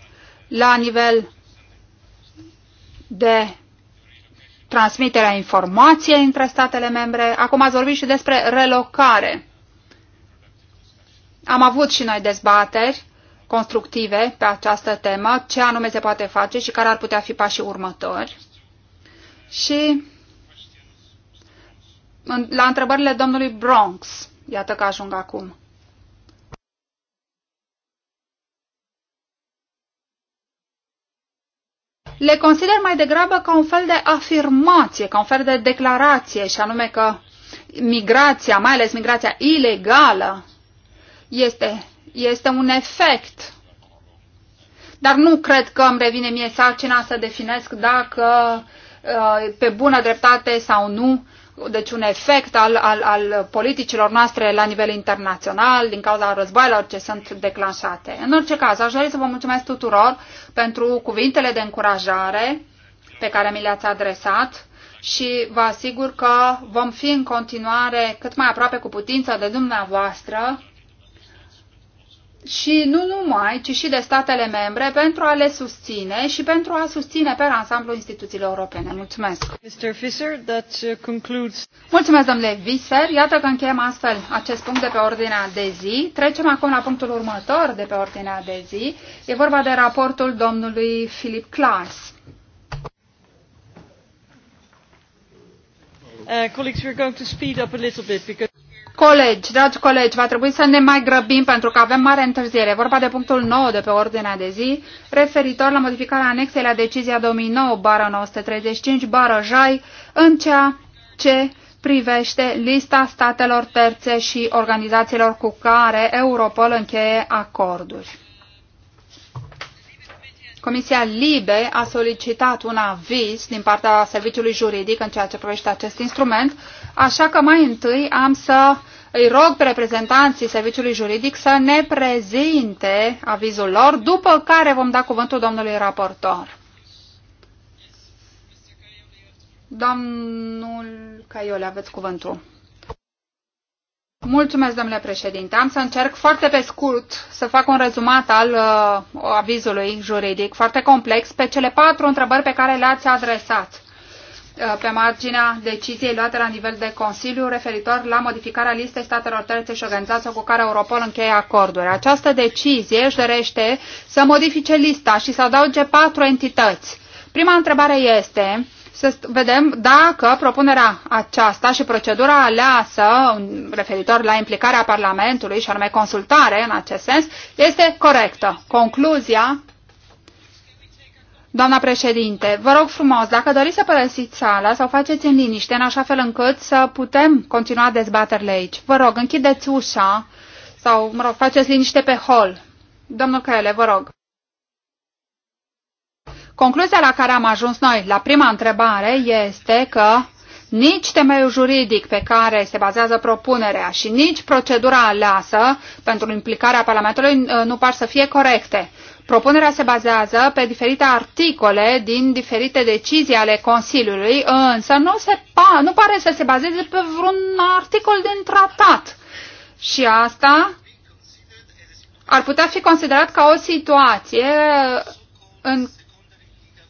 la nivel de transmiterea informației între statele membre. Acum ați vorbit și despre relocare. Am avut și noi dezbateri constructive pe această temă, ce anume se poate face și care ar putea fi pașii următori. Și la întrebările domnului Bronx, iată că ajung acum. le consider mai degrabă ca un fel de afirmație, ca un fel de declarație, și anume că migrația, mai ales migrația ilegală, este, este un efect. Dar nu cred că îmi revine mie sarcina să definesc dacă uh, pe bună dreptate sau nu deci un efect al, al, al politicilor noastre la nivel internațional din cauza războaielor ce sunt declanșate. În orice caz, aș dori să vă mulțumesc tuturor pentru cuvintele de încurajare pe care mi le-ați adresat și vă asigur că vom fi în continuare cât mai aproape cu putință de dumneavoastră și nu numai, ci și de statele membre pentru a le susține și pentru a susține pe ansamblu instituțiile europene. Mulțumesc! Mr. Fischer, that uh, concludes... Mulțumesc, domnule Visser. Iată că încheiem astfel acest punct de pe ordinea de zi. Trecem acum la punctul următor de pe ordinea de zi. E vorba de raportul domnului Philip Klaas. Uh, colleagues, we're going to speed up a little bit because Colegi, dragi colegi, va trebui să ne mai grăbim pentru că avem mare întârziere. Vorba de punctul 9 de pe ordinea de zi, referitor la modificarea anexei la decizia 2009-935-JAI în ceea ce privește lista statelor terțe și organizațiilor cu care Europol încheie acorduri. Comisia LIBE a solicitat un aviz din partea serviciului juridic în ceea ce privește acest instrument Așa că mai întâi am să îi rog pe reprezentanții serviciului juridic să ne prezinte avizul lor, după care vom da cuvântul domnului raportor. Domnul Caiole, aveți cuvântul. Mulțumesc, domnule președinte. Am să încerc foarte pe scurt să fac un rezumat al uh, avizului juridic, foarte complex, pe cele patru întrebări pe care le-ați adresat. Uh, pe marginea deciziei luate la nivel de Consiliu referitor la modificarea listei statelor terțe și organizațiilor cu care Europol încheie acorduri. Această decizie își dorește să modifice lista și să adauge patru entități. Prima întrebare este să vedem dacă propunerea aceasta și procedura aleasă referitor la implicarea Parlamentului și anume consultare în acest sens este corectă. Concluzia Doamna președinte, vă rog frumos, dacă doriți să părăsiți sala sau faceți în liniște, în așa fel încât să putem continua dezbaterile aici. Vă rog, închideți ușa sau, mă rog, faceți liniște pe hol. Domnul Căele, vă rog. Concluzia la care am ajuns noi la prima întrebare este că nici temeiul juridic pe care se bazează propunerea și nici procedura aleasă pentru implicarea Parlamentului uh, nu par să fie corecte. Propunerea se bazează pe diferite articole din diferite decizii ale Consiliului, însă nu, se pa, nu pare să se bazeze pe vreun articol din tratat. Și asta ar putea fi considerat ca o situație în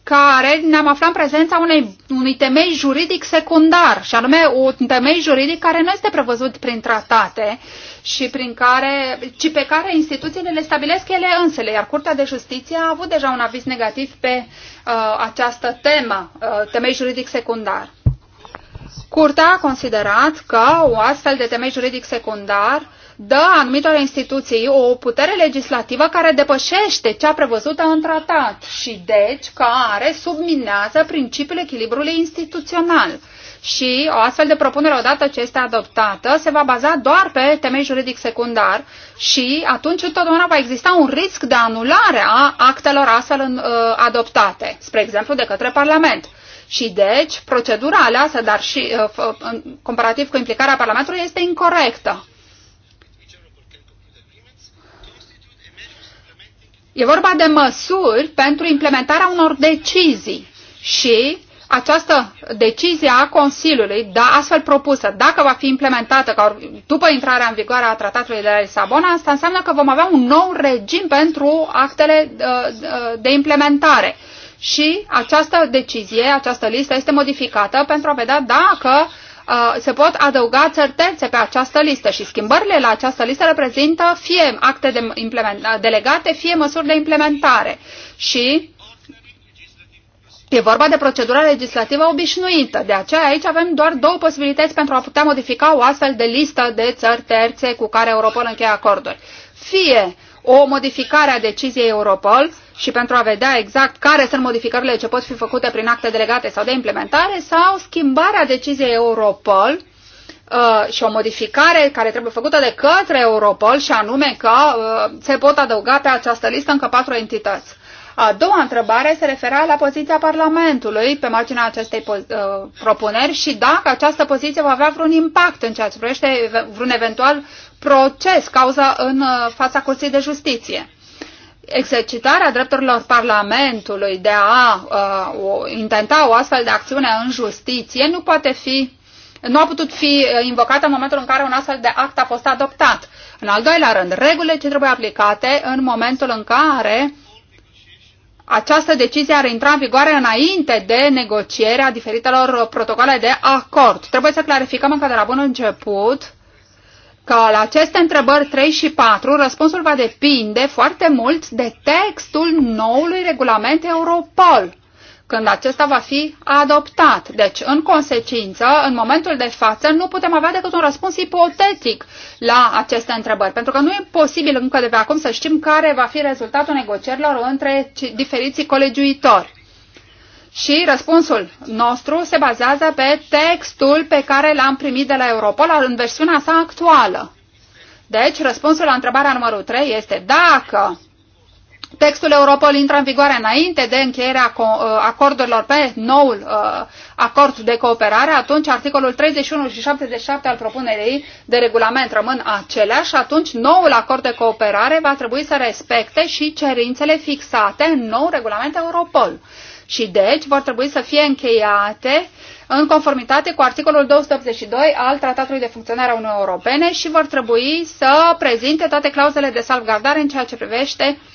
care ne-am aflat în prezența unei, unui temei juridic secundar, și anume un temei juridic care nu este prevăzut prin tratate și prin care, ci pe care instituțiile le stabilesc ele însele. Iar Curtea de Justiție a avut deja un aviz negativ pe uh, această temă, uh, temei juridic secundar. Curtea a considerat că o astfel de temei juridic secundar dă anumitor instituții o putere legislativă care depășește cea prevăzută în tratat și deci care subminează principiul echilibrului instituțional și o astfel de propunere, odată ce este adoptată, se va baza doar pe temei juridic secundar și atunci întotdeauna va exista un risc de anulare a actelor astfel în, uh, adoptate, spre exemplu de către Parlament. Și deci, procedura aleasă, dar și uh, uh comparativ cu implicarea Parlamentului, este incorrectă. E vorba de măsuri pentru implementarea unor decizii și această decizie a Consiliului, da, astfel propusă, dacă va fi implementată ca, după intrarea în vigoare a tratatului de la Lisabona, asta înseamnă că vom avea un nou regim pentru actele uh, uh, de implementare. Și această decizie, această listă este modificată pentru a vedea dacă uh, se pot adăuga țări pe această listă și schimbările la această listă reprezintă fie acte de delegate, fie măsuri de implementare. Și E vorba de procedura legislativă obișnuită, de aceea aici avem doar două posibilități pentru a putea modifica o astfel de listă de țări terțe cu care Europol încheie acorduri. Fie o modificare a deciziei Europol și pentru a vedea exact care sunt modificările ce pot fi făcute prin acte delegate sau de implementare, sau schimbarea deciziei Europol uh, și o modificare care trebuie făcută de către Europol și anume că uh, se pot adăuga pe această listă încă patru entități. A doua întrebare se refera la poziția Parlamentului pe marginea acestei uh, propuneri și dacă această poziție va avea vreun impact în ceea ce privește vreun eventual proces, cauza în uh, fața Curții de Justiție exercitarea drepturilor Parlamentului de a uh, intenta o astfel de acțiune în justiție nu poate fi nu a putut fi uh, invocată în momentul în care un astfel de act a fost adoptat. În al doilea rând, regulile ce trebuie aplicate în momentul în care această decizie ar intra în vigoare înainte de negocierea diferitelor protocoale de acord. Trebuie să clarificăm încă de la bun început că la aceste întrebări 3 și 4 răspunsul va depinde foarte mult de textul noului regulament Europol când acesta va fi adoptat. Deci, în consecință, în momentul de față, nu putem avea decât un răspuns ipotetic la aceste întrebări, pentru că nu e posibil încă de pe acum să știm care va fi rezultatul negocierilor între diferiții colegiuitori. Și răspunsul nostru se bazează pe textul pe care l-am primit de la Europol în versiunea sa actuală. Deci, răspunsul la întrebarea numărul 3 este dacă Textul Europol intră în vigoare înainte de încheierea uh, acordurilor pe noul uh, acord de cooperare, atunci articolul 31 și 77 al propunerii de regulament rămân aceleași, atunci noul acord de cooperare va trebui să respecte și cerințele fixate în nou regulament Europol. Și deci vor trebui să fie încheiate în conformitate cu articolul 282 al Tratatului de Funcționare a Uniunii Europene și vor trebui să prezinte toate clauzele de salvgardare în ceea ce privește uh,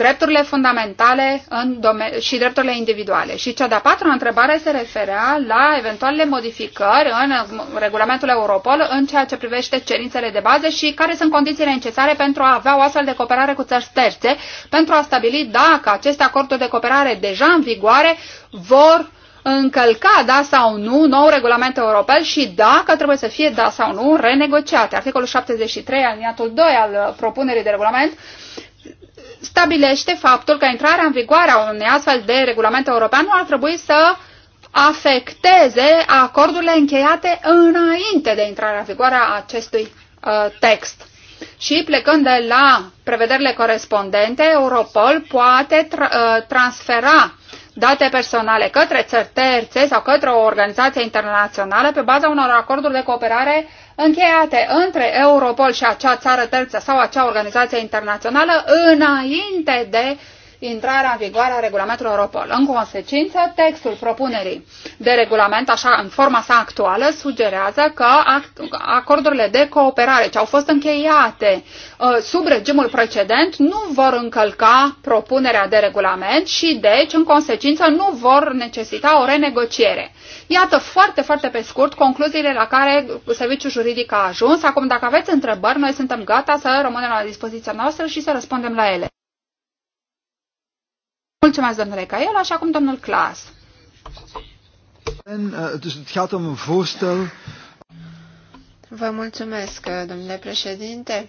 drepturile fundamentale în și drepturile individuale. Și cea de-a patra întrebare se referea la eventualele modificări în uh, regulamentul Europol în ceea ce privește cerințele de bază și care sunt condițiile necesare pentru a avea o astfel de cooperare cu țări terțe, pentru a stabili dacă aceste acorduri de cooperare deja în vigoare vor încălca, da sau nu, nou regulament european și dacă trebuie să fie, da sau nu, renegociate. Articolul 73, aliniatul 2 al uh, propunerii de regulament, uh, stabilește faptul că intrarea în vigoare a unui astfel de regulament european nu ar trebui să afecteze acordurile încheiate înainte de intrarea în vigoare a acestui uh, text. Și plecând de la prevederile corespondente, Europol poate tra uh, transfera date personale către țări terțe sau către o organizație internațională pe baza unor acorduri de cooperare încheiate între Europol și acea țară terță sau acea organizație internațională înainte de intrarea în vigoare a regulamentului Europol. În consecință, textul propunerii de regulament, așa în forma sa actuală, sugerează că acordurile de cooperare ce au fost încheiate uh, sub regimul precedent nu vor încălca propunerea de regulament și, deci, în consecință, nu vor necesita o renegociere. Iată foarte, foarte pe scurt concluziile la care serviciul juridic a ajuns. Acum, dacă aveți întrebări, noi suntem gata să rămânem la dispoziția noastră și să răspundem la ele. Mulțumesc, domnule Caiola, așa cum domnul Clas. Eh, Vă mulțumesc, eh, domnule președinte.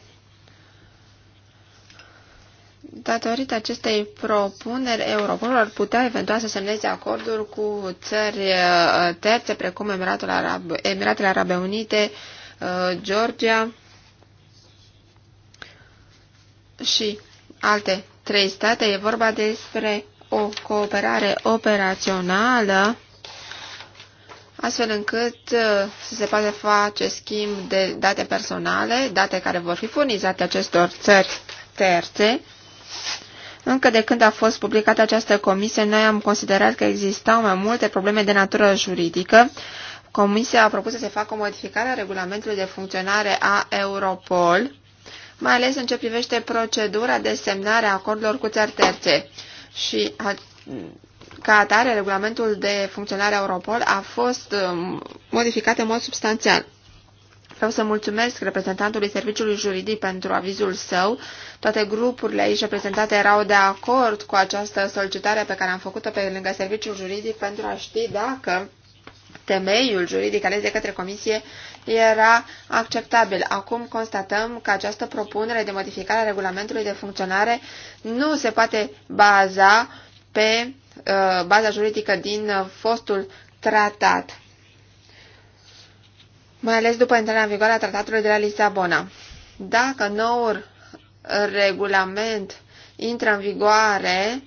Datorită acestei propuneri, Europol ar putea eventual să semneze acorduri cu țări eh, terțe, precum Emiratul Arab, Emiratele Arabe Unite, Georgia și alte trei state, e vorba despre o cooperare operațională, astfel încât uh, să se poate face schimb de date personale, date care vor fi furnizate acestor țări terțe. Încă de când a fost publicată această comisie, noi am considerat că existau mai multe probleme de natură juridică. Comisia a propus să se facă o modificare a regulamentului de funcționare a Europol, mai ales în ce privește procedura de semnare a acordurilor cu țări terțe. Și a, ca atare, regulamentul de funcționare a Europol a fost um, modificat în mod substanțial. Vreau să mulțumesc reprezentantului Serviciului Juridic pentru avizul său. Toate grupurile aici reprezentate erau de acord cu această solicitare pe care am făcut-o pe lângă Serviciul Juridic pentru a ști dacă temeiul juridic ales de către Comisie era acceptabil. Acum constatăm că această propunere de modificare a regulamentului de funcționare nu se poate baza pe uh, baza juridică din uh, fostul tratat, mai ales după intrarea în vigoare a tratatului de la Lisabona. Dacă noul regulament intră în vigoare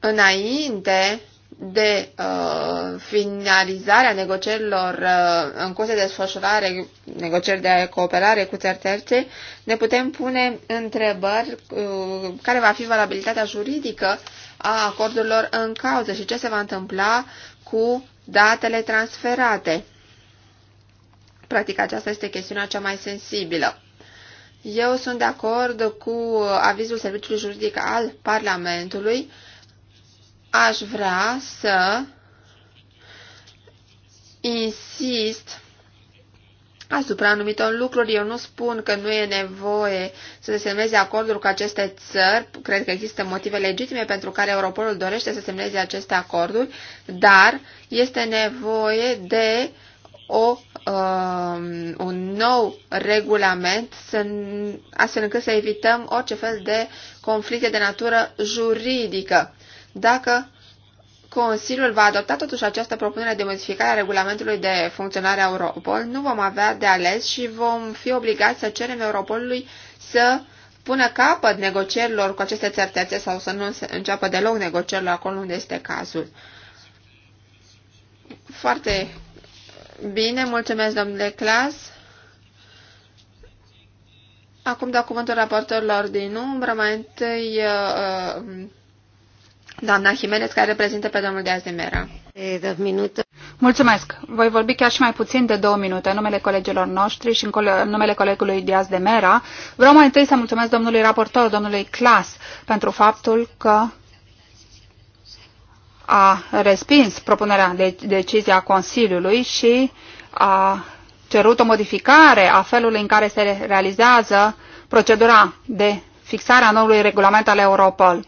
înainte de uh, finalizarea negocierilor uh, în curs de desfășurare, negocieri de cooperare cu țări terțe, ne putem pune întrebări uh, care va fi valabilitatea juridică a acordurilor în cauză și ce se va întâmpla cu datele transferate. Practic, aceasta este chestiunea cea mai sensibilă. Eu sunt de acord cu avizul Serviciului Juridic al Parlamentului aș vrea să insist asupra anumitor lucruri. Eu nu spun că nu e nevoie să se semneze acordul cu aceste țări. Cred că există motive legitime pentru care Europolul dorește să semneze aceste acorduri, dar este nevoie de o, um, un nou regulament să, astfel încât să evităm orice fel de conflicte de natură juridică dacă Consiliul va adopta totuși această propunere de modificare a regulamentului de funcționare a Europol, nu vom avea de ales și vom fi obligați să cerem Europolului să pună capăt negocierilor cu aceste certețe sau să nu înceapă deloc negocierile acolo unde este cazul. Foarte bine, mulțumesc domnule Clas. Acum dau cuvântul raportorilor din umbră, mai întâi uh, um, Doamna Jimenez, care reprezintă pe domnul Diaz de Mera. De minute. Mulțumesc. Voi vorbi chiar și mai puțin de două minute în numele colegilor noștri și în, cole în numele colegului Diaz de Mera. Vreau mai întâi să mulțumesc domnului raportor, domnului Clas, pentru faptul că a respins propunerea de decizia Consiliului și a cerut o modificare a felului în care se realizează procedura de fixare a noului regulament al Europol.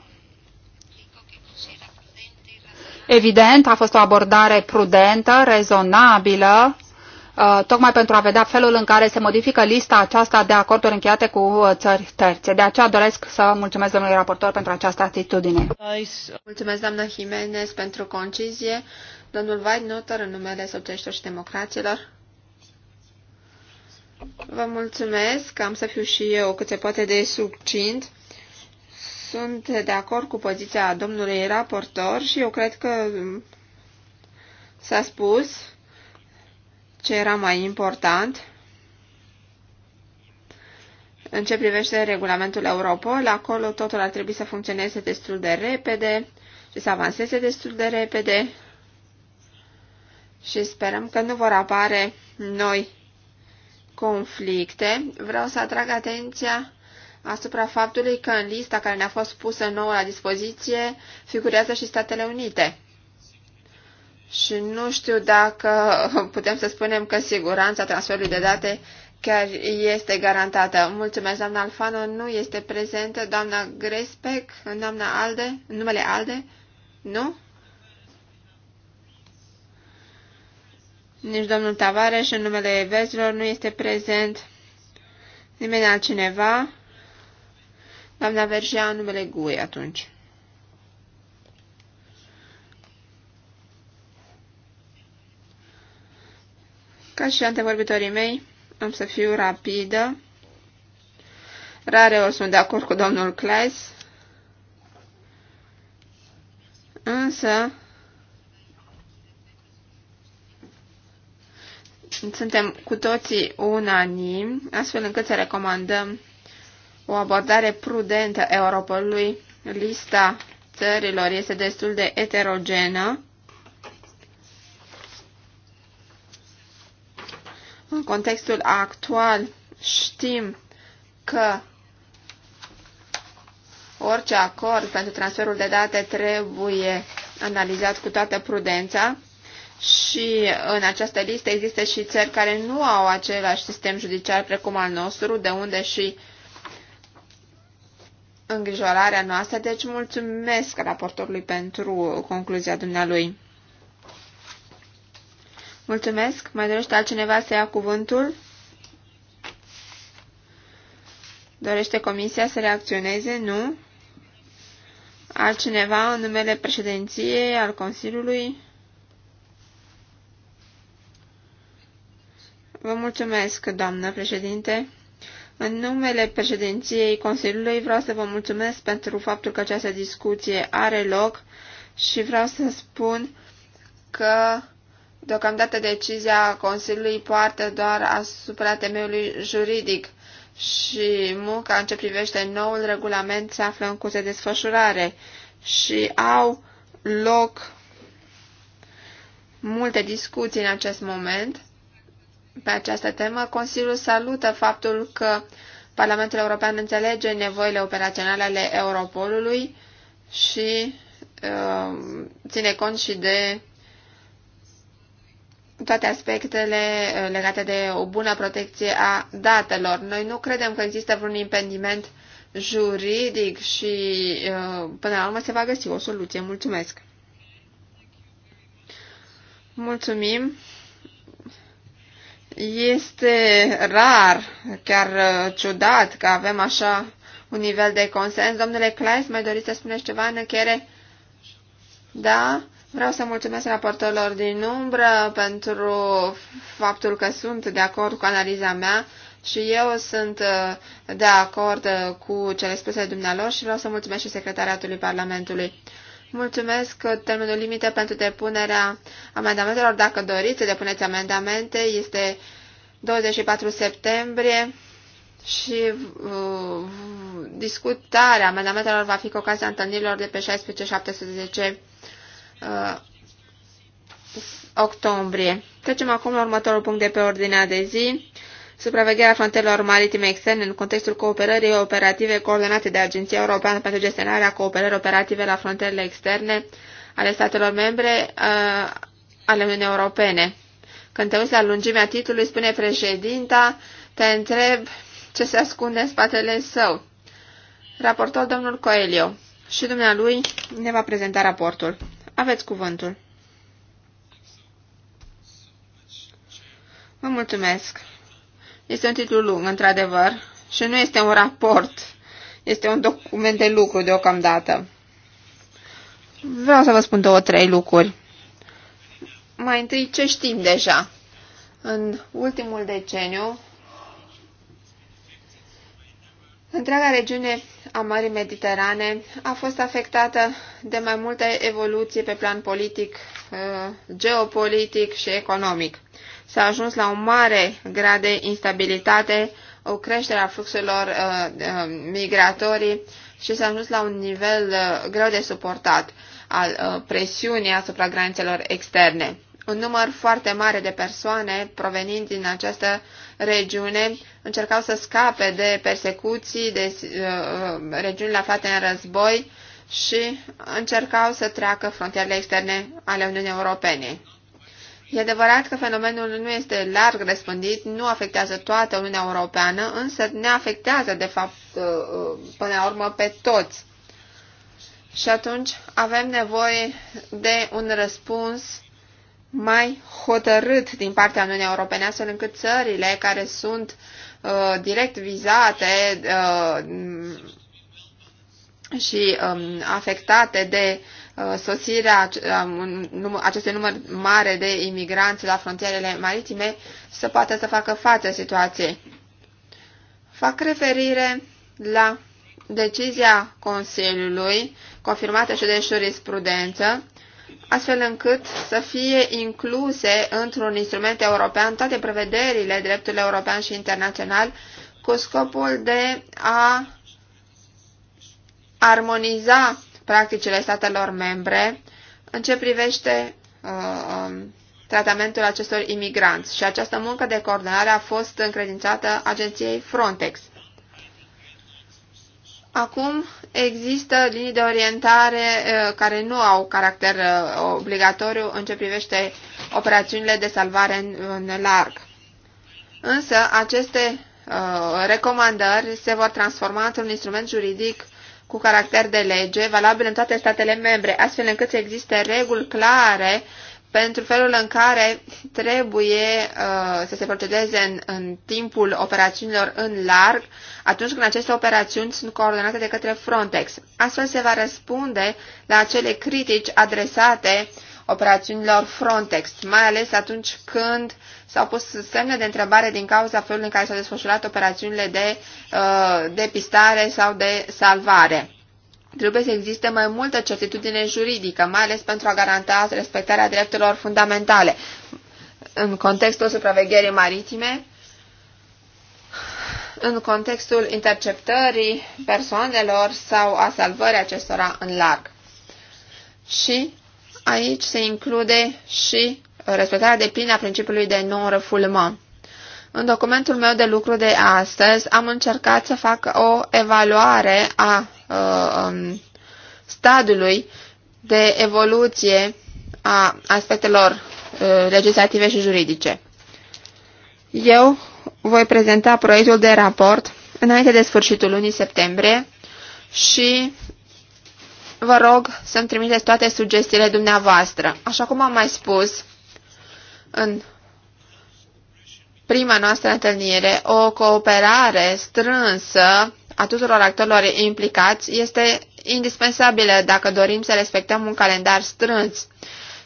Evident, a fost o abordare prudentă, rezonabilă, uh, tocmai pentru a vedea felul în care se modifică lista aceasta de acorduri încheiate cu uh, țări terțe. De aceea doresc să mulțumesc domnului raportor pentru această atitudine. Mulțumesc, doamna Jimenez, pentru concizie. Domnul Weidnotter, în numele Socialiștilor și Democraților. Vă mulțumesc, am să fiu și eu cât se poate de succint. Sunt de acord cu poziția domnului raportor și eu cred că s-a spus ce era mai important în ce privește regulamentul Europol. Acolo totul ar trebui să funcționeze destul de repede și să avanseze destul de repede și sperăm că nu vor apare noi conflicte. Vreau să atrag atenția asupra faptului că în lista care ne-a fost pusă nouă la dispoziție figurează și Statele Unite. Și nu știu dacă putem să spunem că siguranța transferului de date chiar este garantată. Mulțumesc, doamna Alfano nu este prezentă, doamna Grespec, doamna Alde, numele Alde, nu? Nici domnul Tavares în numele Vezilor nu este prezent. Nimeni altcineva. Doamna Vergea, numele Gui atunci. Ca și antevorbitorii mei, am să fiu rapidă. Rare ori sunt de acord cu domnul Kleis, însă suntem cu toții unanim, astfel încât să recomandăm o abordare prudentă Europolului. Lista țărilor este destul de eterogenă. În contextul actual știm că orice acord pentru transferul de date trebuie analizat cu toată prudența și în această listă există și țări care nu au același sistem judiciar precum al nostru, de unde și uh, îngrijorarea noastră, deci mulțumesc raportorului pentru concluzia dumnealui. Mulțumesc. Mai dorește altcineva să ia cuvântul? Dorește comisia să reacționeze? Nu. Altcineva în numele președinției, al Consiliului? Vă mulțumesc, doamnă președinte. În numele președinției Consiliului vreau să vă mulțumesc pentru faptul că această discuție are loc și vreau să spun că deocamdată decizia Consiliului poartă doar asupra temeiului juridic și munca în ce privește noul regulament se află în curs de desfășurare și au loc multe discuții în acest moment pe această temă. Consiliul salută faptul că Parlamentul European înțelege nevoile operaționale ale Europolului și uh, ține cont și de toate aspectele uh, legate de o bună protecție a datelor. Noi nu credem că există vreun impediment juridic și uh, până la urmă se va găsi o soluție. Mulțumesc! Mulțumim! Este rar, chiar uh, ciudat că avem așa un nivel de consens. Domnule Kleis, mai doriți să spuneți ceva în încheiere? Da? Vreau să mulțumesc raportorilor din umbră pentru faptul că sunt de acord cu analiza mea și eu sunt uh, de acord uh, cu cele spuse de dumnealor și vreau să mulțumesc și secretariatului Parlamentului. Mulțumesc. Uh, termenul limită pentru depunerea amendamentelor, dacă doriți să depuneți amendamente, este 24 septembrie și uh, discutarea amendamentelor va fi cu ocazia întâlnirilor de pe 16-17 uh, octombrie. Trecem acum la următorul punct de pe ordinea de zi supravegherea frontelor maritime externe în contextul cooperării operative coordonate de Agenția Europeană pentru gestionarea cooperării operative la frontierele externe ale statelor membre uh, ale Uniunii Europene. Când te uiți la lungimea titlului, spune președinta, te întreb ce se ascunde în spatele său. Raportor domnul Coelio și dumnealui ne va prezenta raportul. Aveți cuvântul. Vă mulțumesc. Este un titlu lung, într-adevăr, și nu este un raport, este un document de lucru deocamdată. Vreau să vă spun două, trei lucruri. Mai întâi, ce știm deja? În ultimul deceniu, întreaga regiune a Mării Mediterane a fost afectată de mai multe evoluții pe plan politic, uh, geopolitic și economic s-a ajuns la un mare grad de instabilitate, o creștere a fluxurilor uh, uh, migratorii și s-a ajuns la un nivel uh, greu de suportat al uh, presiunii asupra granițelor externe. Un număr foarte mare de persoane provenind din această regiune încercau să scape de persecuții, de uh, uh regiunile aflate în război și încercau să treacă frontierele externe ale Uniunii Europene. E adevărat că fenomenul nu este larg răspândit, nu afectează toată Uniunea Europeană, însă ne afectează, de fapt, uh, uh, până la urmă, pe toți. Și atunci avem nevoie de un răspuns mai hotărât din partea Uniunii Europene, astfel încât țările care sunt uh, direct vizate uh, și um, afectate de Uh, sosirea acestui număr mare de imigranți la frontierele maritime să poată să facă față situației. Fac referire la decizia Consiliului, confirmată și de jurisprudență, astfel încât să fie incluse într-un instrument european toate prevederile dreptului european și internațional cu scopul de a armoniza practicile statelor membre în ce privește uh, um, tratamentul acestor imigranți și această muncă de coordonare a fost încredințată agenției Frontex. Acum există linii de orientare uh, care nu au caracter uh, obligatoriu în ce privește operațiunile de salvare în, în larg. Însă aceste uh, recomandări se vor transforma într-un instrument juridic cu caracter de lege, valabil în toate statele membre, astfel încât să existe reguli clare pentru felul în care trebuie uh, să se procedeze în, în timpul operațiunilor în larg, atunci când aceste operațiuni sunt coordonate de către Frontex. Astfel se va răspunde la acele critici adresate uh, operațiunilor Frontex, mai ales atunci când s-au pus semne de întrebare din cauza felului în care s-au desfășurat operațiunile de uh, depistare sau de salvare. Trebuie să existe mai multă certitudine juridică, mai ales pentru a garanta respectarea drepturilor fundamentale. În contextul supravegherii maritime, în contextul interceptării persoanelor sau a salvării acestora în larg. Și aici se include și respectarea de plină a principiului de non refulmă În documentul meu de lucru de astăzi am încercat să fac o evaluare a uh, um, stadiului de evoluție a aspectelor uh, legislative și juridice. Eu voi prezenta proiectul de raport înainte de sfârșitul lunii septembrie și vă rog să-mi trimiteți toate sugestiile dumneavoastră. Așa cum am mai spus în prima noastră întâlnire, o cooperare strânsă a tuturor actorilor implicați este indispensabilă dacă dorim să respectăm un calendar strâns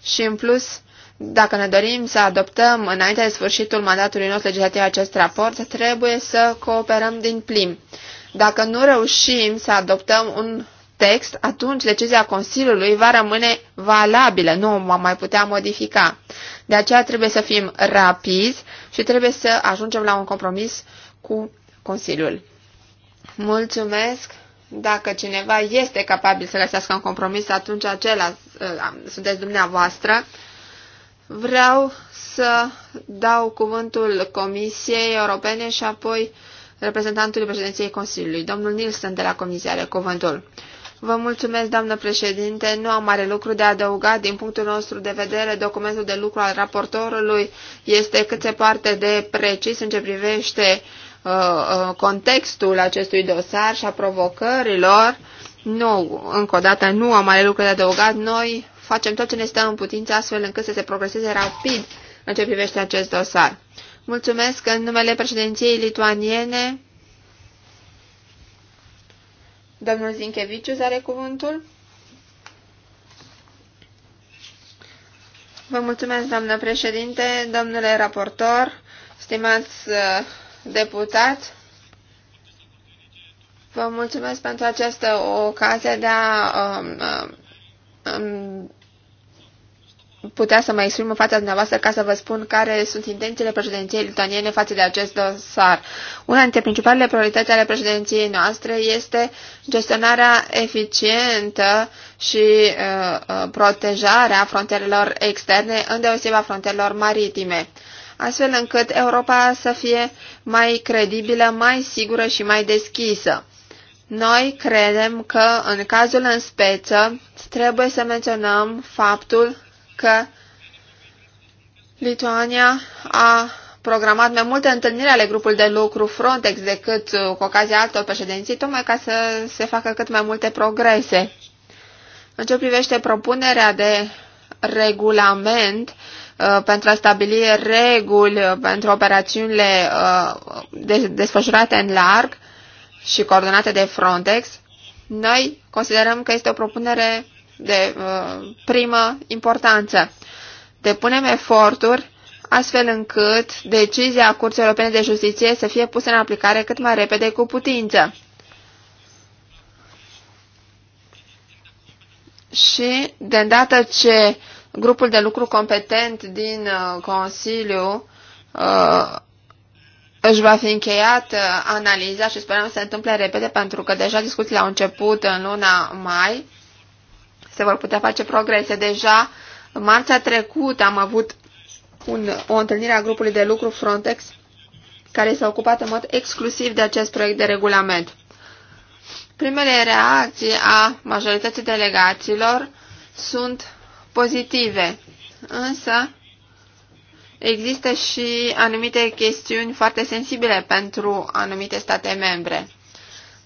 și, în plus, dacă ne dorim să adoptăm înainte de sfârșitul mandatului nostru legislativ acest raport, trebuie să cooperăm din plin. Dacă nu reușim să adoptăm un text, atunci decizia Consiliului va rămâne valabilă, nu o mai putea modifica. De aceea trebuie să fim rapizi și trebuie să ajungem la un compromis cu Consiliul. Mulțumesc! Dacă cineva este capabil să găsească un compromis, atunci acela ă, sunteți dumneavoastră. Vreau să dau cuvântul Comisiei Europene și apoi reprezentantului președinției Consiliului. Domnul Nilsson de la Comisie are cuvântul. Vă mulțumesc, doamnă președinte. Nu am mare lucru de adăugat. Din punctul nostru de vedere, documentul de lucru al raportorului este cât se poate de precis în ce privește uh, uh, contextul acestui dosar și a provocărilor. Nu, încă o dată, nu am mare lucru de adăugat. Noi facem tot ce ne stă în putință astfel încât să se progreseze rapid în ce privește acest dosar. Mulțumesc în numele președinției lituaniene. Domnul Zinchevicius are cuvântul. Vă mulțumesc, doamnă președinte, domnule raportor, stimați uh, deputați. Vă mulțumesc pentru această ocazie de a um, um, putea să mă exprim în fața dumneavoastră ca să vă spun care sunt intențiile președinției lituaniene față de acest dosar. Una dintre principalele priorități ale președinției noastre este gestionarea eficientă și uh, uh protejarea frontierelor externe, îndeoseba frontierelor maritime, astfel încât Europa să fie mai credibilă, mai sigură și mai deschisă. Noi credem că, în cazul în speță, trebuie să menționăm faptul că Lituania a programat mai multe întâlniri ale grupului de lucru Frontex decât uh, cu ocazia altor președinții, tocmai ca să se facă cât mai multe progrese. În ce privește propunerea de regulament uh, pentru a stabili reguli uh, pentru operațiunile uh, de desfășurate în larg și coordonate de Frontex, noi considerăm că este o propunere de uh, primă importanță. Depunem eforturi astfel încât decizia Curții Europene de Justiție să fie pusă în aplicare cât mai repede cu putință. Și, de îndată ce grupul de lucru competent din uh, Consiliu uh, își va fi încheiat uh, analiza și sperăm să se întâmple repede pentru că deja discuțiile au început în luna mai se vor putea face progrese. Deja marțea trecută am avut un, o întâlnire a grupului de lucru Frontex care s-a ocupat în mod exclusiv de acest proiect de regulament. Primele reacții a majorității delegaților sunt pozitive, însă există și anumite chestiuni foarte sensibile pentru anumite state membre.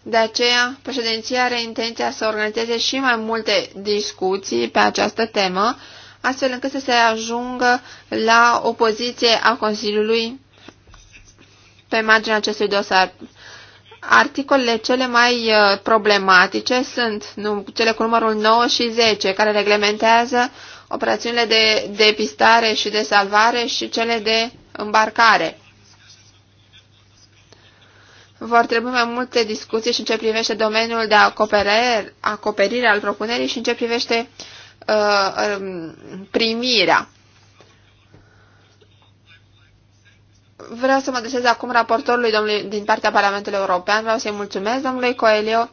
De aceea, președinția are intenția să organizeze și mai multe discuții pe această temă, astfel încât să se ajungă la o poziție a Consiliului pe marginea acestui dosar. Articolele cele mai uh, problematice sunt cele cu numărul 9 și 10, care reglementează operațiunile de depistare și de salvare și cele de îmbarcare vor trebui mai multe discuții și în ce privește domeniul de acoperire, acoperire al propunerii și în ce privește uh, um, primirea. Vreau să mă adresez acum raportorului domnului, din partea Parlamentului European. Vreau să-i mulțumesc domnului Coelio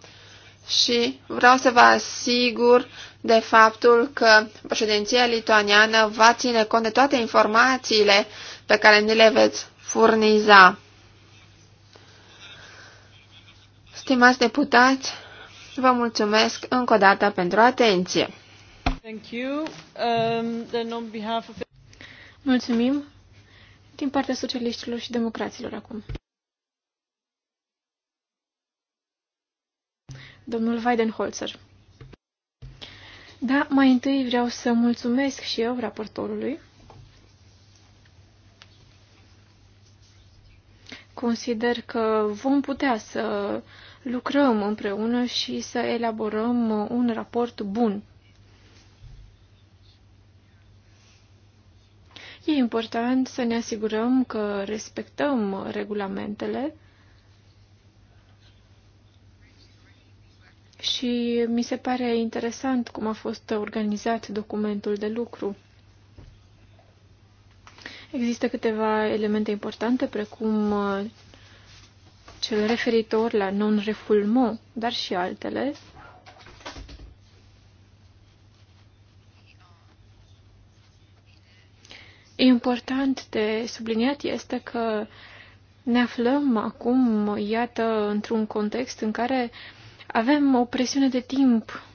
și vreau să vă asigur de faptul că președinția lituaniană va ține cont de toate informațiile pe care ni le veți furniza. Stimați deputați, vă mulțumesc încă o dată pentru atenție. Thank you. Um, then on behalf of... Mulțumim. Din partea socialiștilor și democraților acum. Domnul Weidenholzer. Da, mai întâi vreau să mulțumesc și eu raportorului. Consider că vom putea să lucrăm împreună și să elaborăm un raport bun. E important să ne asigurăm că respectăm regulamentele și mi se pare interesant cum a fost organizat documentul de lucru. Există câteva elemente importante, precum uh, cel referitor la non-refoulement, dar și altele. Important de subliniat este că ne aflăm acum, iată, într-un context în care avem o presiune de timp.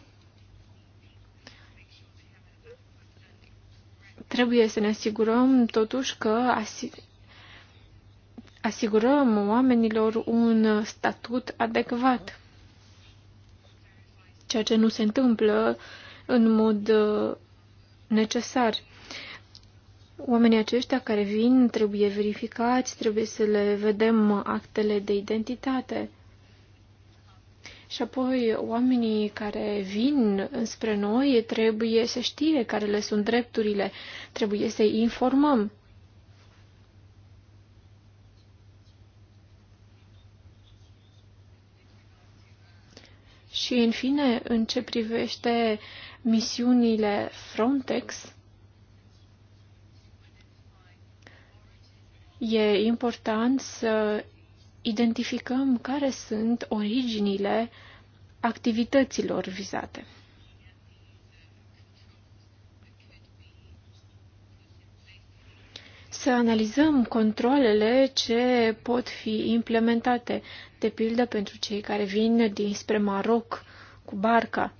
Trebuie să ne asigurăm totuși că asigurăm oamenilor un statut adecvat, ceea ce nu se întâmplă în mod uh, necesar. Oamenii aceștia care vin trebuie verificați, trebuie să le vedem actele de identitate. Și apoi oamenii care vin înspre noi trebuie să știe care le sunt drepturile, trebuie să-i informăm. Și, în fine, în ce privește misiunile Frontex, e important să identificăm care sunt originile activităților vizate. să analizăm controlele ce pot fi implementate, de pildă pentru cei care vin dinspre Maroc cu barca.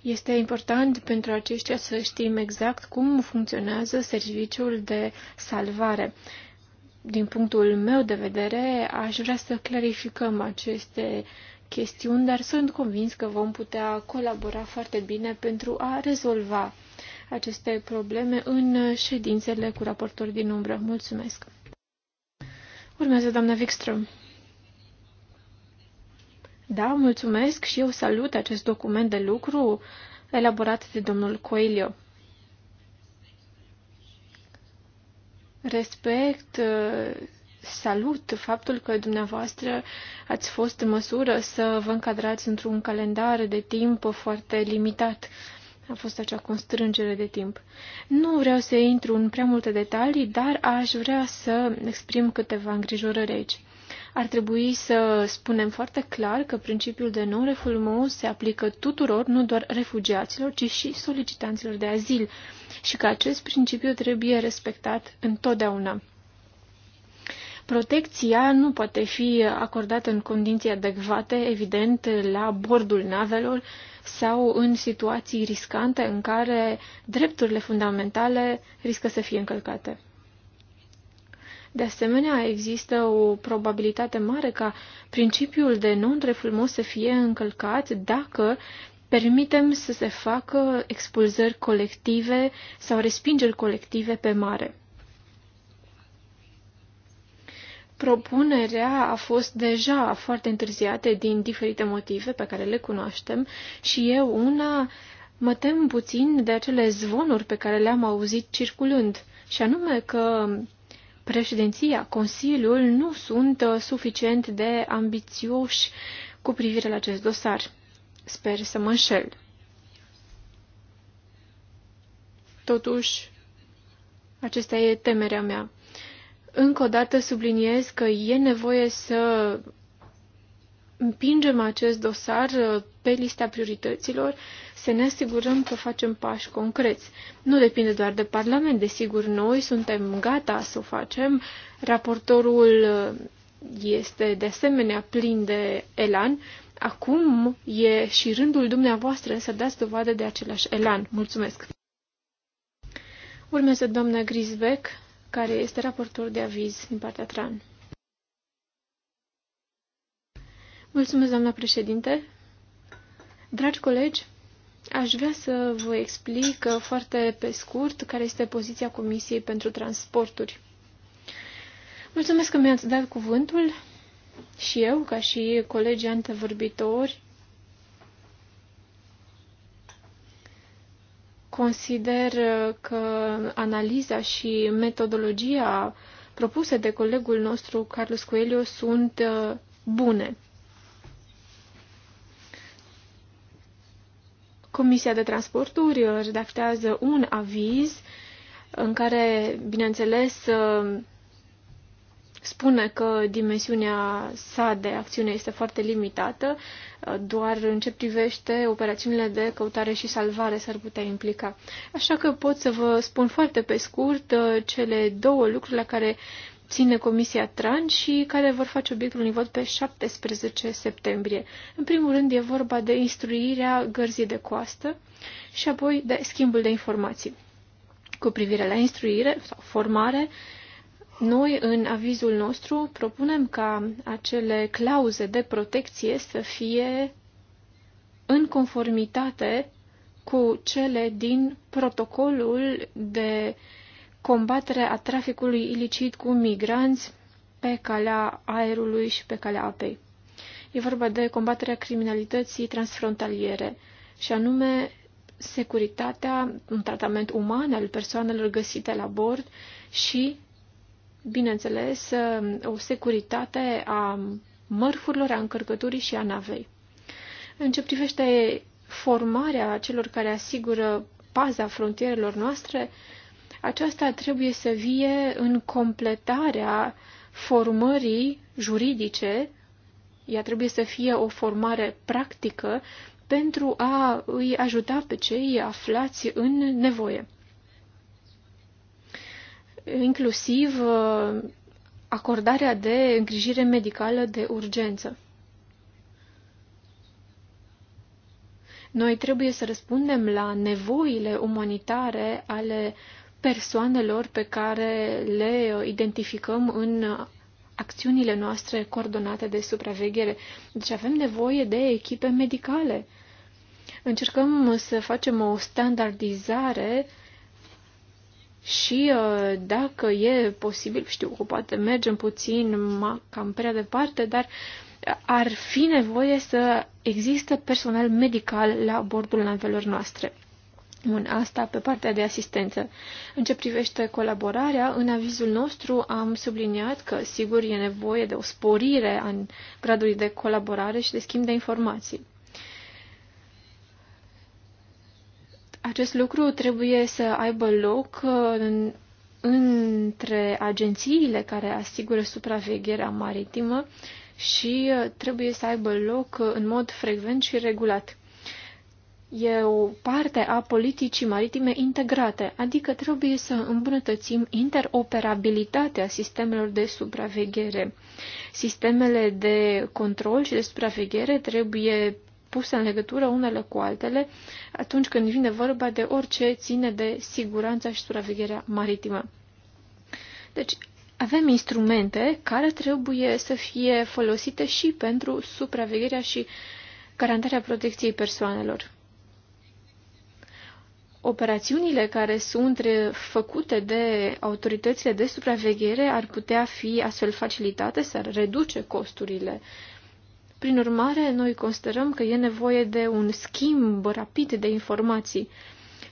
Este important pentru aceștia să știm exact cum funcționează serviciul de salvare. Din punctul meu de vedere, aș vrea să clarificăm aceste chestiuni, dar sunt convins că vom putea colabora foarte bine pentru a rezolva aceste probleme în ședințele cu raportori din umbră. Mulțumesc! Urmează doamna Wikström. Da, mulțumesc și eu salut acest document de lucru elaborat de domnul Coelho. Respect uh, salut faptul că dumneavoastră ați fost în măsură să vă încadrați într-un calendar de timp foarte limitat. A fost acea constrângere de timp. Nu vreau să intru în prea multe detalii, dar aș vrea să exprim câteva îngrijorări aici. Ar trebui să spunem foarte clar că principiul de non refulmou se aplică tuturor, nu doar refugiaților, ci și solicitanților de azil și că acest principiu trebuie respectat întotdeauna. Protecția nu poate fi acordată în condiții adecvate, evident, la bordul navelor sau în situații riscante în care drepturile fundamentale riscă să fie încălcate. De asemenea, există o probabilitate mare ca principiul de non-refulmos să fie încălcat dacă permitem să se facă expulzări colective sau respingeri colective pe mare. Propunerea a fost deja foarte întârziată din diferite motive pe care le cunoaștem și eu una mă tem puțin de acele zvonuri pe care le-am auzit circulând, și anume că președinția, Consiliul nu sunt uh, suficient de ambițioși cu privire la acest dosar. Sper să mă înșel. Totuși, acesta e temerea mea. Încă o dată subliniez că e nevoie să împingem acest dosar uh, pe lista priorităților, să ne asigurăm că facem pași concreți. Nu depinde doar de Parlament, desigur, noi suntem gata să o facem. Raportorul uh, este de asemenea plin de elan. Acum e și rândul dumneavoastră să dați dovadă de același elan. Mulțumesc! Urmează doamna Grisbeck, care este raportor de aviz din partea TRAN. Mulțumesc, doamna președinte. Dragi colegi, aș vrea să vă explic foarte pe scurt care este poziția Comisiei pentru Transporturi. Mulțumesc că mi-ați dat cuvântul și eu, ca și colegii antevorbitori, Consider uh, că analiza și metodologia propuse de colegul nostru, Carlos Coelho, sunt uh, bune. Comisia de Transporturi uh, redactează un aviz în care, bineînțeles, spune că dimensiunea sa de acțiune este foarte limitată, uh, doar în ce privește operațiunile de căutare și salvare s-ar putea implica. Așa că pot să vă spun foarte pe scurt uh, cele două lucruri la care ține Comisia TRAN și care vor face obiectul unui vot pe 17 septembrie. În primul rând e vorba de instruirea gărzii de coastă și apoi de schimbul de informații. Cu privire la instruire sau formare, uh, noi, în avizul nostru, propunem ca acele clauze de protecție să fie în conformitate cu cele din protocolul de combatere a traficului ilicit cu migranți pe calea aerului și pe calea apei. E vorba de combaterea criminalității transfrontaliere, și anume securitatea, un tratament uman al persoanelor găsite la bord și bineînțeles, um, o securitate a mărfurilor, a încărcăturii și a navei. În ce privește formarea celor care asigură paza frontierelor noastre, aceasta trebuie să vie în completarea formării juridice, ea trebuie să fie o formare practică pentru a îi ajuta pe cei aflați în nevoie inclusiv uh, acordarea de îngrijire medicală de urgență. Noi trebuie să răspundem la nevoile umanitare ale persoanelor pe care le uh, identificăm în acțiunile noastre coordonate de supraveghere. Deci avem nevoie de echipe medicale. Încercăm să facem o standardizare uh, și uh, dacă e posibil, știu că poate mergem puțin cam prea departe, dar uh, ar fi nevoie să există personal medical la bordul navelor noastre. Bun, asta pe partea de asistență. În ce privește colaborarea, în avizul nostru am subliniat că, sigur, e nevoie de o sporire a gradului de colaborare și de schimb de informații. Acest lucru trebuie să aibă loc uh, în, între agențiile care asigură supravegherea maritimă și uh, trebuie să aibă loc uh, în mod frecvent și regulat. E o parte a politicii maritime integrate, adică trebuie să îmbunătățim interoperabilitatea sistemelor de supraveghere. Sistemele de control și de supraveghere trebuie puse în legătură unele cu altele atunci când vine vorba de orice ține de siguranța și supravegherea maritimă. Deci, avem instrumente care trebuie să fie folosite și pentru supravegherea și garantarea protecției persoanelor. Operațiunile care sunt făcute de autoritățile de supraveghere ar putea fi astfel facilitate, să reduce costurile prin urmare, noi considerăm că e nevoie de un schimb rapid de informații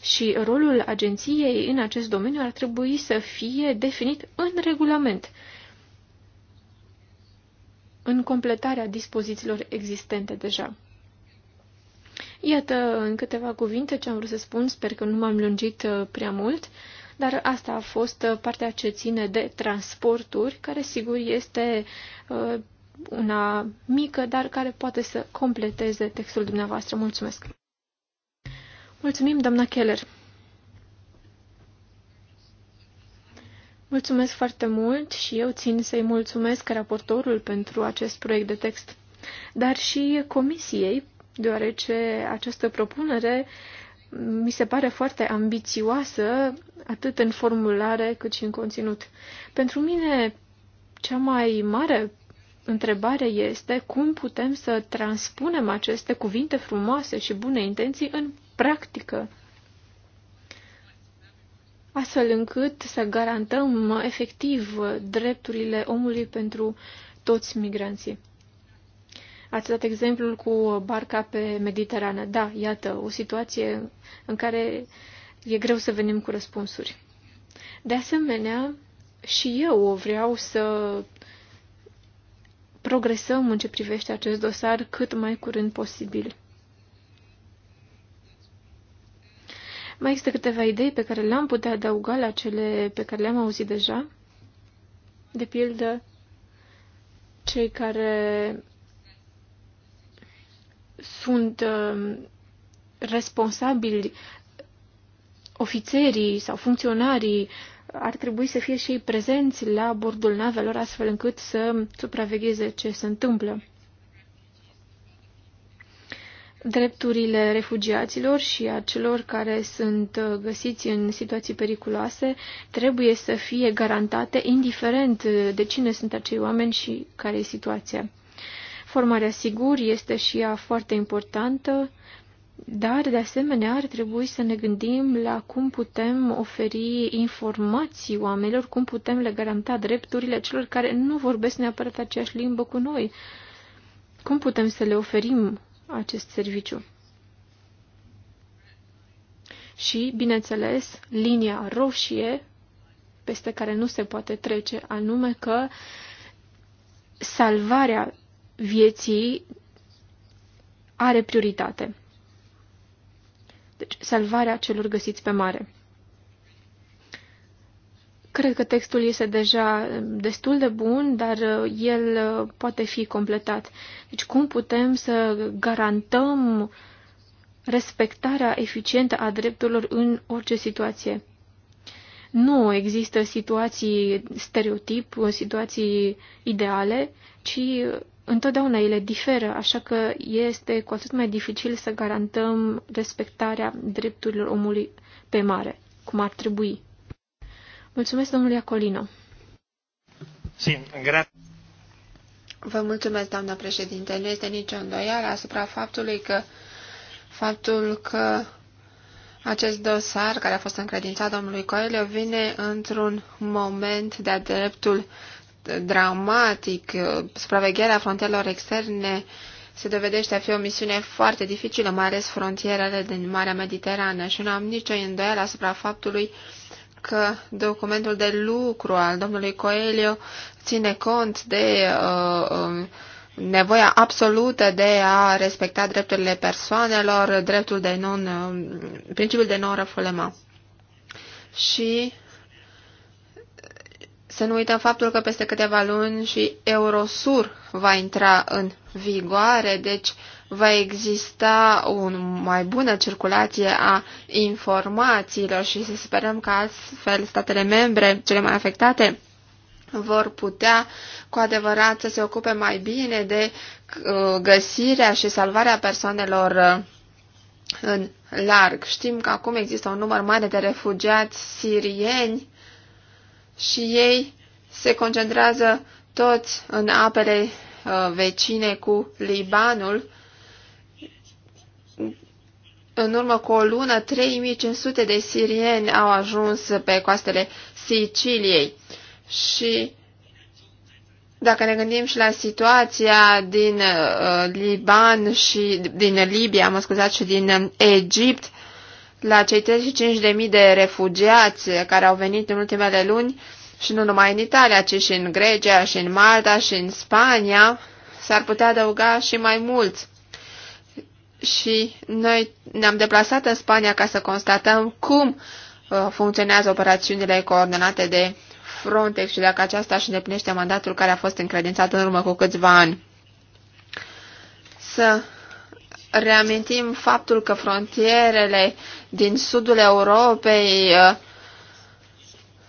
și rolul agenției în acest domeniu ar trebui să fie definit în regulament, în completarea dispozițiilor existente deja. Iată în câteva cuvinte ce am vrut să spun, sper că nu m-am lungit uh, prea mult, dar asta a fost uh, partea ce ține de transporturi, care sigur este uh, una mică, dar care poate să completeze textul dumneavoastră. Mulțumesc! Mulțumim, doamna Keller! Mulțumesc foarte mult și eu țin să-i mulțumesc raportorul pentru acest proiect de text, dar și comisiei, deoarece această propunere mi se pare foarte ambițioasă, atât în formulare cât și în conținut. Pentru mine, cea mai mare Întrebarea este cum putem să transpunem aceste cuvinte frumoase și bune intenții în practică, astfel încât să garantăm efectiv drepturile omului pentru toți migranții. Ați dat exemplul cu barca pe Mediterană. Da, iată, o situație în care e greu să venim cu răspunsuri. De asemenea, și eu vreau să progresăm în ce privește acest dosar cât mai curând posibil. Mai există câteva idei pe care le-am putea adăuga la cele pe care le-am auzit deja. De pildă, cei care sunt um, responsabili, ofițerii sau funcționarii ar trebui să fie și ei prezenți la bordul navelor, astfel încât să supravegheze ce se întâmplă. Drepturile refugiaților și a celor care sunt uh, găsiți în situații periculoase trebuie să fie garantate, indiferent uh, de cine sunt acei oameni și care e situația. Formarea sigur este și ea foarte importantă. Dar, de asemenea, ar trebui să ne gândim la cum putem oferi informații oamenilor, cum putem le garanta drepturile celor care nu vorbesc neapărat aceeași limbă cu noi. Cum putem să le oferim acest serviciu? Și, bineînțeles, linia roșie peste care nu se poate trece, anume că salvarea vieții are prioritate. Deci, salvarea celor găsiți pe mare. Cred că textul este deja destul de bun, dar uh, el uh, poate fi completat. Deci cum putem să garantăm respectarea eficientă a drepturilor în orice situație? Nu există situații stereotip, situații ideale, ci întotdeauna ele diferă, așa că este cu atât mai dificil să garantăm respectarea drepturilor omului pe mare, cum ar trebui. Mulțumesc, domnule Acolino. Sim, grazie. Vă mulțumesc, doamna președinte. Nu este nicio îndoială asupra faptului că faptul că acest dosar care a fost încredințat domnului Coelho vine într-un moment de-a dreptul dramatic. Supravegherea frontierelor externe se dovedește a fi o misiune foarte dificilă, mai ales frontierele din Marea Mediterană și nu am nicio îndoială asupra faptului că documentul de lucru al domnului Coelho ține cont de uh, uh, nevoia absolută de a respecta drepturile persoanelor, dreptul de non, principiul de non-răfulema. Și să nu uităm faptul că peste câteva luni și Eurosur va intra în vigoare, deci va exista o mai bună circulație a informațiilor și să sperăm că astfel statele membre, cele mai afectate, vor putea cu adevărat să se ocupe mai bine de uh, găsirea și salvarea persoanelor uh, în larg. Știm că acum există un număr mare de refugiați sirieni și ei se concentrează toți în apele uh, vecine cu Libanul. În urmă cu o lună, 3500 de sirieni au ajuns pe coastele Siciliei și dacă ne gândim și la situația din uh, Liban și din Libia, mă scuzați, și din um, Egipt, la cei 35.000 de refugiați care au venit în ultimele luni, și nu numai în Italia, ci și în Grecia, și în Malta, și în Spania, s-ar putea adăuga și mai mulți. Și noi ne-am deplasat în Spania ca să constatăm cum uh, funcționează operațiunile coordonate de Frontex și dacă aceasta își îndeplinește mandatul care a fost încredințat în urmă cu câțiva ani. Să reamintim faptul că frontierele din sudul Europei uh,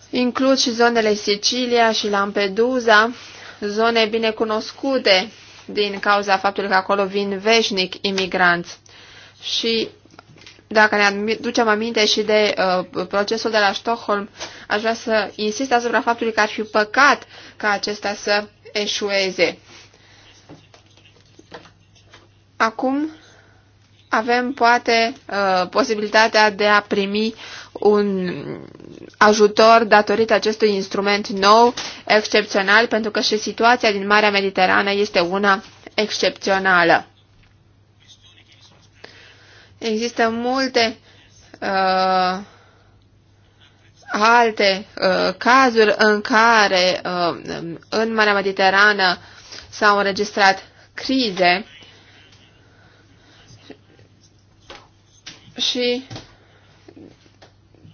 includ și zonele Sicilia și Lampedusa, zone bine cunoscute din cauza faptului că acolo vin veșnic imigranți. Și dacă ne aducem aminte și de uh, procesul de la Stockholm, aș vrea să insist asupra faptului că ar fi păcat ca acesta să eșueze. Acum avem poate uh, posibilitatea de a primi un ajutor datorită acestui instrument nou, excepțional, pentru că și situația din Marea Mediterană este una excepțională. Există multe uh, alte uh, cazuri în care uh, în Marea Mediterană s-au înregistrat crize și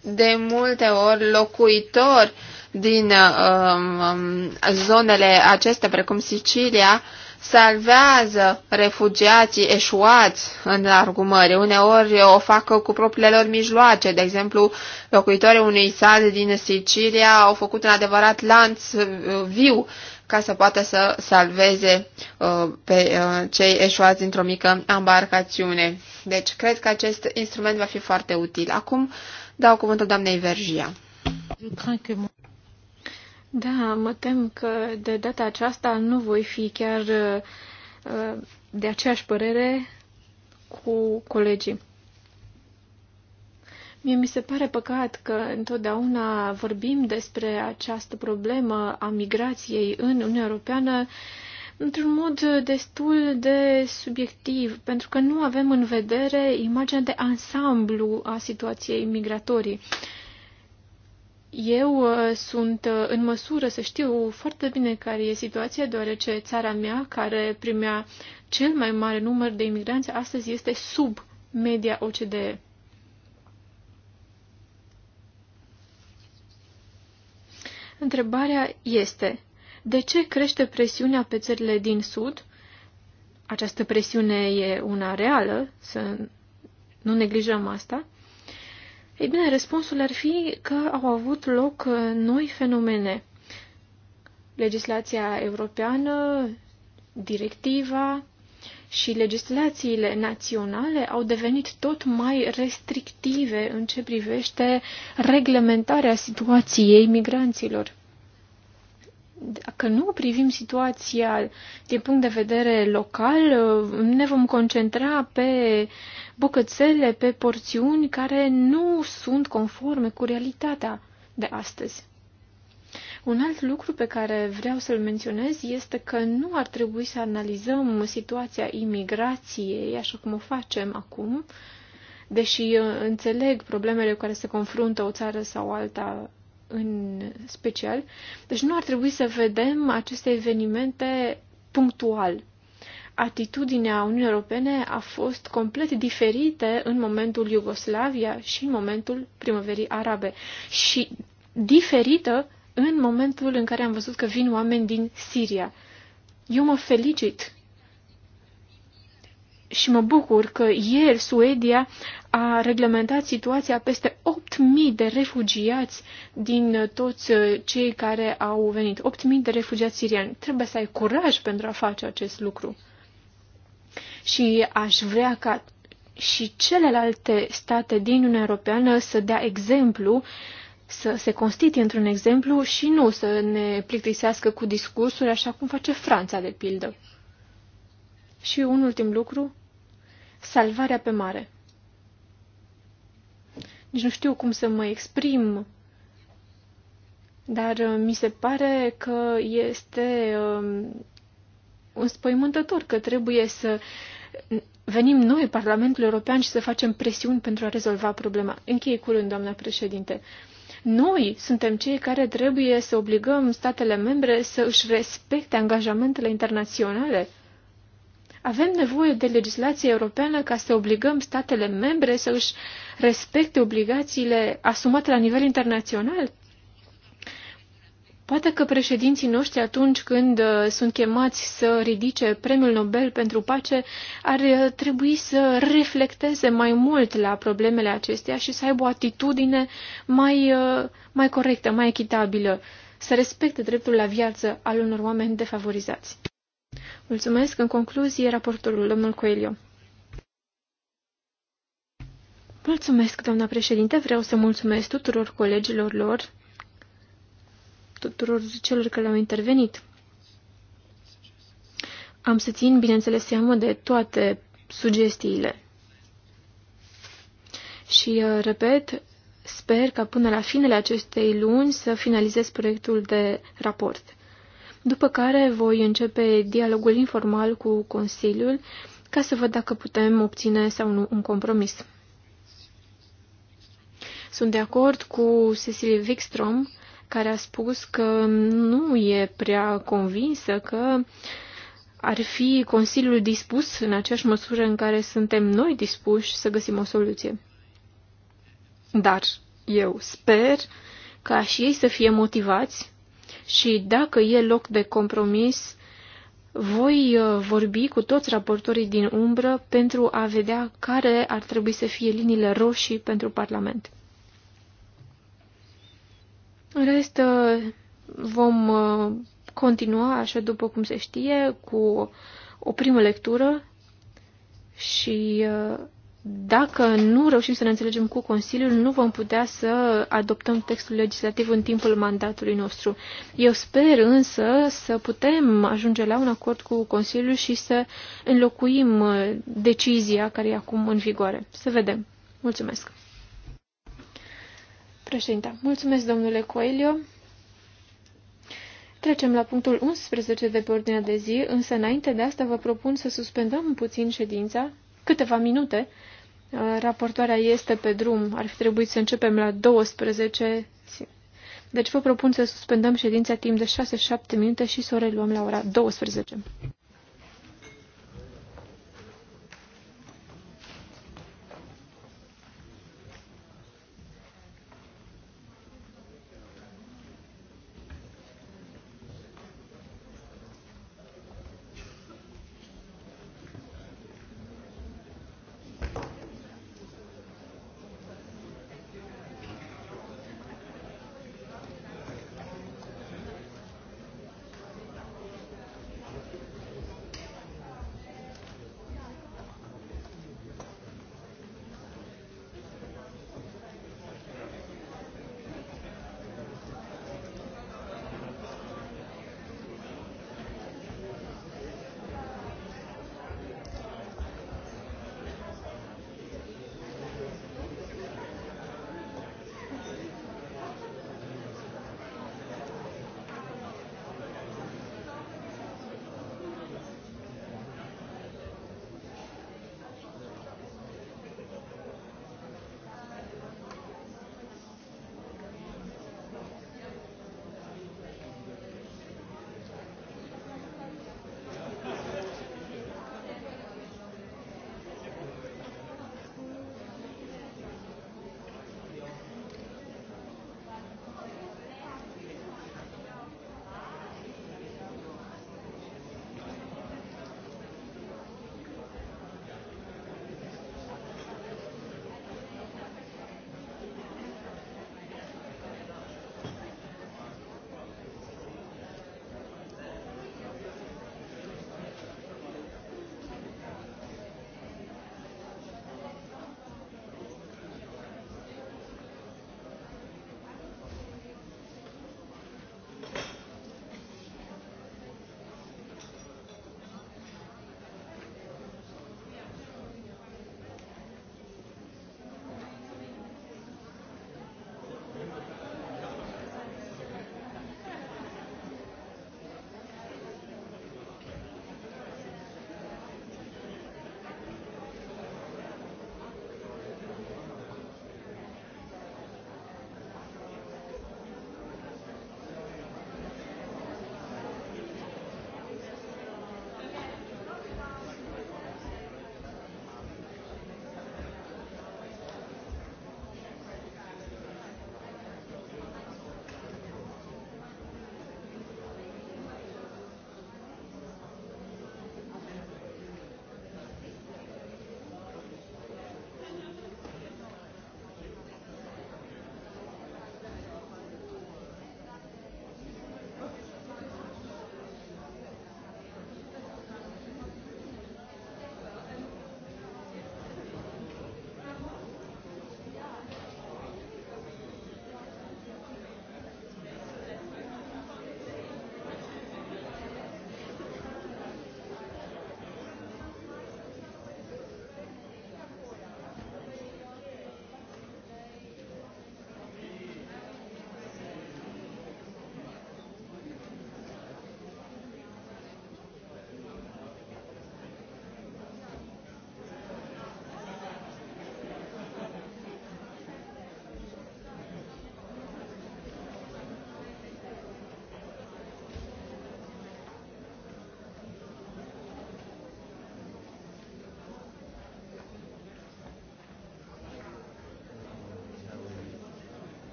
de multe ori locuitori din uh, um, zonele acestea, precum Sicilia, salvează refugiații eșuați în largul mării. Uneori o facă cu propriile lor mijloace. De exemplu, locuitorii unui sat din Sicilia au făcut un adevărat lanț uh, viu ca să poată să salveze uh, pe uh, cei eșuați într-o mică embarcațiune. Deci, cred că acest instrument va fi foarte util. Acum dau cuvântul doamnei Vergia. Da, mă tem că de data aceasta nu voi fi chiar uh, de aceeași părere cu colegii. Mie mi se pare păcat că întotdeauna vorbim despre această problemă a migrației în Uniunea Europeană într-un mod destul de subiectiv, pentru că nu avem în vedere imaginea de ansamblu a situației migratorii. Uh, eu uh, sunt uh, în măsură să știu foarte bine care e situația, deoarece țara mea, care primea cel mai mare număr de imigranți, astăzi este sub media OCDE. Întrebarea este, de ce crește presiunea pe țările din Sud? Această presiune e una reală, să nu neglijăm asta. Ei bine, răspunsul ar fi că au avut loc uh, noi fenomene. Legislația europeană, directiva și legislațiile naționale au devenit tot mai restrictive în ce privește reglementarea situației migranților dacă nu privim situația din punct de vedere local, ne vom concentra pe bucățele, pe porțiuni care nu sunt conforme cu realitatea de astăzi. Un alt lucru pe care vreau să-l menționez este că nu ar trebui să analizăm situația imigrației așa cum o facem acum, deși uh, înțeleg problemele cu care se confruntă o țară sau alta în special. Deci nu ar trebui să vedem aceste evenimente punctual. Atitudinea Uniunii Europene a fost complet diferită în momentul Iugoslavia și în momentul primăverii arabe și diferită în momentul în care am văzut că vin oameni din Siria. Eu mă felicit și mă bucur că ieri Suedia a reglementat situația peste 8.000 de refugiați din toți uh, cei care au venit. 8.000 de refugiați siriani. Trebuie să ai curaj pentru a face acest lucru. Și aș vrea ca și celelalte state din Uniunea Europeană să dea exemplu, să se constituie într-un exemplu și nu să ne plictisească cu discursuri așa cum face Franța, de pildă. Și un ultim lucru, salvarea pe mare. Nici nu știu cum să mă exprim, dar uh, mi se pare că este um, înspăimântător că trebuie să venim noi, Parlamentul European, și să facem presiuni pentru a rezolva problema. Închei curând, doamna președinte. Noi suntem cei care trebuie să obligăm statele membre să își respecte angajamentele internaționale avem nevoie de legislație europeană ca să obligăm statele membre să își respecte obligațiile asumate la nivel internațional? Poate că președinții noștri, atunci când uh, sunt chemați să ridice Premiul Nobel pentru Pace, ar uh, trebui să reflecteze mai mult la problemele acestea și să aibă o atitudine mai, uh, mai corectă, mai echitabilă, să respecte dreptul la viață al unor oameni defavorizați. Mulțumesc. În concluzie, raportorul, domnul Coelio. Mulțumesc, doamna președinte. Vreau să mulțumesc tuturor colegilor lor, tuturor celor care au intervenit. Am să țin, bineînțeles, seamă de toate sugestiile. Și, uh, repet, sper ca până la finele acestei luni să finalizez proiectul de raport după care voi începe dialogul informal cu Consiliul ca să văd dacă putem obține sau nu un compromis. Sunt de acord cu Cecilie Wikström, care a spus că nu e prea convinsă că ar fi Consiliul dispus, în aceeași măsură în care suntem noi dispuși, să găsim o soluție. Dar eu sper ca și ei să fie motivați și dacă e loc de compromis, voi uh, vorbi cu toți raportorii din umbră pentru a vedea care ar trebui să fie liniile roșii pentru Parlament. În rest, uh, vom uh, continua, așa după cum se știe, cu o primă lectură și dacă nu reușim să ne înțelegem cu Consiliul, nu vom putea să adoptăm textul legislativ în timpul mandatului nostru. Eu sper însă să putem ajunge la un acord cu Consiliul și să înlocuim uh, decizia care e acum în vigoare. Să vedem. Mulțumesc. Președinte, mulțumesc domnule Coelio. Trecem la punctul 11 de pe ordinea de zi, însă înainte de asta vă propun să suspendăm puțin ședința câteva minute. Uh, raportoarea este pe drum, ar fi trebuit să începem la 12. Deci vă propun să suspendăm ședința timp de 6-7 minute și să o reluăm la ora 12.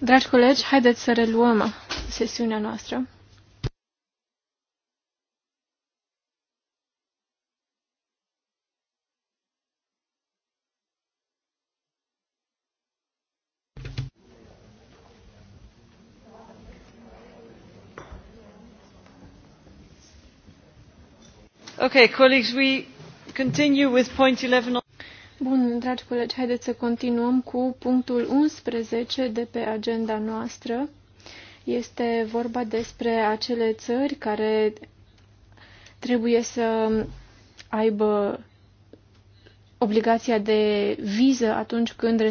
Dragi colegi, haideți să reluăm sesiunea noastră. Okay, colleagues, we continue with point 11 on dragi colegi, haideți să continuăm cu punctul 11 de pe agenda noastră. Este vorba despre acele țări care trebuie să aibă obligația de viză atunci când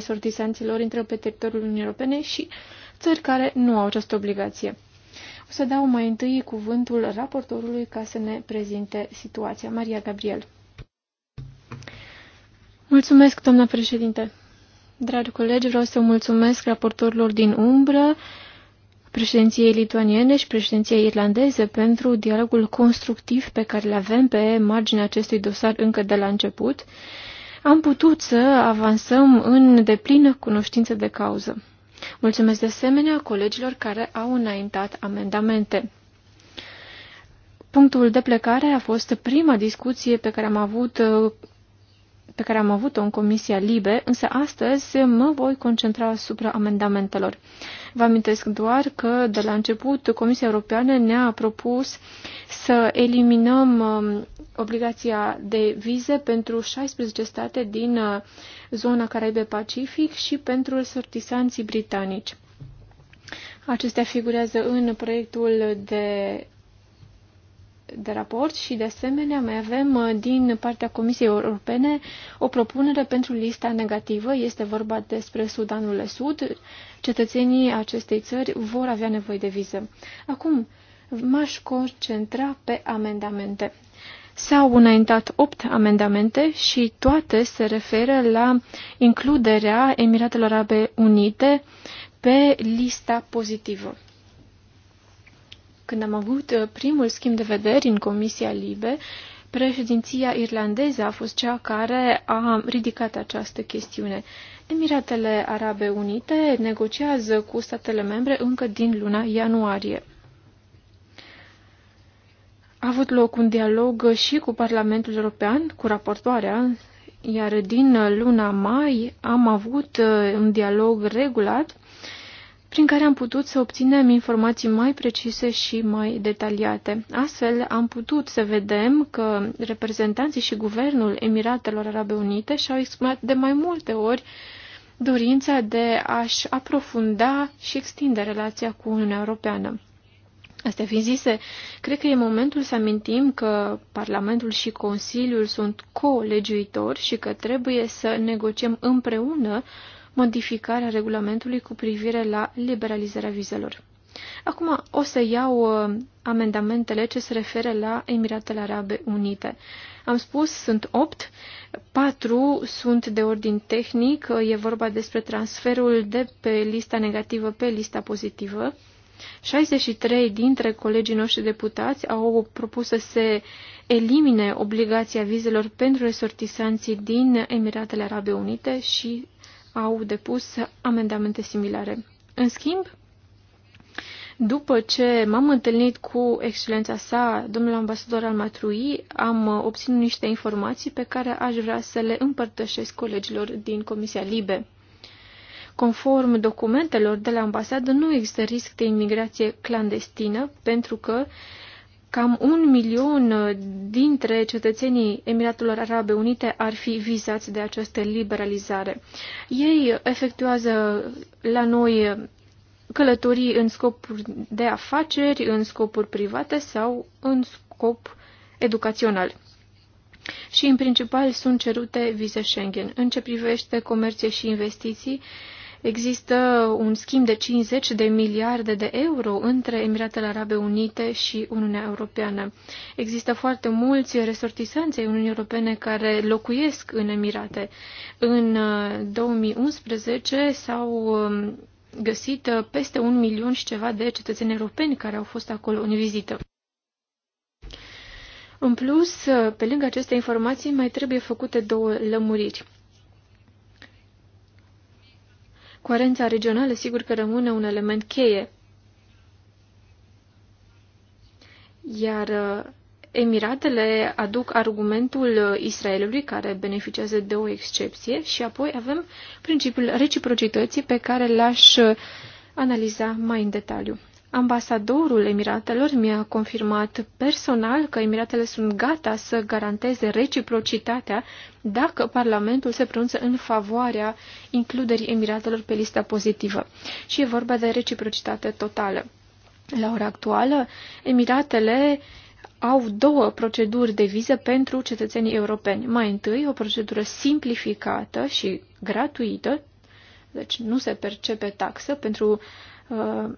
lor intră pe teritoriul Uniunii Europene și țări care nu au această obligație. O să dau mai întâi cuvântul raportorului ca să ne prezinte situația. Maria Gabriel. Mulțumesc, doamna președinte. Dragi colegi, vreau să mulțumesc raportorilor din umbră, președinției lituaniene și președinției irlandeze pentru dialogul constructiv pe care îl avem pe marginea acestui dosar încă de la început. Am putut să avansăm în deplină cunoștință de cauză. Mulțumesc de asemenea colegilor care au înaintat amendamente. Punctul de plecare a fost prima discuție pe care am avut uh, pe care am avut-o în Comisia Libe, însă astăzi mă voi concentra asupra amendamentelor. Vă amintesc doar că de la început Comisia Europeană ne-a propus să eliminăm um, obligația de vize pentru 16 state din uh, zona Caraibe-Pacific și pentru sortisanții britanici. Acestea figurează în proiectul de de raport și, de asemenea, mai avem uh, din partea Comisiei Europene o propunere pentru lista negativă. Este vorba despre Sudanul de Sud. Cetățenii acestei țări vor avea nevoie de viză. Acum, m-aș concentra pe amendamente. S-au înaintat opt amendamente și toate se referă la includerea Emiratelor Arabe Unite pe lista pozitivă. Când am avut uh, primul schimb de vederi în Comisia Libe, președinția irlandeză a fost cea care a ridicat această chestiune. Emiratele Arabe Unite negociază cu statele membre încă din luna ianuarie. A avut loc un dialog și cu Parlamentul European, cu raportoarea, iar din luna mai am avut uh, un dialog regulat prin care am putut să obținem informații mai precise și mai detaliate. Astfel, am putut să vedem că reprezentanții și guvernul Emiratelor Arabe Unite și-au exprimat de mai multe ori dorința de a-și aprofunda și extinde relația cu Uniunea Europeană. Astea fiind zise, cred că e momentul să amintim că Parlamentul și Consiliul sunt colegiuitori și că trebuie să negociem împreună modificarea regulamentului cu privire la liberalizarea vizelor. Acum o să iau uh, amendamentele ce se referă la Emiratele Arabe Unite. Am spus, sunt opt, patru sunt de ordin tehnic, uh, e vorba despre transferul de pe lista negativă pe lista pozitivă. 63 dintre colegii noștri deputați au propus să se elimine obligația vizelor pentru resortisanții din Emiratele Arabe Unite și au depus amendamente similare. În schimb, după ce m-am întâlnit cu excelența sa, domnul ambasador al Matrui, am obținut niște informații pe care aș vrea să le împărtășesc colegilor din Comisia Libe. Conform documentelor de la ambasadă, nu există risc de imigrație clandestină, pentru că Cam un milion dintre cetățenii Emiratelor Arabe Unite ar fi vizați de această liberalizare. Ei efectuează la noi călătorii în scopuri de afaceri, în scopuri private sau în scop educațional. Și în principal sunt cerute vize Schengen. În ce privește comerție și investiții, uh, Există un schimb de 50 de miliarde de euro între Emiratele Arabe Unite și Uniunea Europeană. Există foarte mulți resortisanți ai Uniunii Europene care locuiesc în Emirate. În 2011 uh, s-au um, găsit uh, peste un milion și ceva de cetățeni europeni care au fost acolo în vizită. În plus, uh, pe lângă aceste informații, mai trebuie făcute două lămuriri. Coerența regională sigur că rămâne un element cheie. Iar uh, Emiratele aduc argumentul uh, Israelului, care beneficiază de o excepție, și apoi avem principiul reciprocității pe care l-aș uh, analiza mai în detaliu. Ambasadorul Emiratelor mi-a confirmat personal că Emiratele sunt gata să garanteze reciprocitatea dacă Parlamentul se pronunță în favoarea includerii Emiratelor pe lista pozitivă. Și e vorba de reciprocitate totală. La ora actuală, Emiratele au două proceduri de viză pentru cetățenii europeni. Mai întâi, o procedură simplificată și gratuită, deci nu se percepe taxă pentru uh,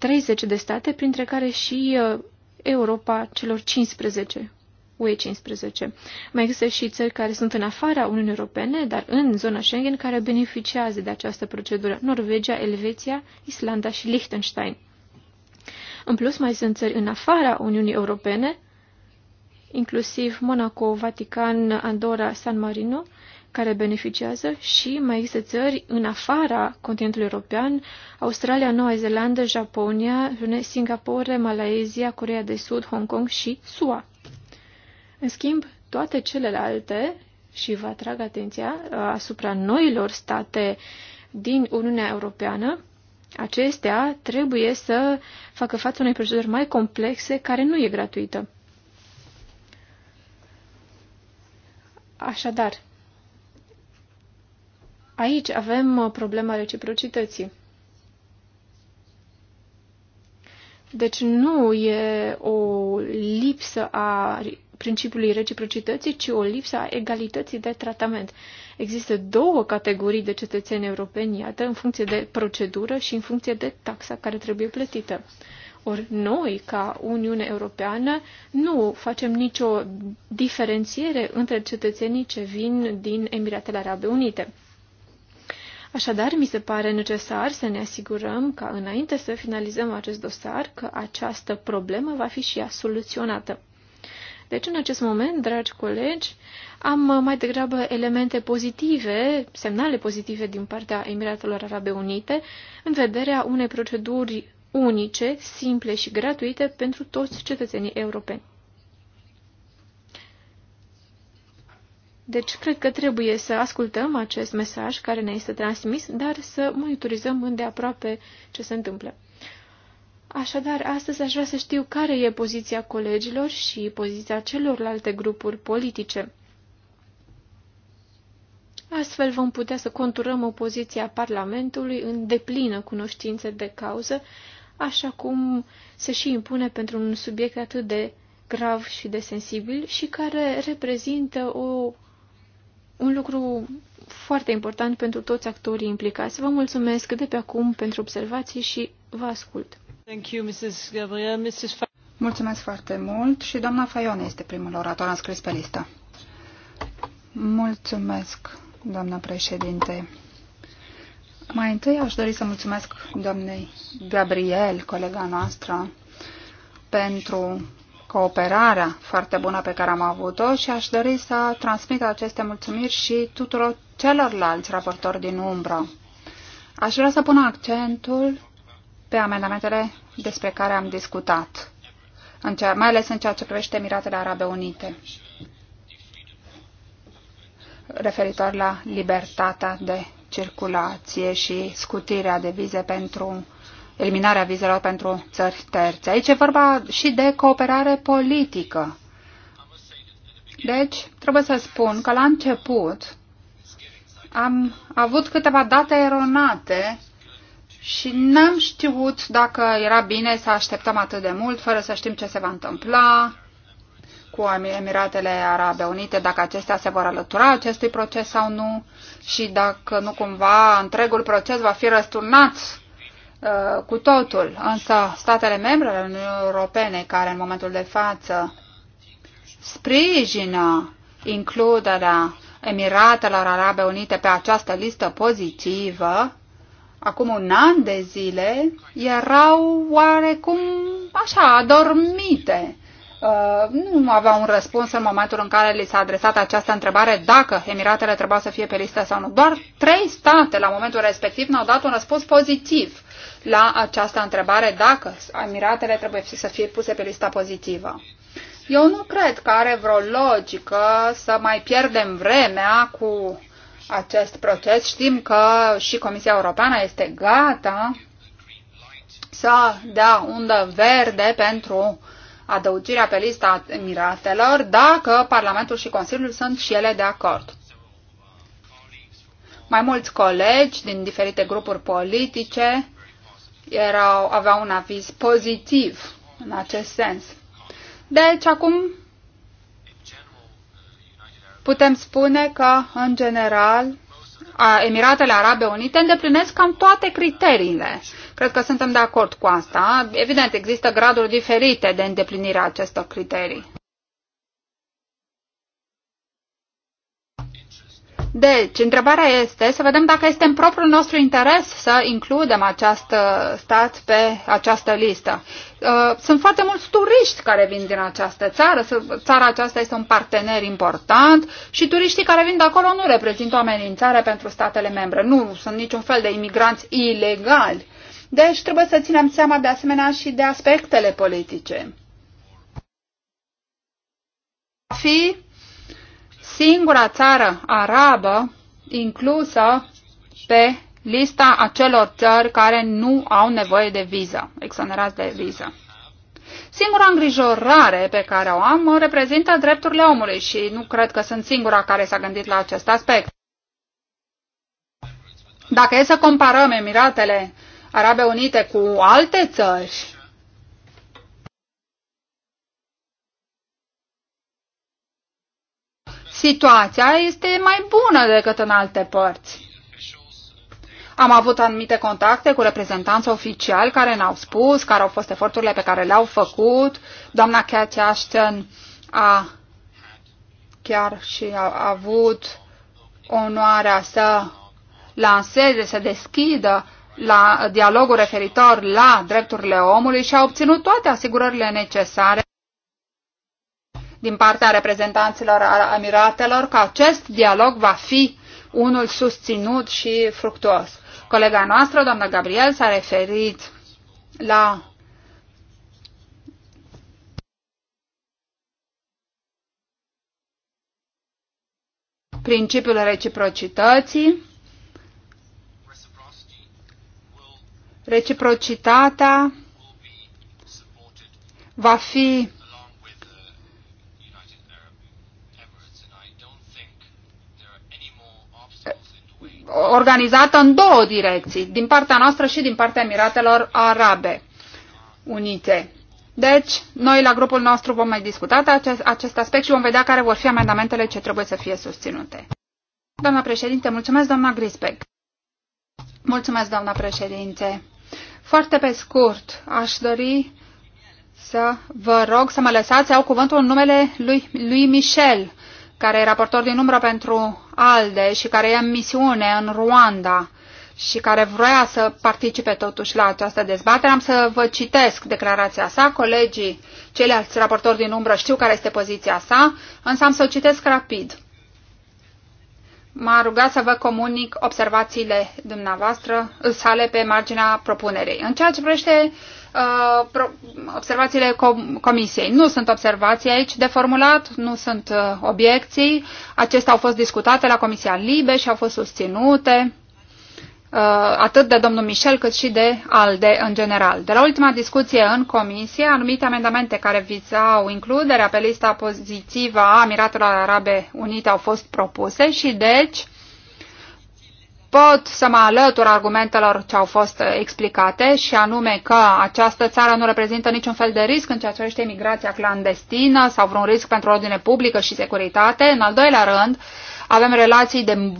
30 de state, printre care și uh, Europa celor 15, UE 15. Mai există și țări care sunt în afara Uniunii Europene, dar în zona Schengen, care beneficiază de această procedură. Norvegia, Elveția, Islanda și Liechtenstein. În plus, mai sunt țări în afara Uniunii Europene, inclusiv Monaco, Vatican, Andorra, San Marino, care beneficiază și mai există țări în afara continentului european, Australia, Noua Zeelandă, Japonia, Singapore, Malaezia, Corea de Sud, Hong Kong și SUA. În schimb, toate celelalte, și vă atrag atenția uh, asupra noilor state din Uniunea Europeană, acestea trebuie să facă față unei proceduri mai complexe care nu e gratuită. Așadar, Aici avem uh, problema reciprocității. Deci nu e o lipsă a principiului reciprocității, ci o lipsă a egalității de tratament. Există două categorii de cetățeni europeni, iată, în funcție de procedură și în funcție de taxa care trebuie plătită. Ori noi, ca Uniune Europeană, nu facem nicio diferențiere între cetățenii ce vin din Emiratele Arabe Unite. Așadar, mi se pare necesar să ne asigurăm ca înainte să finalizăm acest dosar că această problemă va fi și ea soluționată. Deci, în acest moment, dragi colegi, am mai degrabă elemente pozitive, semnale pozitive din partea Emiratelor Arabe Unite, în vederea unei proceduri unice, simple și gratuite pentru toți cetățenii europeni. Deci, cred că trebuie să ascultăm acest mesaj care ne este transmis, dar să monitorizăm îndeaproape ce se întâmplă. Așadar, astăzi aș vrea să știu care e poziția colegilor și poziția celorlalte grupuri politice. Astfel vom putea să conturăm o poziție a Parlamentului în deplină cunoștință de cauză, așa cum se și impune pentru un subiect atât de grav și de sensibil și care reprezintă o un lucru foarte important pentru toți actorii implicați. Vă mulțumesc de pe acum pentru observații și vă ascult. Thank you, Mrs. Gabriel. Mrs. Mulțumesc foarte mult și doamna Faione este primul orator înscris pe listă. Mulțumesc, doamna președinte. Mai întâi aș dori să mulțumesc doamnei Gabriel, colega noastră, pentru cooperarea foarte bună pe care am avut-o și aș dori să transmit aceste mulțumiri și tuturor celorlalți raportori din umbră. Aș vrea să pun accentul pe amendamentele despre care am discutat, în cea, mai ales în ceea ce privește Emiratele Arabe Unite, referitor la libertatea de circulație și scutirea de vize pentru eliminarea vizelor pentru țări terțe. Aici e vorba și de cooperare politică. Deci, trebuie să spun că la început am avut câteva date eronate și n-am știut dacă era bine să așteptăm atât de mult, fără să știm ce se va întâmpla cu Emiratele Arabe Unite, dacă acestea se vor alătura acestui proces sau nu și dacă nu cumva întregul proces va fi răsturnat Uh, cu totul, însă statele membre ale Uniunii Europene care în momentul de față sprijină includerea Emiratelor Arabe Unite pe această listă pozitivă, acum un an de zile, erau oarecum așa, adormite. Uh, nu avea un răspuns în momentul în care li s-a adresat această întrebare dacă Emiratele trebuia să fie pe listă sau nu. Doar trei state la momentul respectiv ne-au dat un răspuns pozitiv la această întrebare dacă Emiratele trebuie să fie puse pe lista pozitivă. Eu nu cred că are vreo logică să mai pierdem vremea cu acest proces. Știm că și Comisia Europeană este gata să dea undă verde pentru adăugirea pe lista Emiratelor dacă Parlamentul și Consiliul sunt și ele de acord. Mai mulți colegi din diferite grupuri politice erau, aveau un aviz pozitiv în acest sens. Deci, acum putem spune că, în general, Emiratele Arabe Unite îndeplinesc cam toate criteriile. Cred că suntem de acord cu asta. Evident, există graduri diferite de îndeplinire a acestor criterii. Deci, întrebarea este să vedem dacă este în propriul nostru interes să includem acest uh, stat pe această listă. Uh, sunt foarte mulți turiști care vin din această țară. Țara aceasta este un partener important și turiștii care vin de acolo nu reprezintă o amenințare pentru statele membre. Nu sunt niciun fel de imigranți ilegali. Deci trebuie să ținem seama de asemenea și de aspectele politice. Fi singura țară arabă inclusă pe lista acelor țări care nu au nevoie de viză, exonerați de viză. Singura îngrijorare pe care o am reprezintă drepturile omului și nu cred că sunt singura care s-a gândit la acest aspect. Dacă e să comparăm Emiratele Arabe Unite cu alte țări situația este mai bună decât în alte părți. Am avut anumite contacte cu reprezentanți oficiali care ne-au spus care au fost eforturile pe care le-au făcut. Doamna Cathy Ashton a chiar și a avut onoarea să lanseze, să deschidă la dialogul referitor la drepturile omului și a obținut toate asigurările necesare din partea reprezentanților Emiratelor că acest dialog va fi unul susținut și fructuos. Colega noastră, doamna Gabriel, s-a referit la principiul reciprocității, reciprocitatea va fi organizată în două direcții, din partea noastră și din partea Emiratelor Arabe Unite. Deci, noi la grupul nostru vom mai discuta acest, acest aspect și vom vedea care vor fi amendamentele ce trebuie să fie susținute. Doamna președinte, mulțumesc, doamna Grisbeck. Mulțumesc, doamna președinte. Foarte pe scurt, aș dori să vă rog să mă lăsați, au cuvântul în numele lui, lui Michel care e raportor din umbră pentru ALDE și care e în misiune în Ruanda și care vrea să participe totuși la această dezbatere, am să vă citesc declarația sa. Colegii, ceilalți raportori din umbră știu care este poziția sa, însă am să o citesc rapid. M-a rugat să vă comunic observațiile dumneavoastră sale pe marginea propunerii. În ceea ce privește uh, Uh, observațiile comisiei. Nu sunt observații aici de formulat, nu sunt uh, obiecții. Acestea au fost discutate la Comisia Libe și au fost susținute uh, atât de domnul Michel cât și de ALDE în general. De la ultima discuție în comisie, anumite amendamente care vizau includerea pe lista pozitivă a Emiratelor Arabe Unite au fost propuse și deci pot să mă alătur argumentelor ce au fost uh, explicate și anume că această țară nu reprezintă niciun fel de risc în ceea ce privește imigrația clandestină sau vreun risc pentru ordine publică și securitate. În al doilea rând, avem relații de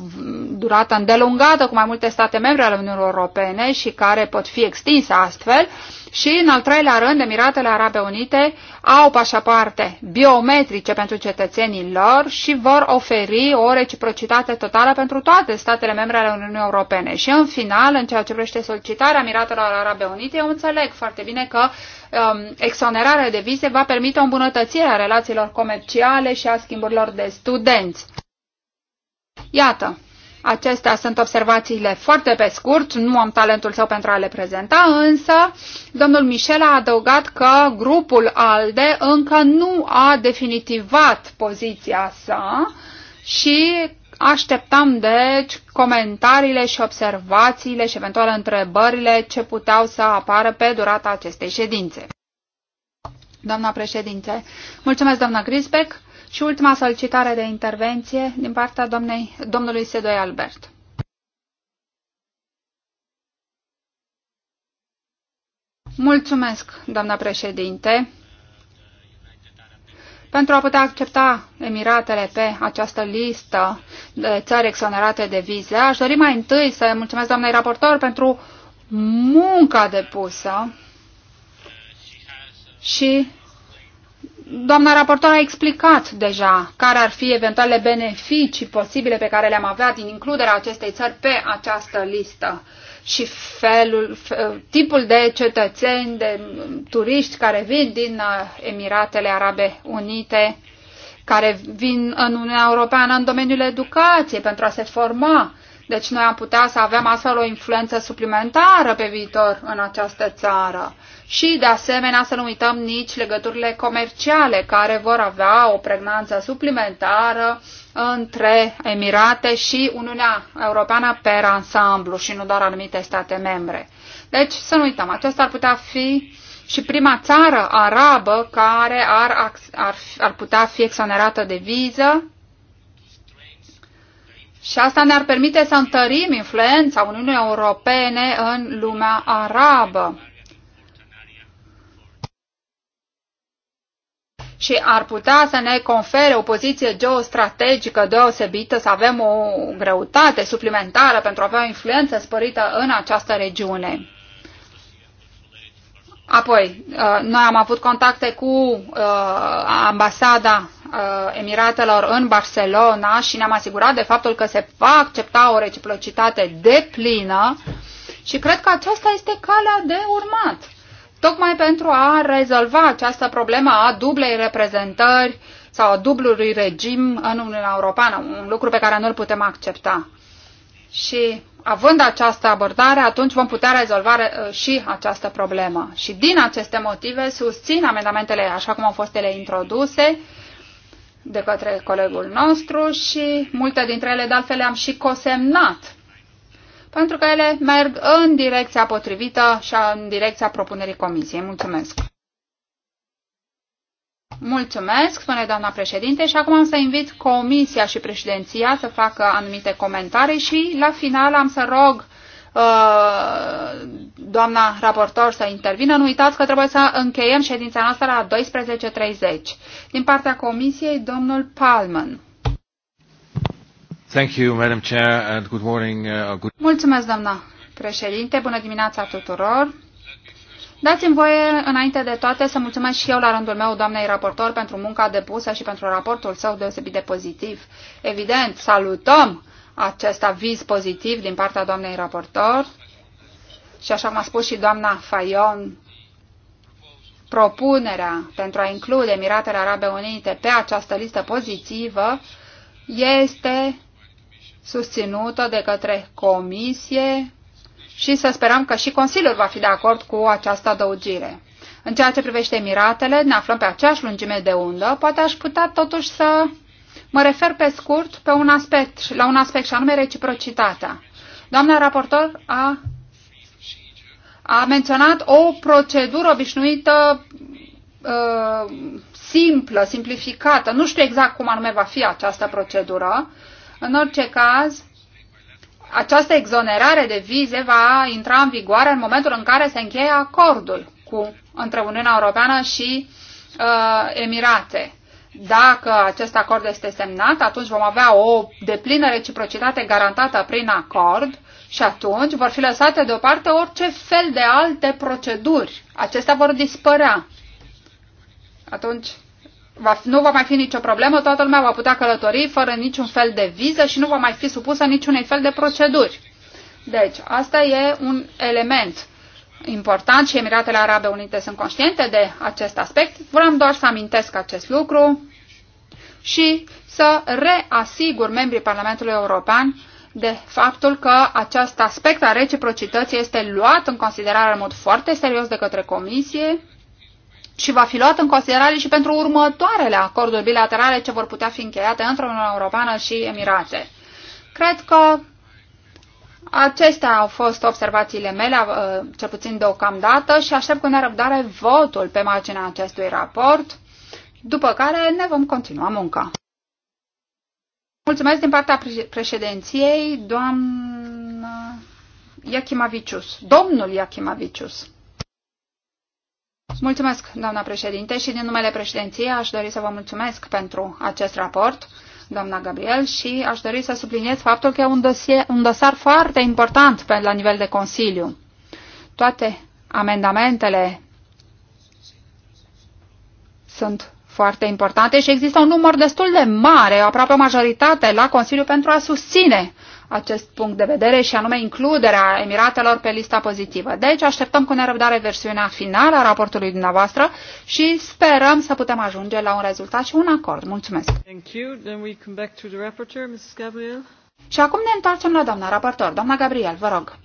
durată îndelungată cu mai multe state membre ale Uniunii Europene și care pot fi extinse astfel. Și, în al treilea rând, Emiratele Arabe Unite au pașapoarte biometrice pentru cetățenii lor și vor oferi o reciprocitate totală pentru toate statele membre ale Uniunii Europene. Și, în final, în ceea ce privește solicitarea Emiratelor Arabe Unite, eu înțeleg foarte bine că um, exonerarea de vize va permite o îmbunătățire a relațiilor comerciale și a schimburilor de studenți. Iată, Acestea sunt observațiile foarte pe scurt, nu am talentul său pentru a le prezenta, însă domnul Michel a adăugat că grupul ALDE încă nu a definitivat poziția sa și așteptam deci comentariile și observațiile și eventuale întrebările ce puteau să apară pe durata acestei ședințe. Doamna președinte, mulțumesc doamna Grisbeck. Și ultima solicitare de intervenție din partea domnei, domnului Sedoi Albert. Mulțumesc, doamna președinte, pentru a putea accepta Emiratele pe această listă de țări exonerate de vize. Aș dori mai întâi să mulțumesc doamnei raportor pentru munca depusă și Doamna raportor a explicat deja care ar fi eventuale beneficii posibile pe care le-am avea din includerea acestei țări pe această listă și felul, tipul de cetățeni, de turiști care vin din uh, Emiratele Arabe Unite, care vin în Uniunea Europeană în domeniul educației pentru a se forma. Deci noi am putea să avem astfel o influență suplimentară pe viitor în această țară și, de asemenea, să nu uităm nici legăturile comerciale care vor avea o pregnanță suplimentară între Emirate și Uniunea Europeană per ansamblu și nu doar anumite state membre. Deci, să nu uităm, aceasta ar putea fi și prima țară arabă care ar, ar, ar putea fi exonerată de viză și asta ne-ar permite să întărim influența Uniunii Europene în lumea arabă. și ar putea să ne confere o poziție geostrategică deosebită, să avem o greutate suplimentară pentru a avea o influență spărită în această regiune. Apoi, uh, noi am avut contacte cu uh, ambasada uh, Emiratelor în Barcelona și ne-am asigurat de faptul că se va accepta o reciprocitate deplină și cred că aceasta este calea de urmat tocmai pentru a rezolva această problemă a dublei reprezentări sau a dublului regim în Uniunea Europeană, un lucru pe care nu îl putem accepta. Și având această abordare, atunci vom putea rezolva uh, și această problemă. Și din aceste motive susțin amendamentele așa cum au fost ele introduse de către colegul nostru și multe dintre ele de altfel le-am și cosemnat pentru că ele merg în direcția potrivită și în direcția propunerii comisiei. Mulțumesc! Mulțumesc, spune doamna președinte, și acum am să invit comisia și președinția să facă anumite comentarii și la final am să rog uh, doamna raportor să intervină. Nu uitați că trebuie să încheiem ședința noastră la 12.30. Din partea comisiei, domnul Palman. Uh, mulțumesc, doamna președinte. Bună dimineața tuturor. Dați-mi voie, înainte de toate, să mulțumesc și eu la rândul meu doamnei raportor pentru munca depusă și pentru raportul său deosebit de pozitiv. Evident, salutăm acest aviz pozitiv din partea doamnei raportor și așa cum a spus și doamna Fayon, propunerea pentru a include Emiratele Arabe Unite pe această listă pozitivă este susținută de către Comisie și să sperăm că și Consiliul va fi de acord cu această adăugire. În ceea ce privește Emiratele, ne aflăm pe aceeași lungime de undă. Poate aș putea totuși să mă refer pe scurt pe un aspect, la un aspect și anume reciprocitatea. Doamna raportor a, a menționat o procedură obișnuită ă, simplă, simplificată. Nu știu exact cum anume va fi această procedură, în orice caz, această exonerare de vize va intra în vigoare în momentul în care se încheie acordul cu, între Uniunea Europeană și uh, Emirate. Dacă acest acord este semnat, atunci vom avea o deplină reciprocitate garantată prin acord și atunci vor fi lăsate deoparte orice fel de alte proceduri. Acestea vor dispărea. Atunci, va, nu va mai fi nicio problemă, toată lumea va putea călători fără niciun fel de viză și nu va mai fi supusă niciunei fel de proceduri. Deci, asta e un element important și Emiratele Arabe Unite sunt conștiente de acest aspect. Vreau doar să amintesc acest lucru și să reasigur membrii Parlamentului European de faptul că acest aspect a reciprocității este luat în considerare în mod foarte serios de către Comisie și va fi luat în considerare și pentru următoarele acorduri bilaterale ce vor putea fi încheiate între Uniunea Europeană și Emirate. Cred că acestea au fost observațiile mele, uh, cel puțin deocamdată, și aștept cu nerăbdare votul pe marginea acestui raport, după care ne vom continua munca. Mulțumesc din partea președinției, doamna Iachimavicius, domnul Iachimavicius. Mulțumesc, doamna președinte, și din numele președinției aș dori să vă mulțumesc pentru acest raport, doamna Gabriel, și aș dori să subliniez faptul că e un, dosie, un dosar foarte important pe, la nivel de Consiliu. Toate amendamentele sunt foarte importante și există un număr destul de mare, aproape majoritate la Consiliu pentru a susține acest punct de vedere și anume includerea Emiratelor pe lista pozitivă. Deci așteptăm cu nerăbdare versiunea finală a raportului dumneavoastră și sperăm să putem ajunge la un rezultat și un acord. Mulțumesc! Thank you. Then we come back to the rapporteur, Mrs. Gabriel. Și acum ne întoarcem la doamna raportor. Doamna Gabriel, vă rog.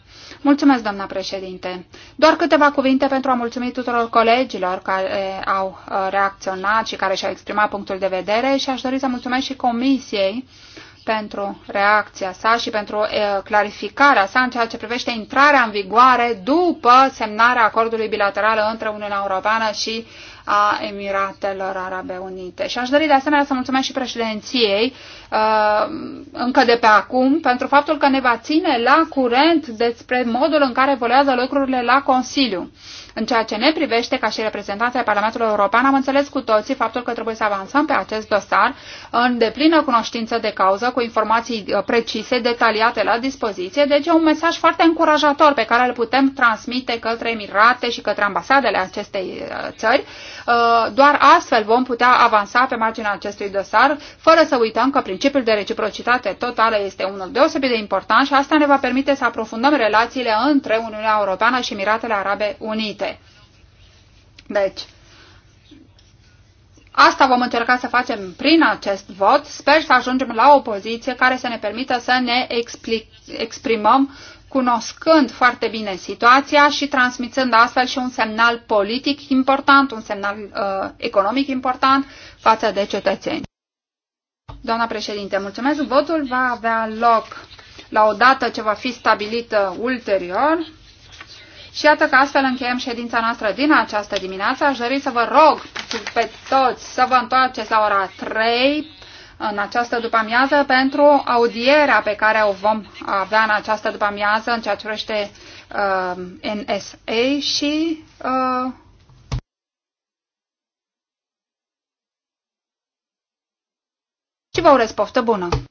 Mulțumesc, doamna președinte. Doar câteva cuvinte pentru a mulțumi tuturor colegilor care eh, au eh, reacționat și care și-au exprimat punctul de vedere și aș dori să mulțumesc și comisiei uh, pentru reacția sa și pentru uh, clarificarea sa în ceea ce privește intrarea în vigoare după semnarea acordului bilateral între Uniunea Europeană și a Emiratelor Arabe Unite. Și aș dori de asemenea să mulțumesc și președinției Uh, încă de pe acum pentru faptul că ne va ține la curent despre modul în care evoluează lucrurile la Consiliu. În ceea ce ne privește, ca și reprezentanții ai Parlamentului European, am înțeles cu toții faptul că trebuie să avansăm pe acest dosar în deplină cunoștință de cauză, cu informații uh, precise, detaliate la dispoziție. Deci e un mesaj foarte încurajator pe care îl putem transmite către Emirate și către ambasadele acestei uh, țări Uh, doar astfel vom putea avansa pe marginea acestui dosar, fără să uităm că principiul de reciprocitate totală este unul deosebit de important și asta ne va permite să aprofundăm relațiile între Uniunea Europeană și Emiratele Arabe Unite. Deci, Asta vom încerca să facem prin acest vot. Sper să ajungem la o poziție care să ne permită să ne explic, exprimăm cunoscând foarte bine situația și transmițând astfel și un semnal politic important, un semnal uh, economic important față de cetățeni. Doamna președinte, mulțumesc. Votul va avea loc la o dată ce va fi stabilită uh, ulterior. Și iată că astfel încheiem ședința noastră din această dimineață. Aș dori să vă rog pe toți să vă întoarceți la ora 3 în această după-amiază pentru audierea pe care o vom avea în această după-amiază în ceea ce vrește uh, NSA și uh, și vă urez poftă bună!